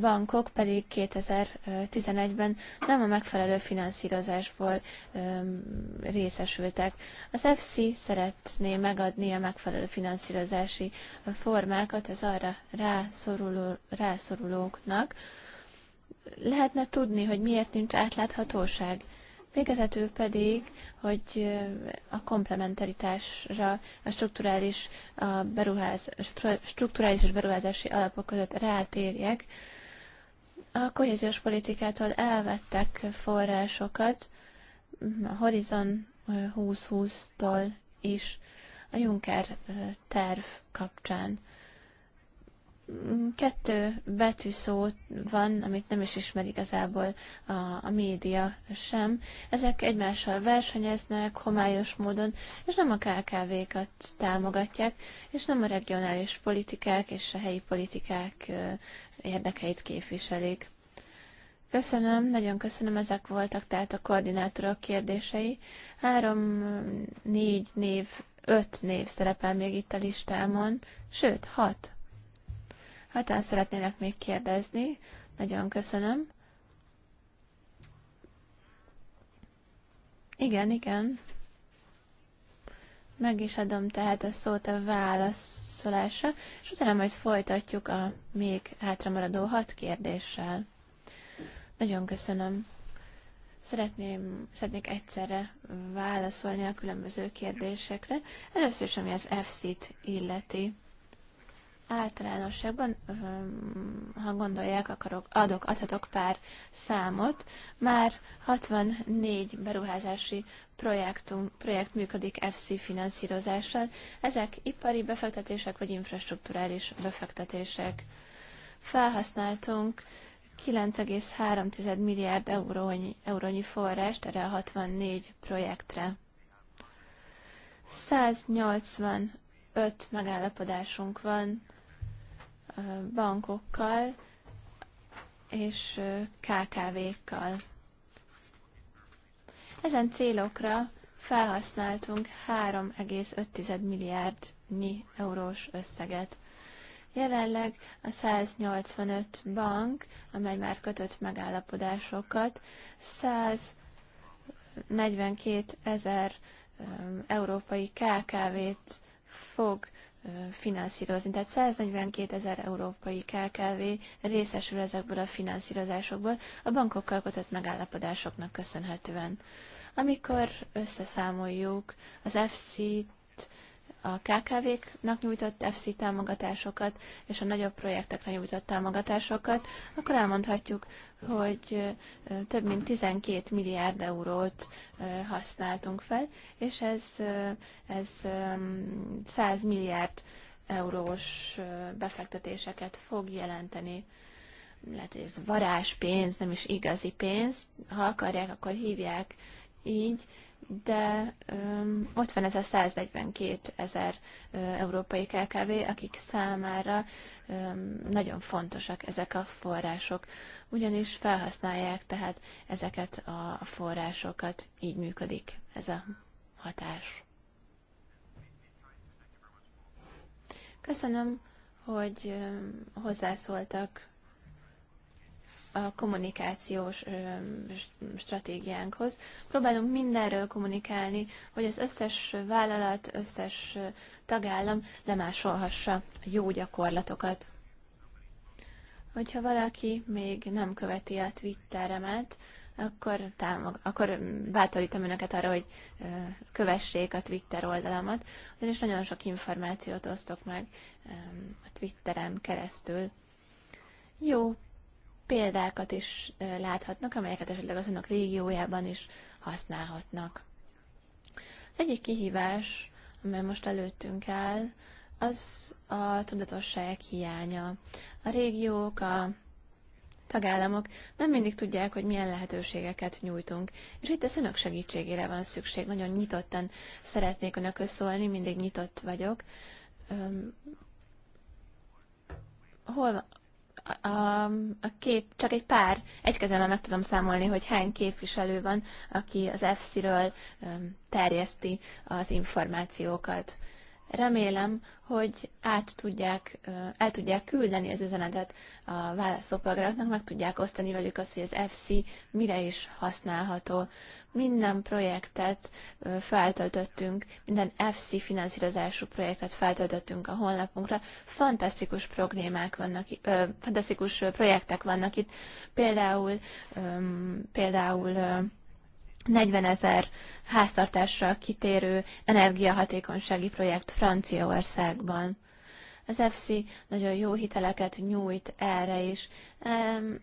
bankok pedig 2011-ben nem a megfelelő finanszírozásból részesültek. Az FC szeretné megadni a megfelelő finanszírozási formákat az arra rászoruló, rászorulóknak. Lehetne tudni, hogy miért nincs átláthatóság Végezetül pedig, hogy a komplementaritásra a strukturális, a beruház, strukturális és beruházási alapok között rátérjek, a kohéziós politikától elvettek forrásokat, a Horizon 2020-tól is, a Juncker terv kapcsán kettő betűszó van, amit nem is ismer igazából a, a média sem. Ezek egymással versenyeznek homályos módon, és nem a KKV-kat támogatják, és nem a regionális politikák és a helyi politikák érdekeit képviselik. Köszönöm, nagyon köszönöm, ezek voltak tehát a koordinátorok kérdései. Három, négy név, öt név szerepel még itt a listámon, sőt, hat. Hátán szeretnének még kérdezni. Nagyon köszönöm. Igen, igen. Meg is adom tehát a szót a válaszolásra, és utána majd folytatjuk a még hátramaradó hat kérdéssel. Nagyon köszönöm. Szeretném, szeretnék egyszerre válaszolni a különböző kérdésekre. Először is, ami az FC-t illeti általánosságban, ha gondolják, akarok, adok, adhatok pár számot. Már 64 beruházási projektum, projekt működik FC finanszírozással. Ezek ipari befektetések vagy infrastruktúrális befektetések. Felhasználtunk 9,3 milliárd eurónyi, eurónyi forrást erre a 64 projektre. 185 megállapodásunk van bankokkal és KKV-kkal. Ezen célokra felhasználtunk 3,5 milliárdnyi eurós összeget. Jelenleg a 185 bank, amely már kötött megállapodásokat, 142 ezer európai KKV-t fog finanszírozni. Tehát 142 ezer európai KKV részesül ezekből a finanszírozásokból a bankokkal kötött megállapodásoknak köszönhetően. Amikor összeszámoljuk az FC-t, a KKV-knak nyújtott FC támogatásokat és a nagyobb projektekre nyújtott támogatásokat, akkor elmondhatjuk, hogy több mint 12 milliárd eurót használtunk fel, és ez, ez 100 milliárd eurós befektetéseket fog jelenteni lehet, hogy ez varázspénz, nem is igazi pénz, ha akarják, akkor hívják így, de öm, ott van ez a 142 ezer európai KKV, akik számára öm, nagyon fontosak ezek a források, ugyanis felhasználják tehát ezeket a forrásokat, így működik ez a hatás. Köszönöm, hogy hozzászóltak a kommunikációs stratégiánkhoz. Próbálunk mindenről kommunikálni, hogy az összes vállalat, összes tagállam lemásolhassa a jó gyakorlatokat. Hogyha valaki még nem követi a Twitteremet, akkor, támog, akkor bátorítom önöket arra, hogy kövessék a Twitter oldalamat, ugyanis nagyon sok információt osztok meg a Twitteren keresztül. Jó, példákat is láthatnak, amelyeket esetleg az önök régiójában is használhatnak. Az egyik kihívás, amely most előttünk áll, az a tudatosság hiánya. A régiók, a tagállamok nem mindig tudják, hogy milyen lehetőségeket nyújtunk. És itt az önök segítségére van szükség. Nagyon nyitottan szeretnék önökhöz szólni, mindig nyitott vagyok. Hol, a, a kép, csak egy pár, egy kezemben meg tudom számolni, hogy hány képviselő van, aki az EFSZ-ről terjeszti az információkat. Remélem, hogy át tudják, el tudják küldeni az üzenetet a válaszolpolgároknak, meg tudják osztani velük azt, hogy az FC mire is használható. Minden projektet feltöltöttünk, minden FC finanszírozású projektet feltöltöttünk a honlapunkra. Fantasztikus problémák vannak, ö, fantasztikus projektek vannak itt, például, ö, például ö, 40 ezer háztartásra kitérő energiahatékonysági projekt Franciaországban. Az FC nagyon jó hiteleket nyújt erre is.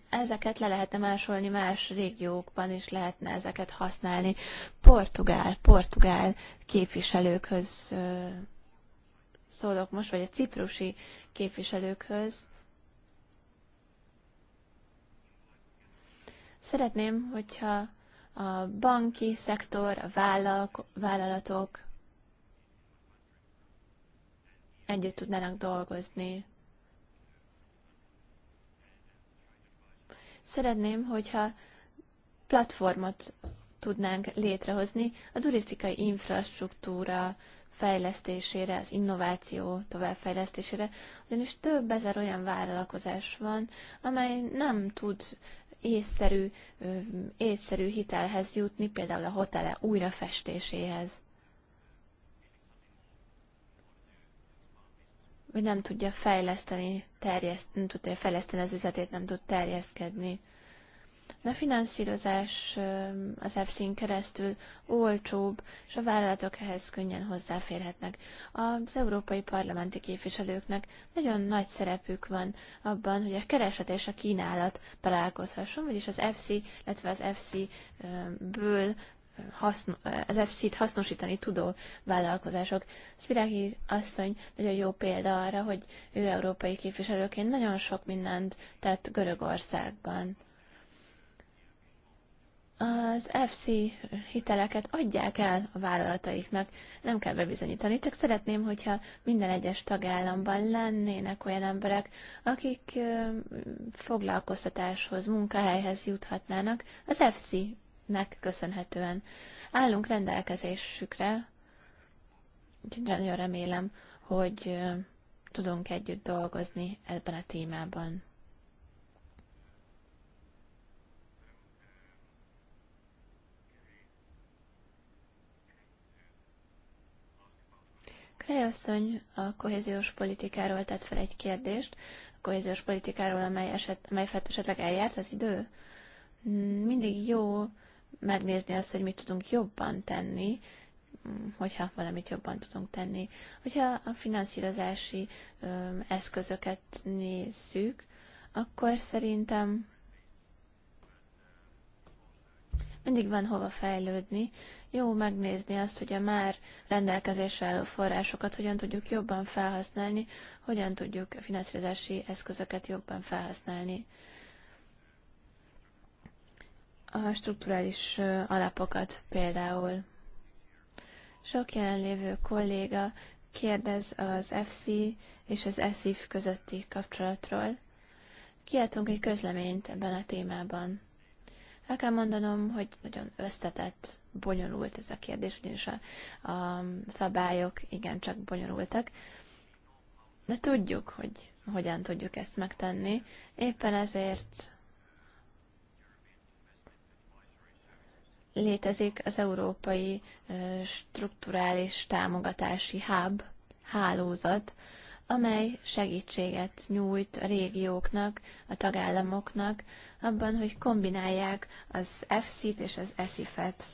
Ezeket le lehetne másolni más régiókban is lehetne ezeket használni. Portugál, portugál képviselőkhöz szólok most, vagy a ciprusi képviselőkhöz. Szeretném, hogyha a banki szektor, a vállalk, vállalatok együtt tudnának dolgozni. Szeretném, hogyha platformot tudnánk létrehozni a turisztikai infrastruktúra fejlesztésére, az innováció továbbfejlesztésére, ugyanis több ezer olyan vállalkozás van, amely nem tud észszerű, észszerű hitelhez jutni, például a hotele újrafestéséhez. Vagy nem tudja fejleszteni, terjeszt, nem tudja fejleszteni az üzletét, nem tud terjeszkedni. A finanszírozás az EFSZ-n keresztül olcsóbb, és a vállalatok ehhez könnyen hozzáférhetnek. Az európai parlamenti képviselőknek nagyon nagy szerepük van abban, hogy a kereslet és a kínálat találkozhasson, vagyis az EFSZ, illetve az EFSZ-ből az FC-t hasznosítani tudó vállalkozások. Szvirági asszony nagyon jó példa arra, hogy ő európai képviselőként nagyon sok mindent tett Görögországban az FC hiteleket adják el a vállalataiknak, nem kell bebizonyítani, csak szeretném, hogyha minden egyes tagállamban lennének olyan emberek, akik foglalkoztatáshoz, munkahelyhez juthatnának az FC-nek köszönhetően. Állunk rendelkezésükre, úgyhogy nagyon remélem, hogy tudunk együtt dolgozni ebben a témában. Krej asszony a kohéziós politikáról tett fel egy kérdést, a kohéziós politikáról, amely, eset, amely felett esetleg eljárt az idő. Hmm, mindig jó megnézni azt, hogy mit tudunk jobban tenni, hmm, hogyha valamit jobban tudunk tenni. Hogyha a finanszírozási ö, eszközöket nézzük, akkor szerintem mindig van hova fejlődni, jó megnézni azt, hogy a már rendelkezésre álló forrásokat hogyan tudjuk jobban felhasználni, hogyan tudjuk a finanszírozási eszközöket jobban felhasználni. A strukturális alapokat például. Sok jelenlévő kolléga kérdez az FC és az ESIF közötti kapcsolatról. Kiadtunk egy közleményt ebben a témában. El kell mondanom, hogy nagyon összetett, bonyolult ez a kérdés, ugyanis a, a szabályok igencsak bonyolultak. De tudjuk, hogy hogyan tudjuk ezt megtenni. Éppen ezért létezik az Európai Strukturális Támogatási Hub, hálózat, amely segítséget nyújt a régióknak, a tagállamoknak abban, hogy kombinálják az EFSZ-t és az ESIF-et.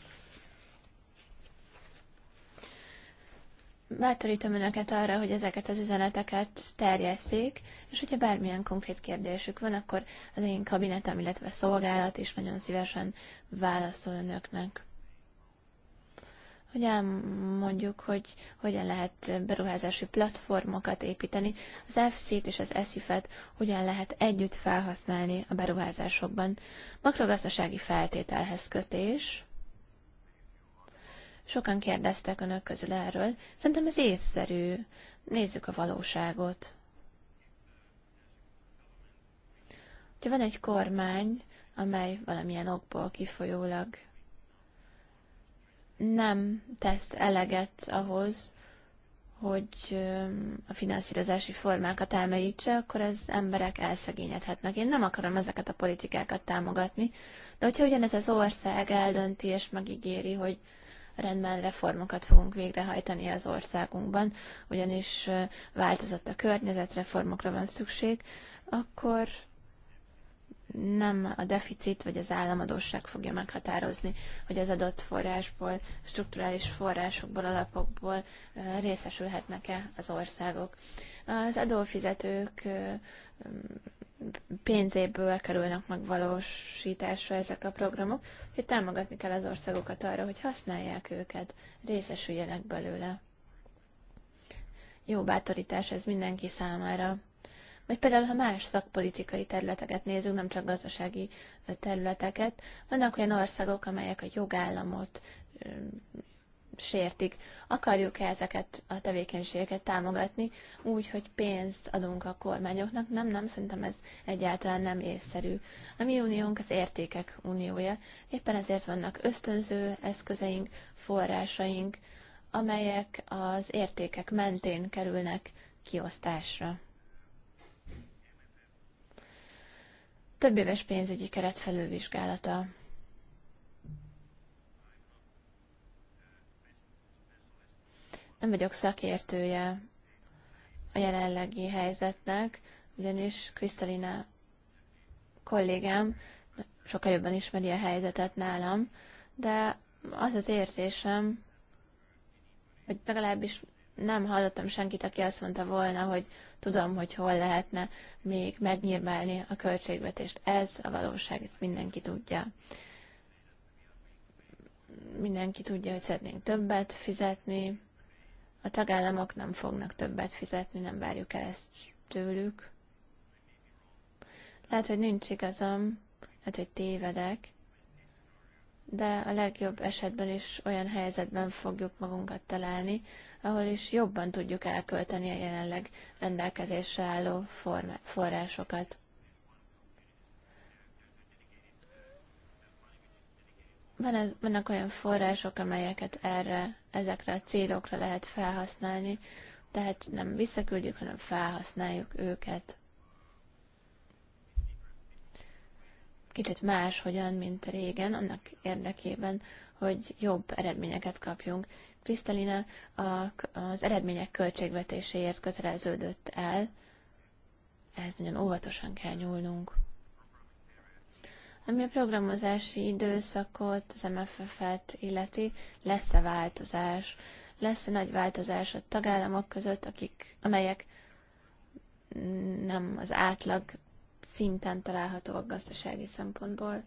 Bátorítom Önöket arra, hogy ezeket az üzeneteket terjesszék, és hogyha bármilyen konkrét kérdésük van, akkor az én kabinetem, illetve szolgálat is nagyon szívesen válaszol Önöknek hogy elmondjuk, hogy hogyan lehet beruházási platformokat építeni, az EFSZ-t és az ESIF-et hogyan lehet együtt felhasználni a beruházásokban. Makrogazdasági feltételhez kötés. Sokan kérdeztek önök közül erről. Szerintem ez észszerű. Nézzük a valóságot. Ha van egy kormány, amely valamilyen okból kifolyólag nem tesz eleget ahhoz, hogy a finanszírozási formákat elmerítse, akkor az emberek elszegényedhetnek. Én nem akarom ezeket a politikákat támogatni, de hogyha ugyanez az ország eldönti és megígéri, hogy rendben reformokat fogunk végrehajtani az országunkban, ugyanis változott a környezet, reformokra van szükség, akkor nem a deficit vagy az államadóság fogja meghatározni, hogy az adott forrásból, strukturális forrásokból, alapokból részesülhetnek-e az országok. Az adófizetők pénzéből kerülnek megvalósításra ezek a programok, hogy támogatni kell az országokat arra, hogy használják őket, részesüljenek belőle. Jó bátorítás ez mindenki számára. Vagy például, ha más szakpolitikai területeket nézünk, nem csak gazdasági területeket, vannak olyan országok, amelyek a jogállamot sértik. Akarjuk-e ezeket a tevékenységeket támogatni úgy, hogy pénzt adunk a kormányoknak? Nem, nem, szerintem ez egyáltalán nem észszerű. A mi uniónk az értékek uniója, éppen ezért vannak ösztönző eszközeink, forrásaink, amelyek az értékek mentén kerülnek kiosztásra. éves pénzügyi keret felülvizsgálata. Nem vagyok szakértője a jelenlegi helyzetnek, ugyanis Krisztalina kollégám sokkal jobban ismeri a helyzetet nálam, de az az érzésem, hogy legalábbis nem hallottam senkit, aki azt mondta volna, hogy tudom, hogy hol lehetne még megnyírmálni a költségvetést. Ez a valóság, ezt mindenki tudja. Mindenki tudja, hogy szeretnénk többet fizetni. A tagállamok nem fognak többet fizetni, nem várjuk el ezt tőlük. Lehet, hogy nincs igazam, lehet, hogy tévedek, de a legjobb esetben is olyan helyzetben fogjuk magunkat találni, ahol is jobban tudjuk elkölteni a jelenleg rendelkezésre álló forrásokat. Van ez, vannak olyan források, amelyeket erre, ezekre a célokra lehet felhasználni, tehát nem visszaküldjük, hanem felhasználjuk őket. Kicsit más, hogyan, mint régen, annak érdekében, hogy jobb eredményeket kapjunk, Krisztalina az eredmények költségvetéséért köteleződött el, ehhez nagyon óvatosan kell nyúlnunk. Ami a programozási időszakot, az MFF-et illeti, lesz-e változás? Lesz-e nagy változás a tagállamok között, akik, amelyek nem az átlag szinten találhatóak gazdasági szempontból?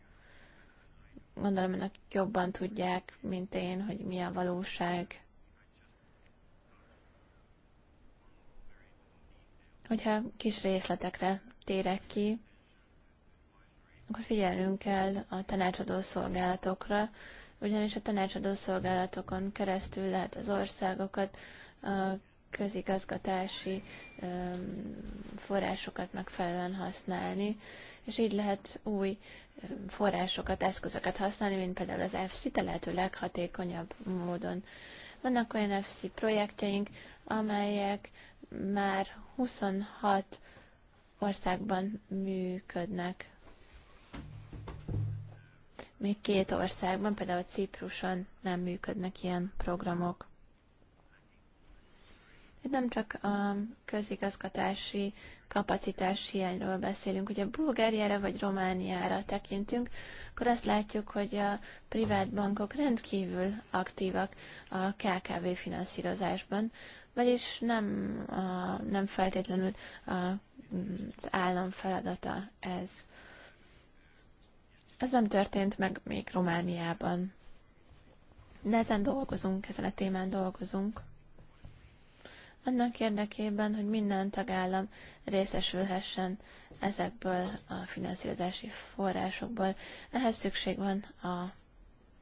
Gondolom, önök jobban tudják, mint én, hogy mi a valóság. Hogyha kis részletekre térek ki, akkor figyelnünk kell a tanácsadó szolgálatokra, ugyanis a tanácsadó szolgálatokon keresztül lehet az országokat, a közigazgatási forrásokat megfelelően használni, és így lehet új forrásokat, eszközöket használni, mint például az fc a lehető leghatékonyabb módon. Vannak olyan FC projektjeink, amelyek már 26 országban működnek. Még két országban, például Cipruson nem működnek ilyen programok. Itt nem csak a közigazgatási kapacitás hiányról beszélünk, hogyha Bulgáriára vagy Romániára tekintünk, akkor azt látjuk, hogy a privát bankok rendkívül aktívak a KKV finanszírozásban, vagyis nem, a, nem feltétlenül a, az állam feladata ez. Ez nem történt meg még Romániában. De ezen dolgozunk, ezen a témán dolgozunk annak érdekében, hogy minden tagállam részesülhessen ezekből a finanszírozási forrásokból. Ehhez szükség van a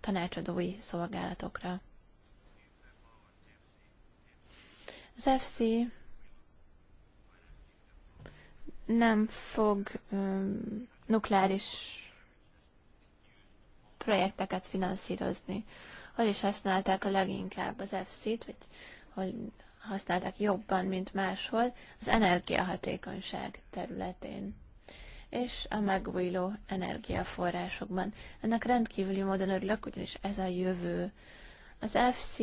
tanácsadói szolgálatokra. Az FC nem fog um, nukleáris projekteket finanszírozni. Hol is használták a leginkább az FC-t, vagy hol, használták jobban, mint máshol az energiahatékonyság területén és a megújuló energiaforrásokban. Ennek rendkívüli módon örülök, ugyanis ez a jövő. Az FC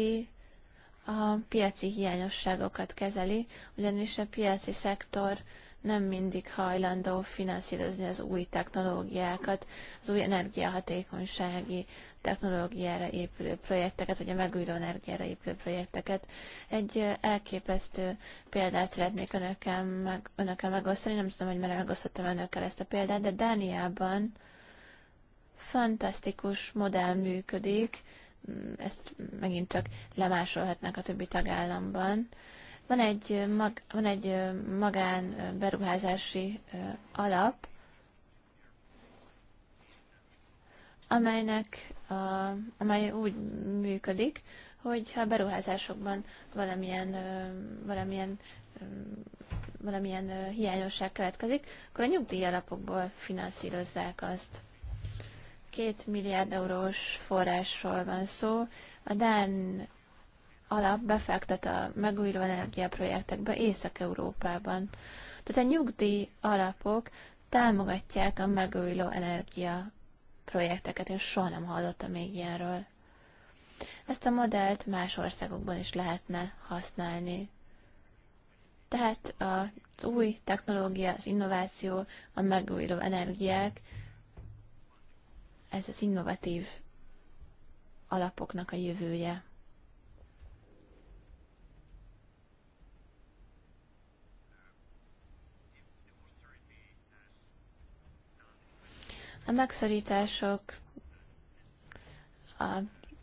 a piaci hiányosságokat kezeli, ugyanis a piaci szektor nem mindig hajlandó finanszírozni az új technológiákat, az új energiahatékonysági technológiára épülő projekteket, vagy a megújuló energiára épülő projekteket. Egy elképesztő példát szeretnék önökkel, meg, önökkel megosztani, nem tudom, hogy már megosztottam önökkel ezt a példát, de Dániában fantasztikus modell működik, ezt megint csak lemásolhatnak a többi tagállamban. Van egy, mag, van egy magán beruházási alap, amelynek, a, amely úgy működik, hogy ha beruházásokban valamilyen, valamilyen, valamilyen hiányosság keletkezik, akkor a nyugdíjalapokból finanszírozzák azt. Két milliárd eurós forrásról van szó. A Dán alap befektet a megújuló energiaprojektekbe Észak-Európában. Tehát a nyugdíj alapok támogatják a megújuló energia projekteket. Én soha nem hallottam még ilyenről. Ezt a modellt más országokban is lehetne használni. Tehát az új technológia, az innováció, a megújuló energiák, ez az innovatív alapoknak a jövője. A megszorítások a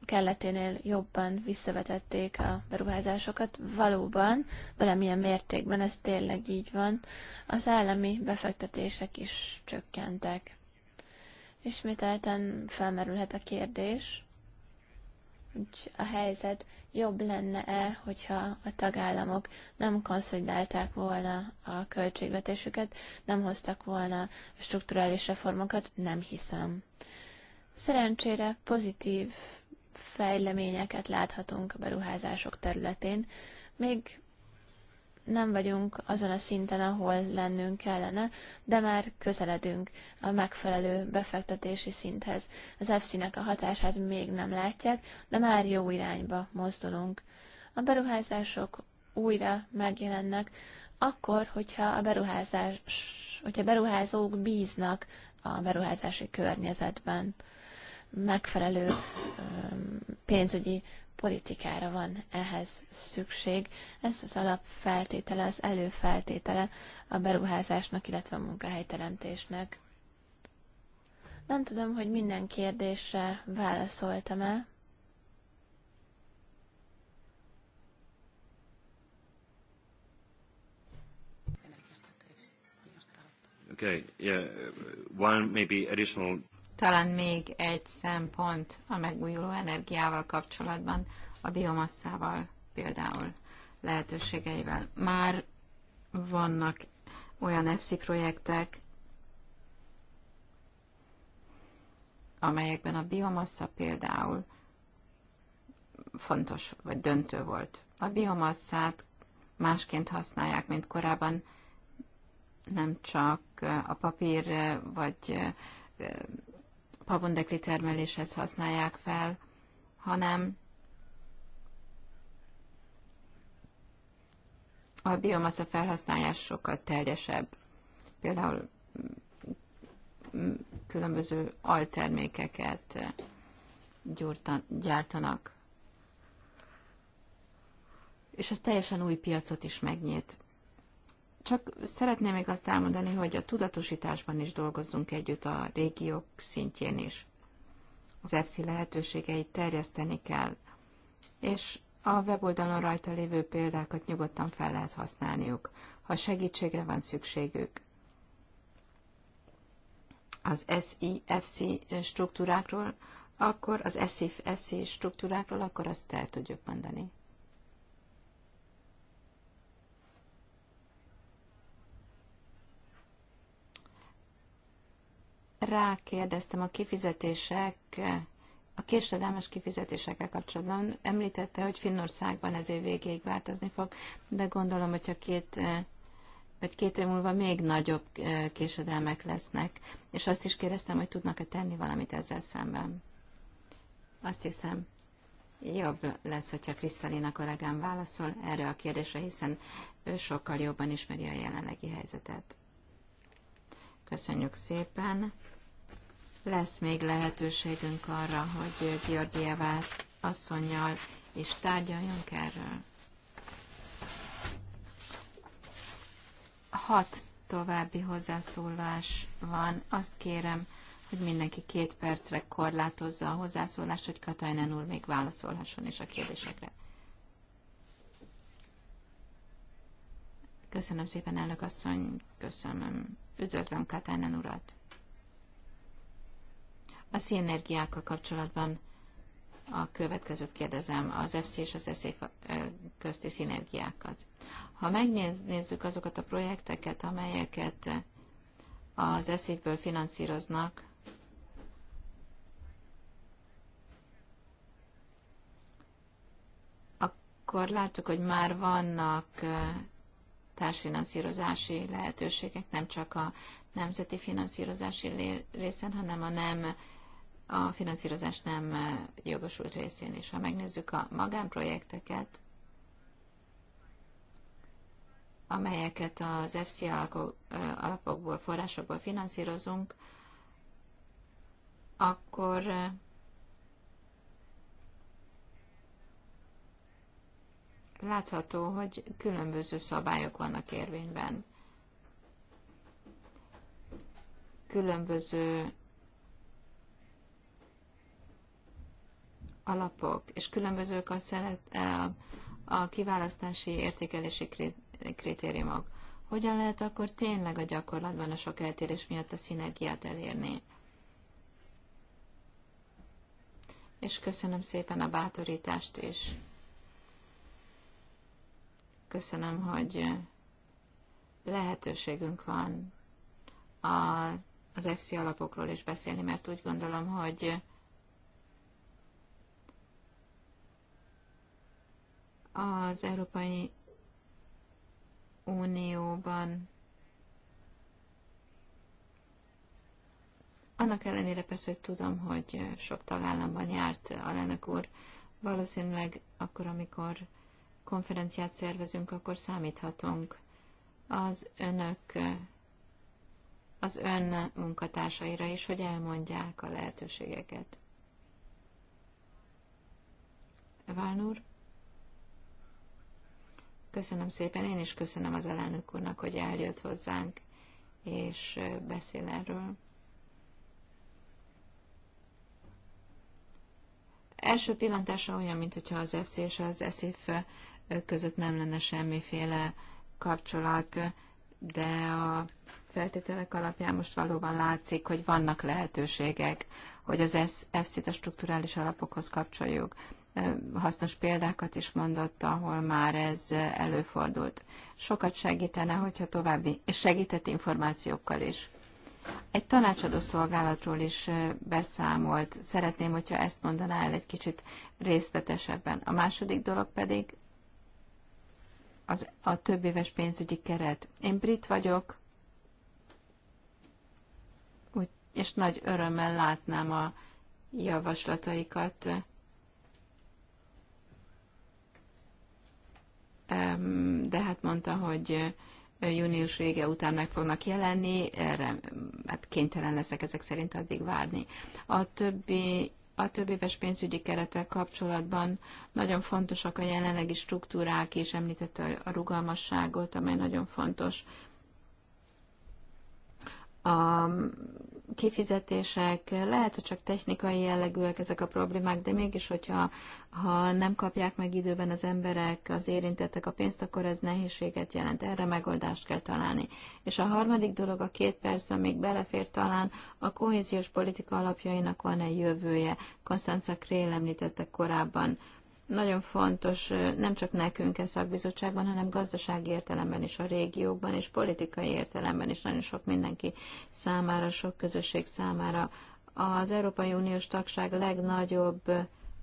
kelleténél jobban visszavetették a beruházásokat. Valóban, valamilyen mértékben ez tényleg így van. Az állami befektetések is csökkentek. Ismételten felmerülhet a kérdés, hogy a helyzet jobb lenne-e, hogyha a tagállamok nem konszolidálták volna a költségvetésüket, nem hoztak volna strukturális reformokat, nem hiszem. Szerencsére pozitív fejleményeket láthatunk a beruházások területén, még nem vagyunk azon a szinten, ahol lennünk kellene, de már közeledünk a megfelelő befektetési szinthez. Az fc nek a hatását még nem látják, de már jó irányba mozdulunk. A beruházások újra megjelennek, akkor, hogyha a beruházás, hogyha beruházók bíznak a beruházási környezetben megfelelő pénzügyi politikára van ehhez szükség. Ez az alapfeltétele, az előfeltétele a beruházásnak, illetve a munkahelyteremtésnek. Nem tudom, hogy minden kérdésre válaszoltam el. Okay, yeah, one maybe additional talán még egy szempont a megújuló energiával kapcsolatban, a biomasszával például lehetőségeivel. Már vannak olyan EFSI projektek, amelyekben a biomassa például fontos vagy döntő volt. A biomasszát másként használják, mint korábban, nem csak a papír vagy pavondekli termeléshez használják fel, hanem a biomasza felhasználás sokkal teljesebb. Például különböző altermékeket gyártanak. És ez teljesen új piacot is megnyit. Csak szeretném még azt elmondani, hogy a tudatosításban is dolgozzunk együtt a régiók szintjén is. Az EFSI lehetőségeit terjeszteni kell, és a weboldalon rajta lévő példákat nyugodtan fel lehet használniuk, ha segítségre van szükségük. Az SIFC struktúrákról, akkor az SIFC struktúrákról, akkor azt el tudjuk mondani. rákérdeztem a kifizetések, a késedelmes kifizetésekkel kapcsolatban. Említette, hogy Finnországban ez év végéig változni fog, de gondolom, hogyha két eh, vagy két év múlva még nagyobb eh, késedelmek lesznek, és azt is kérdeztem, hogy tudnak-e tenni valamit ezzel szemben. Azt hiszem, jobb lesz, hogyha Krisztalina kollégám válaszol erre a kérdésre, hiszen ő sokkal jobban ismeri a jelenlegi helyzetet. Köszönjük szépen! Lesz még lehetőségünk arra, hogy Georgievá asszonynal és tárgyaljunk erről. Hat további hozzászólás van. Azt kérem, hogy mindenki két percre korlátozza a hozzászólást, hogy Katajnán úr még válaszolhasson is a kérdésekre. Köszönöm szépen, elnök asszony, köszönöm. Üdvözlöm Katajnán urat. A szénenergiákkal kapcsolatban a következőt kérdezem, az FC és az SZ közti szinergiákat. Ha megnézzük azokat a projekteket, amelyeket az ESEF-ből finanszíroznak, akkor láttuk, hogy már vannak társfinanszírozási lehetőségek, nem csak a nemzeti finanszírozási részen, hanem a nem a finanszírozás nem eh, jogosult részén is. Ha megnézzük a magánprojekteket, amelyeket az FC eh, alapokból, forrásokból finanszírozunk, akkor eh, látható, hogy különböző szabályok vannak érvényben. Különböző alapok, és különbözők a, szelet, a kiválasztási értékelési kritériumok. Hogyan lehet akkor tényleg a gyakorlatban a sok eltérés miatt a szinergiát elérni? És köszönöm szépen a bátorítást is. Köszönöm, hogy lehetőségünk van a, az EFSI alapokról is beszélni, mert úgy gondolom, hogy az Európai Unióban. Annak ellenére persze, hogy tudom, hogy sok tagállamban járt lennök úr, valószínűleg akkor, amikor konferenciát szervezünk, akkor számíthatunk az önök, az ön munkatársaira is, hogy elmondják a lehetőségeket. Ván úr? Köszönöm szépen, én is köszönöm az elnök úrnak, hogy eljött hozzánk, és beszél erről. Első pillantásra olyan, mintha az FC és az SZF között nem lenne semmiféle kapcsolat, de a feltételek alapján most valóban látszik, hogy vannak lehetőségek, hogy az FC-t a strukturális alapokhoz kapcsoljuk hasznos példákat is mondott, ahol már ez előfordult. Sokat segítene, hogyha további, és segített információkkal is. Egy tanácsadó szolgálatról is beszámolt. Szeretném, hogyha ezt mondaná el egy kicsit részletesebben. A második dolog pedig az, a több éves pénzügyi keret. Én brit vagyok, úgy, és nagy örömmel látnám a javaslataikat de hát mondta, hogy június vége után meg fognak jelenni, erre hát kénytelen leszek ezek szerint addig várni. A többi a több éves pénzügyi keretek kapcsolatban nagyon fontosak a jelenlegi struktúrák, és említette a rugalmasságot, amely nagyon fontos a kifizetések, lehet, hogy csak technikai jellegűek ezek a problémák, de mégis, hogyha ha nem kapják meg időben az emberek, az érintettek a pénzt, akkor ez nehézséget jelent. Erre megoldást kell találni. És a harmadik dolog, a két perc, még belefér talán, a kohéziós politika alapjainak van egy jövője. Konstanza Krél említette korábban, nagyon fontos nem csak nekünk a e szakbizottságban, hanem gazdasági értelemben is a régiókban, és politikai értelemben is nagyon sok mindenki számára, sok közösség számára. Az Európai Uniós tagság legnagyobb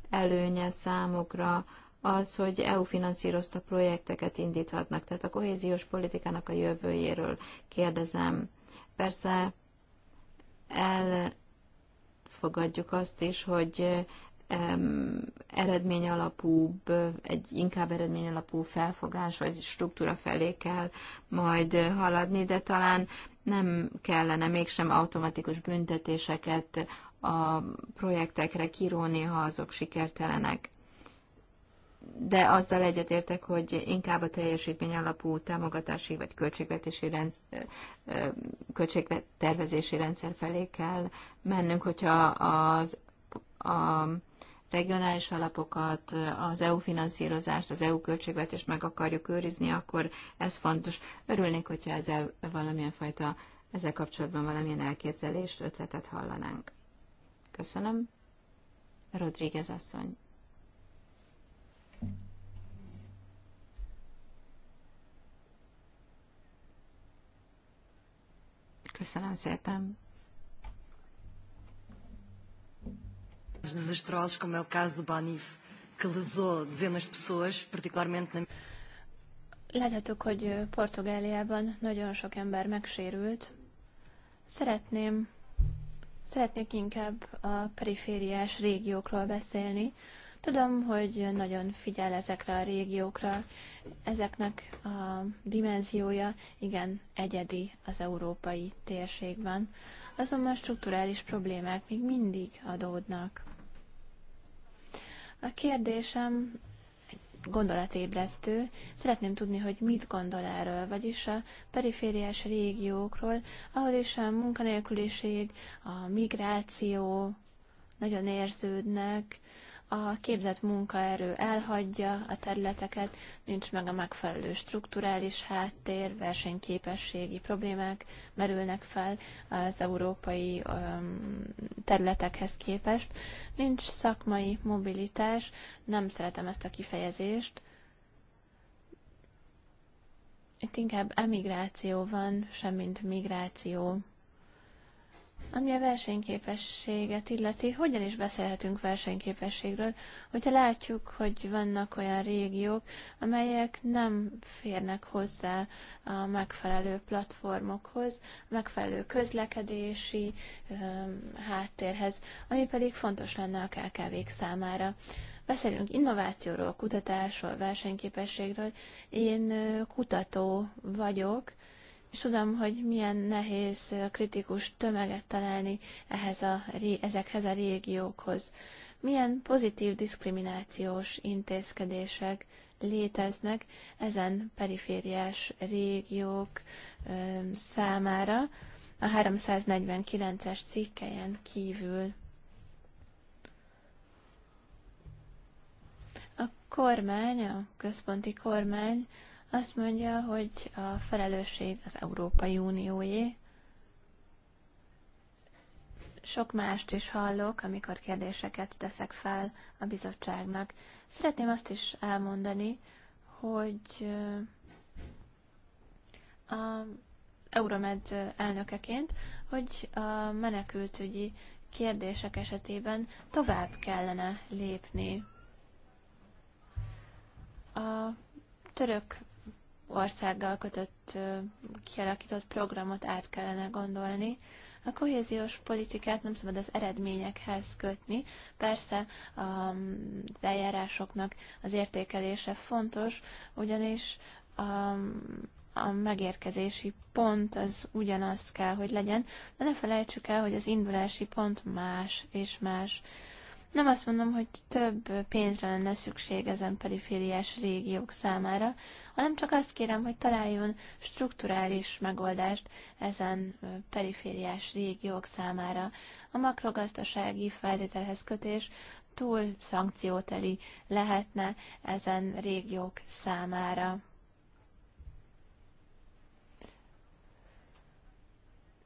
előnye számukra az, hogy EU finanszírozta projekteket indíthatnak. Tehát a kohéziós politikának a jövőjéről kérdezem. Persze elfogadjuk azt is, hogy eredmény alapú, egy inkább eredmény alapú felfogás vagy struktúra felé kell majd haladni, de talán nem kellene mégsem automatikus büntetéseket a projektekre kiróni, ha azok sikertelenek. De azzal egyetértek, hogy inkább a teljesítmény alapú támogatási vagy költségvetési rend, költségtervezési rendszer felé kell mennünk, hogyha az a regionális alapokat, az EU finanszírozást, az EU költségvetést meg akarjuk őrizni, akkor ez fontos. Örülnék, hogyha ezzel valamilyen fajta, ezzel kapcsolatban valamilyen elképzelést, ötletet hallanánk. Köszönöm. Rodríguez asszony. Köszönöm szépen. desastrosos, como é o caso do Banif, que lesou dezenas de pessoas, particularmente na... Láthatjuk, hogy Portugáliában nagyon sok ember megsérült. Szeretném, szeretnék inkább a perifériás régiókról beszélni. Tudom, hogy nagyon figyel ezekre a régiókra. Ezeknek a dimenziója igen egyedi az európai térségben. Azonban strukturális problémák még mindig adódnak. A kérdésem gondolatébresztő. Szeretném tudni, hogy mit gondol erről, vagyis a perifériás régiókról, ahol is a munkanélküliség, a migráció nagyon érződnek, a képzett munkaerő elhagyja a területeket, nincs meg a megfelelő strukturális háttér, versenyképességi problémák merülnek fel az európai területekhez képest, nincs szakmai mobilitás, nem szeretem ezt a kifejezést, itt inkább emigráció van, semmint migráció. Ami a versenyképességet illeti, hogyan is beszélhetünk versenyképességről, hogyha látjuk, hogy vannak olyan régiók, amelyek nem férnek hozzá a megfelelő platformokhoz, a megfelelő közlekedési háttérhez, ami pedig fontos lenne a KKV-k számára. Beszélünk innovációról, kutatásról, versenyképességről. Én kutató vagyok, és tudom, hogy milyen nehéz kritikus tömeget találni ehhez a, ezekhez a régiókhoz. Milyen pozitív diszkriminációs intézkedések léteznek ezen perifériás régiók ö, számára a 349-es cikkelyen kívül. A kormány, a központi kormány azt mondja, hogy a felelősség az Európai Unióé. Sok mást is hallok, amikor kérdéseket teszek fel a bizottságnak. Szeretném azt is elmondani, hogy a Euromed elnökeként, hogy a menekültügyi kérdések esetében tovább kellene lépni. A török országgal kötött, kialakított programot át kellene gondolni. A kohéziós politikát nem szabad az eredményekhez kötni. Persze az eljárásoknak az értékelése fontos, ugyanis a, a megérkezési pont az ugyanaz kell, hogy legyen, de ne felejtsük el, hogy az indulási pont más és más. Nem azt mondom, hogy több pénzre lenne szükség ezen perifériás régiók számára, hanem csak azt kérem, hogy találjon strukturális megoldást ezen perifériás régiók számára. A makrogazdasági feltételhez kötés túl szankcióteli lehetne ezen régiók számára.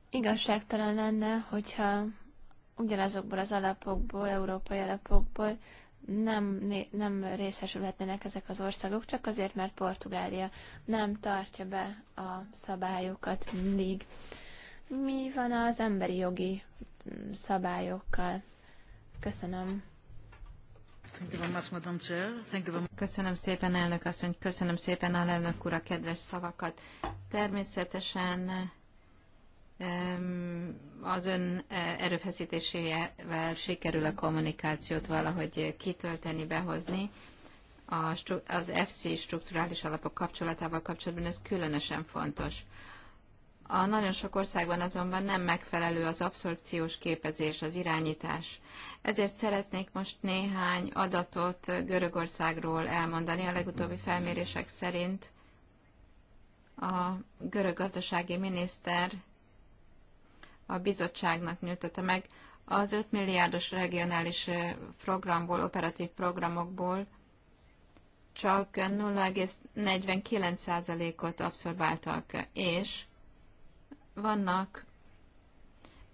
Igazságtalan lenne, hogyha ugyanazokból az alapokból, európai alapokból nem, nem részesülhetnének ezek az országok, csak azért, mert Portugália nem tartja be a szabályokat mindig. Mi van az emberi jogi szabályokkal? Köszönöm. Köszönöm szépen, elnök asszony, köszönöm szépen alelnök úr a kedves szavakat. Természetesen az ön e, erőfeszítésével sikerül a kommunikációt valahogy kitölteni, behozni. Az FC strukturális alapok kapcsolatával kapcsolatban ez különösen fontos. A nagyon sok országban azonban nem megfelelő az abszorpciós képezés, az irányítás. Ezért szeretnék most néhány adatot Görögországról elmondani. A legutóbbi felmérések szerint a görög gazdasági miniszter a bizottságnak nyújtotta meg az 5 milliárdos regionális programból, operatív programokból csak 0,49%-ot abszorbáltak, és vannak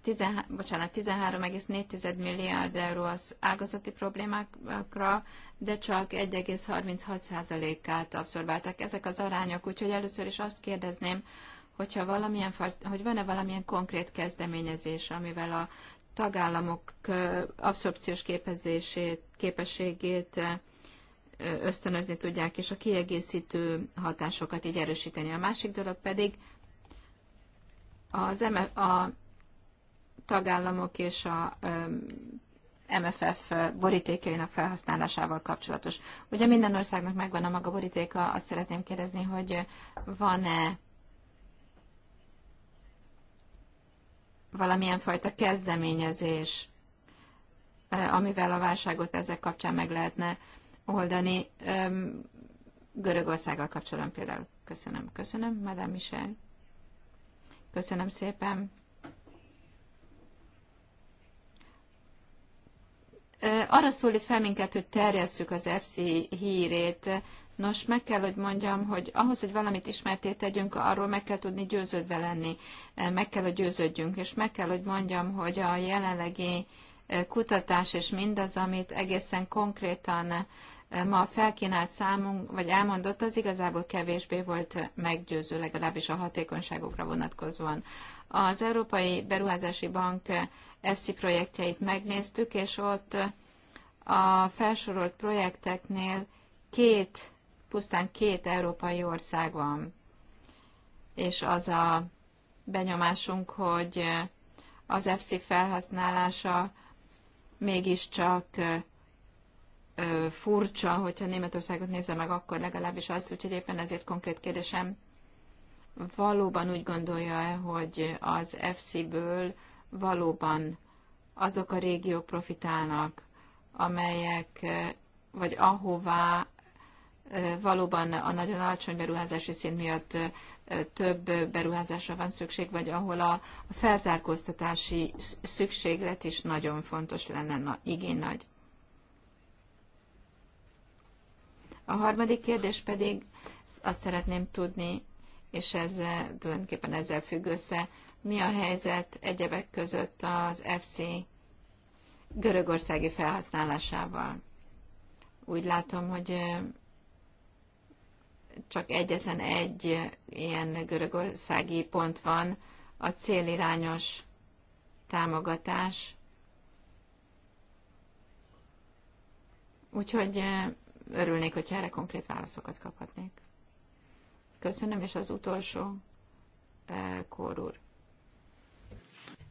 13, bocsánat, 13,4 milliárd euró az ágazati problémákra, de csak 1,36%-át abszorbáltak ezek az arányok. Úgyhogy először is azt kérdezném, hogyha valamilyen, hogy van-e valamilyen konkrét kezdeményezés, amivel a tagállamok abszorpciós képezését, képességét ösztönözni tudják, és a kiegészítő hatásokat így erősíteni. A másik dolog pedig az MF, a tagállamok és a MFF borítékainak felhasználásával kapcsolatos. Ugye minden országnak megvan a maga borítéka, azt szeretném kérdezni, hogy van-e valamilyen fajta kezdeményezés, amivel a válságot ezek kapcsán meg lehetne oldani. Görögországgal kapcsolatban például. Köszönöm, köszönöm, Madame Michel. Köszönöm szépen. Arra szólít fel minket, hogy terjesszük az FC hírét. Nos, meg kell, hogy mondjam, hogy ahhoz, hogy valamit ismerté tegyünk, arról meg kell tudni győződve lenni, e, meg kell, hogy győződjünk, és meg kell, hogy mondjam, hogy a jelenlegi e, kutatás és mindaz, amit egészen konkrétan e, ma felkínált számunk, vagy elmondott, az igazából kevésbé volt meggyőző, legalábbis a hatékonyságokra vonatkozóan. Az Európai Beruházási Bank EFSI projektjeit megnéztük, és ott a felsorolt projekteknél két pusztán két európai ország van, és az a benyomásunk, hogy az FC felhasználása mégiscsak furcsa, hogyha Németországot nézze meg, akkor legalábbis azt, úgyhogy éppen ezért konkrét kérdésem, valóban úgy gondolja-e, hogy az FC-ből valóban azok a régiók profitálnak, amelyek, vagy ahová valóban a nagyon alacsony beruházási szint miatt több beruházásra van szükség, vagy ahol a felzárkóztatási szükséglet is nagyon fontos lenne, na, igény nagy. A harmadik kérdés pedig azt szeretném tudni, és ez tulajdonképpen ezzel függ össze, mi a helyzet egyebek között az FC görögországi felhasználásával. Úgy látom, hogy csak egyetlen egy ilyen görögországi pont van, a célirányos támogatás. Úgyhogy örülnék, hogy erre konkrét válaszokat kaphatnék. Köszönöm, és az utolsó, Kórúr.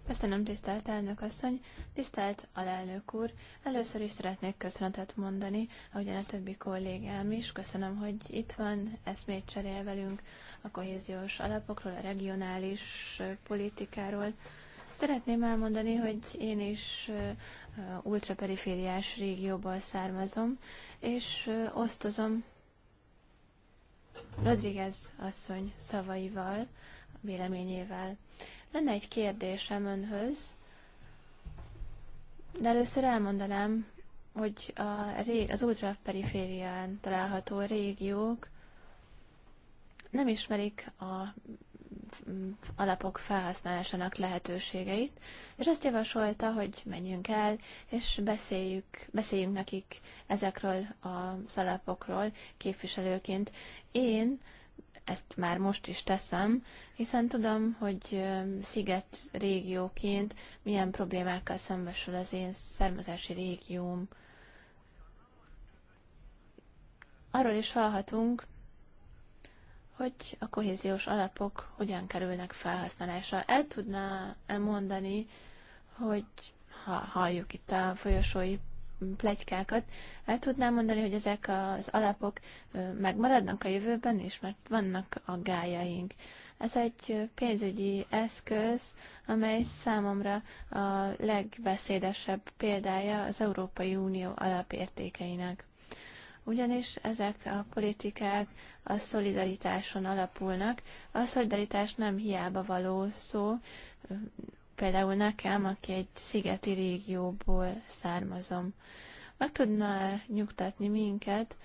Köszönöm, tisztelt elnök asszony, tisztelt alelnök úr. Először is szeretnék köszönetet mondani, ahogyan a többi kollégám is. Köszönöm, hogy itt van, eszmét cserél velünk a kohéziós alapokról, a regionális politikáról. Szeretném elmondani, hogy én is ultraperifériás régióból származom, és osztozom Rodriguez asszony szavaival, véleményével. Lenne egy kérdésem önhöz, de először elmondanám, hogy a, az ultraperiférián található régiók nem ismerik a alapok felhasználásának lehetőségeit, és azt javasolta, hogy menjünk el, és beszéljük, beszéljünk nekik ezekről az alapokról képviselőként. Én ezt már most is teszem, hiszen tudom, hogy sziget régióként milyen problémákkal szembesül az én származási régióm. Arról is hallhatunk, hogy a kohéziós alapok hogyan kerülnek felhasználásra. El tudná -e mondani, hogy ha halljuk itt a folyosói plegykákat. El tudnám mondani, hogy ezek az alapok megmaradnak a jövőben is, mert vannak a gájaink. Ez egy pénzügyi eszköz, amely számomra a legbeszédesebb példája az Európai Unió alapértékeinek. Ugyanis ezek a politikák a szolidaritáson alapulnak. A szolidaritás nem hiába való szó, például nekem, aki egy szigeti régióból származom. Meg tudna nyugtatni minket,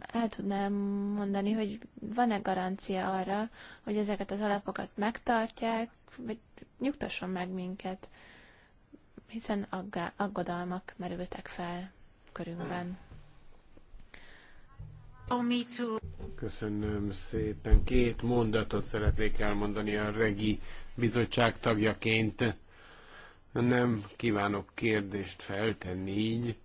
el tudnám mondani, hogy van-e garancia arra, hogy ezeket az alapokat megtartják, vagy nyugtasson meg minket, hiszen aggá- aggodalmak merültek fel körünkben. Köszönöm szépen. Két mondatot szeretnék elmondani a regi bizottság tagjaként nem kívánok kérdést feltenni így,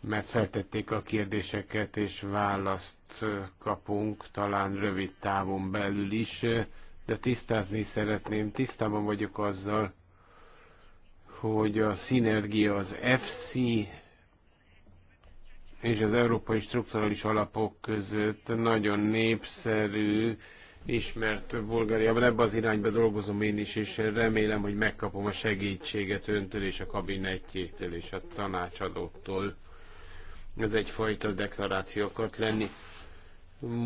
mert feltették a kérdéseket, és választ kapunk talán rövid távon belül is, de tisztázni szeretném, tisztában vagyok azzal, hogy a szinergia az FC és az Európai Strukturális Alapok között nagyon népszerű, ismert Bulgáriában. Ebben az irányba dolgozom én is, és remélem, hogy megkapom a segítséget öntől és a kabinettjétől és a tanácsadóktól. Ez egyfajta deklaráció akart lenni.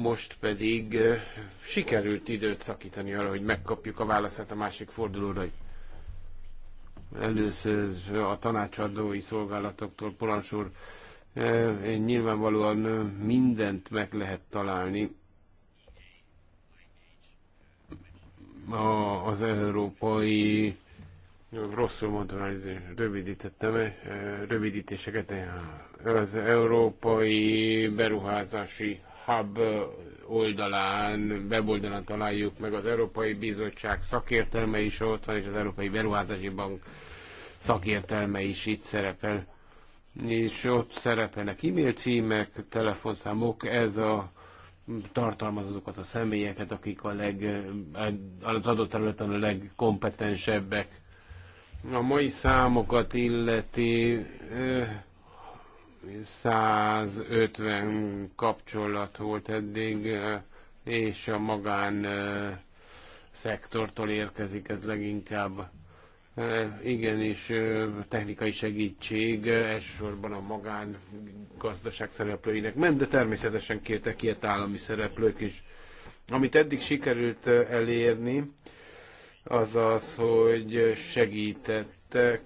Most pedig eh, sikerült időt szakítani arra, hogy megkapjuk a válaszát a másik fordulóra. Először a tanácsadói szolgálatoktól, Polansúr, eh, nyilvánvalóan eh, mindent meg lehet találni, a, az európai rosszul mondtam, rövidítettem, eh, rövidítéseket, eh, az európai beruházási hub oldalán, weboldalán találjuk meg az Európai Bizottság szakértelme is ott van, és az Európai Beruházási Bank szakértelme is itt szerepel. És ott szerepelnek e-mail címek, telefonszámok, ez a tartalmaz azokat a személyeket, akik a leg, az adott területen a legkompetensebbek. A mai számokat illeti 150 kapcsolat volt eddig, és a magán szektortól érkezik ez leginkább igen, és technikai segítség elsősorban a magán gazdaság szereplőinek ment, de természetesen kértek ilyet állami szereplők is. Amit eddig sikerült elérni, az az, hogy segítettek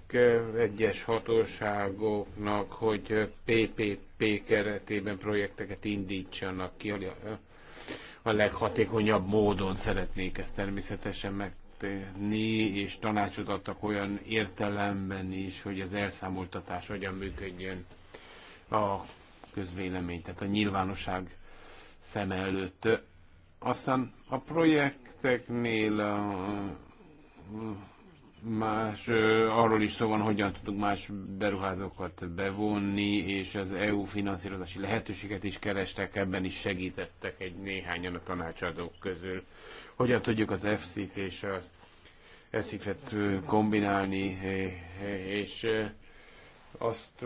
egyes hatóságoknak, hogy PPP keretében projekteket indítsanak ki, a leghatékonyabb módon szeretnék ezt természetesen meg megtenni, és tanácsot adtak olyan értelemben is, hogy az elszámoltatás hogyan működjön a közvélemény, tehát a nyilvánosság szem előtt. Aztán a projekteknél a, más, arról is szó van, hogyan tudunk más beruházókat bevonni, és az EU finanszírozási lehetőséget is kerestek, ebben is segítettek egy néhányan a tanácsadók közül. Hogyan tudjuk az FC-t és az eszifet kombinálni, és azt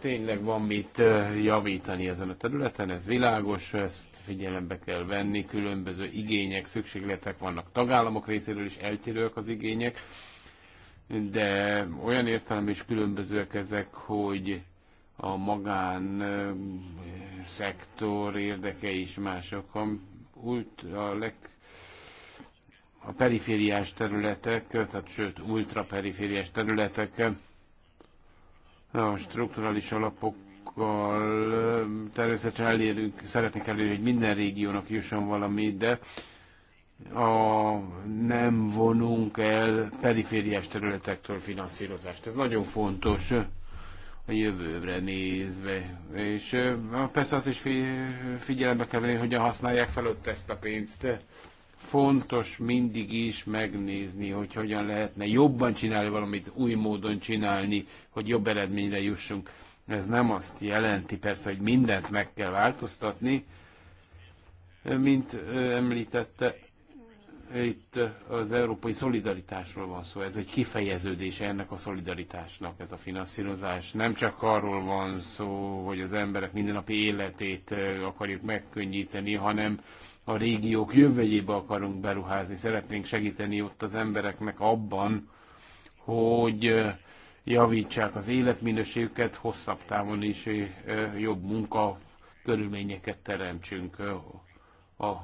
tényleg van mit javítani ezen a területen, ez világos, ezt figyelembe kell venni, különböző igények, szükségletek vannak tagállamok részéről is eltérőek az igények, de olyan értelemben is különbözőek ezek, hogy a magán szektor érdekei is mások. A, ultra, leg, a perifériás területek, tehát sőt ultraperifériás területek a strukturális alapokkal természetesen elérünk, szeretnénk elérni, hogy minden régiónak jusson valami, de a nem vonunk el perifériás területektől finanszírozást. Ez nagyon fontos a jövőre nézve. És persze azt is figyelembe kell venni, hogyan használják fel ott ezt a pénzt fontos mindig is megnézni, hogy hogyan lehetne jobban csinálni valamit, új módon csinálni, hogy jobb eredményre jussunk. Ez nem azt jelenti persze, hogy mindent meg kell változtatni, mint említette, itt az európai szolidaritásról van szó. Ez egy kifejeződés ennek a szolidaritásnak, ez a finanszírozás. Nem csak arról van szó, hogy az emberek mindennapi életét akarjuk megkönnyíteni, hanem a régiók jövőjébe akarunk beruházni, szeretnénk segíteni ott az embereknek abban, hogy javítsák az életminőségüket, hosszabb távon is jobb munka körülményeket teremtsünk a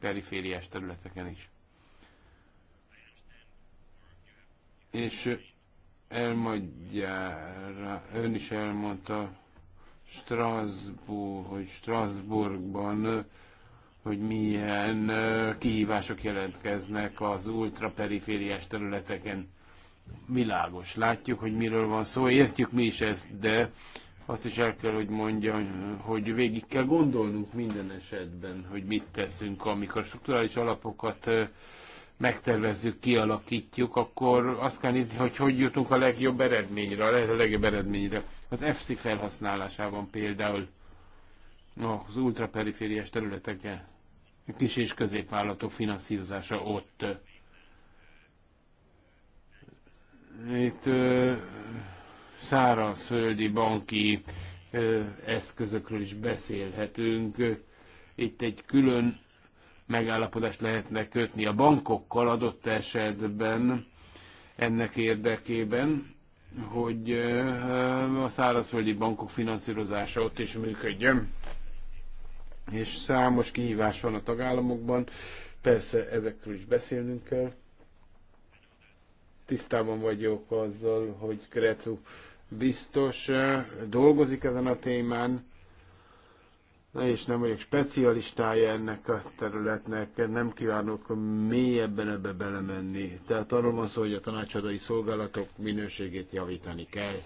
perifériás területeken is. És elmagyára, ön is elmondta Strasbourg, hogy Strasbourgban hogy milyen kihívások jelentkeznek az ultraperifériás területeken. Világos. Látjuk, hogy miről van szó, értjük mi is ezt, de azt is el kell, hogy mondjam, hogy végig kell gondolnunk minden esetben, hogy mit teszünk, amikor strukturális alapokat megtervezzük, kialakítjuk, akkor azt kell nézni, hogy hogy jutunk a legjobb eredményre, a lehető legjobb eredményre. Az FC felhasználásában például az ultraperifériás területeken, a kis és középvállalatok finanszírozása ott. Itt ö, szárazföldi banki ö, eszközökről is beszélhetünk. Itt egy külön megállapodást lehetne kötni a bankokkal adott esetben ennek érdekében, hogy a szárazföldi bankok finanszírozása ott is működjön és számos kihívás van a tagállamokban. Persze ezekről is beszélnünk kell. Tisztában vagyok azzal, hogy Kretu biztos eh, dolgozik ezen a témán, és nem vagyok specialistája ennek a területnek, nem kívánok mélyebben ebbe belemenni. Tehát arról van szó, hogy a tanácsadói szolgálatok minőségét javítani kell.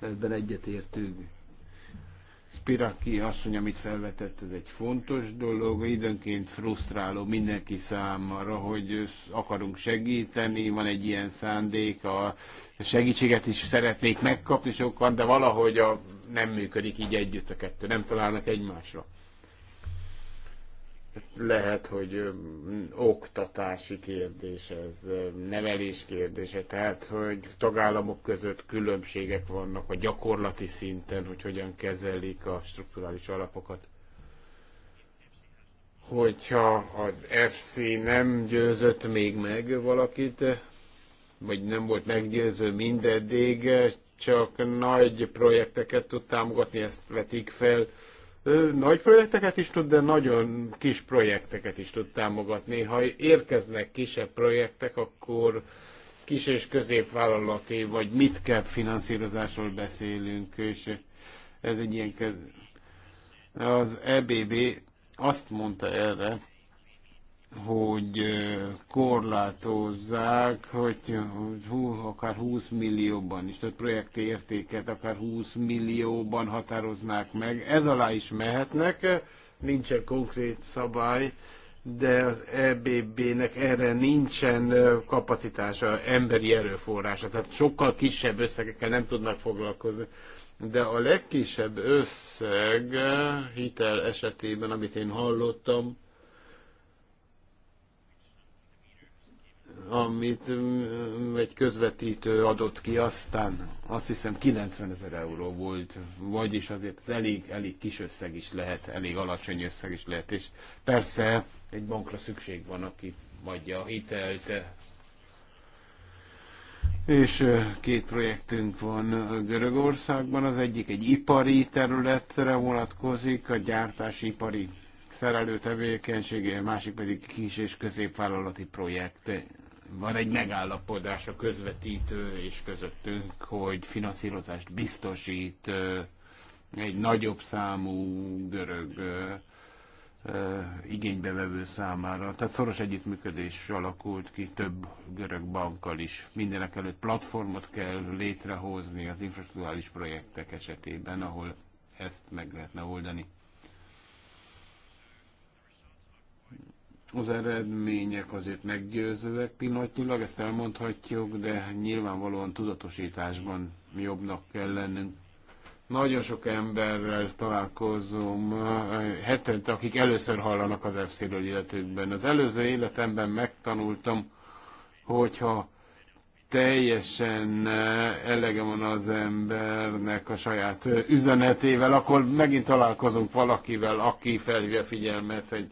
Ebben egyetértünk. Spiraki asszony, amit felvetett, ez egy fontos dolog, időnként frusztráló mindenki számára, hogy akarunk segíteni, van egy ilyen szándék, a segítséget is szeretnék megkapni sokan, de valahogy a, nem működik így együtt a kettő, nem találnak egymásra lehet, hogy oktatási kérdés, ez nevelés kérdése, tehát hogy tagállamok között különbségek vannak a gyakorlati szinten, hogy hogyan kezelik a strukturális alapokat. Hogyha az FC nem győzött még meg valakit, vagy nem volt meggyőző mindeddig, csak nagy projekteket tud támogatni, ezt vetik fel, nagy projekteket is tud, de nagyon kis projekteket is tud támogatni. Ha érkeznek kisebb projektek, akkor kis és középvállalati, vagy mit kell finanszírozásról beszélünk, és ez egy ilyen kez... Az EBB azt mondta erre, hogy korlátozzák, hogy hú, akár 20 millióban is, tehát projekti értéket akár 20 millióban határoznák meg. Ez alá is mehetnek, nincsen konkrét szabály, de az EBB-nek erre nincsen kapacitása, emberi erőforrása, tehát sokkal kisebb összegekkel nem tudnak foglalkozni. De a legkisebb összeg hitel esetében, amit én hallottam, amit mm, mm, egy közvetítő adott ki, aztán azt hiszem 90 ezer euró volt, vagyis azért ez elég, elég kis összeg is lehet, elég alacsony összeg is lehet, és persze egy bankra szükség van, aki adja a hitelt, és két projektünk van Görögországban, az egyik egy ipari területre vonatkozik, a gyártási ipari szerelő tevékenységé, a másik pedig kis és középvállalati projekt van egy megállapodás a közvetítő és közöttünk, hogy finanszírozást biztosít egy nagyobb számú görög igénybevevő számára. Tehát szoros együttműködés alakult ki több görög bankkal is. Mindenek előtt platformot kell létrehozni az infrastruktúrális projektek esetében, ahol ezt meg lehetne oldani. Az eredmények azért meggyőzőek pillanatnyilag, ezt elmondhatjuk, de nyilvánvalóan tudatosításban jobbnak kell lennünk. Nagyon sok emberrel találkozom, hetente, akik először hallanak az fc életükben. Az előző életemben megtanultam, hogyha teljesen elege van az embernek a saját üzenetével, akkor megint találkozunk valakivel, aki felhívja figyelmet, hogy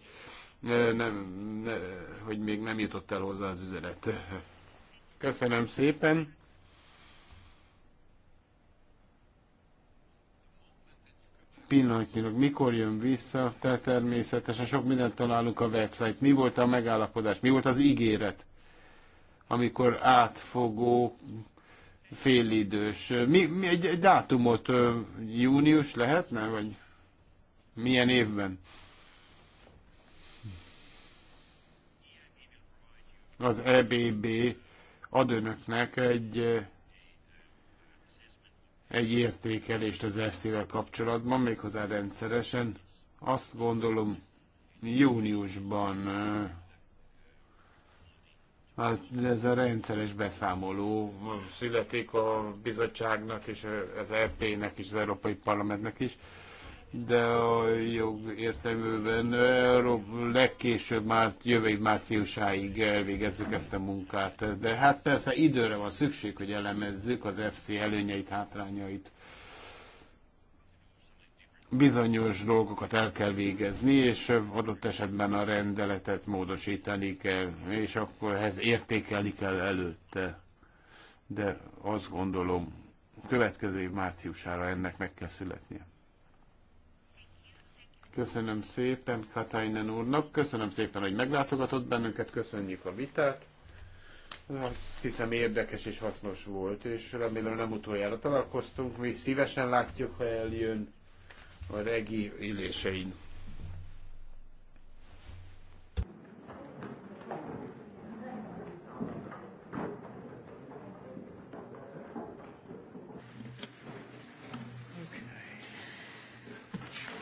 nem, ne, hogy még nem jutott el hozzá az üzenet. Köszönöm szépen. Pillanatnyilag mikor jön vissza, Te természetesen sok mindent találunk a website. Mi volt a megállapodás, mi volt az ígéret, amikor átfogó félidős. Mi, mi egy, egy dátumot június lehetne, vagy milyen évben? az EBB ad önöknek egy, egy értékelést az FC-vel kapcsolatban, méghozzá rendszeresen. Azt gondolom, júniusban Hát ez a rendszeres beszámoló születik a bizottságnak és az EP-nek is, az Európai Parlamentnek is de a jog értelműben eh, legkésőbb már jövő márciusáig elvégezzük ezt a munkát. De hát persze időre van szükség, hogy elemezzük az FC előnyeit, hátrányait. Bizonyos dolgokat el kell végezni, és adott esetben a rendeletet módosítani kell, és akkor ehhez értékelni kell előtte. De azt gondolom, következő év márciusára ennek meg kell születnie. Köszönöm szépen Katainen úrnak, köszönöm szépen, hogy meglátogatott bennünket, köszönjük a vitát. Azt hiszem érdekes és hasznos volt, és remélem nem utoljára találkoztunk. Mi szívesen látjuk, ha eljön a regi ülésein.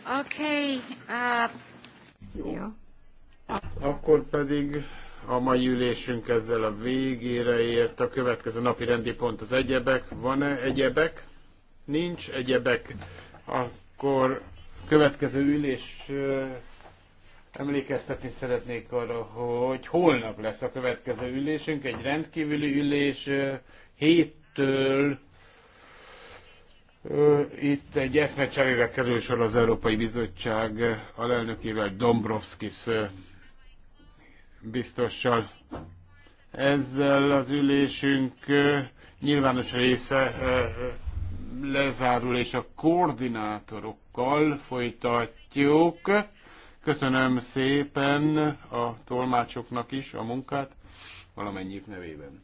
Okay, uh... Akkor pedig a mai ülésünk ezzel a végére ért. A következő napi rendi pont az egyebek. Van-e egyebek? Nincs egyebek. Akkor következő ülés emlékeztetni szeretnék arra, hogy holnap lesz a következő ülésünk, egy rendkívüli ülés, héttől itt egy eszmecserére kerül sor az Európai Bizottság alelnökével, Dombrovskis biztossal. Ezzel az ülésünk nyilvános része lezárul, és a koordinátorokkal folytatjuk. Köszönöm szépen a tolmácsoknak is a munkát, valamennyi nevében.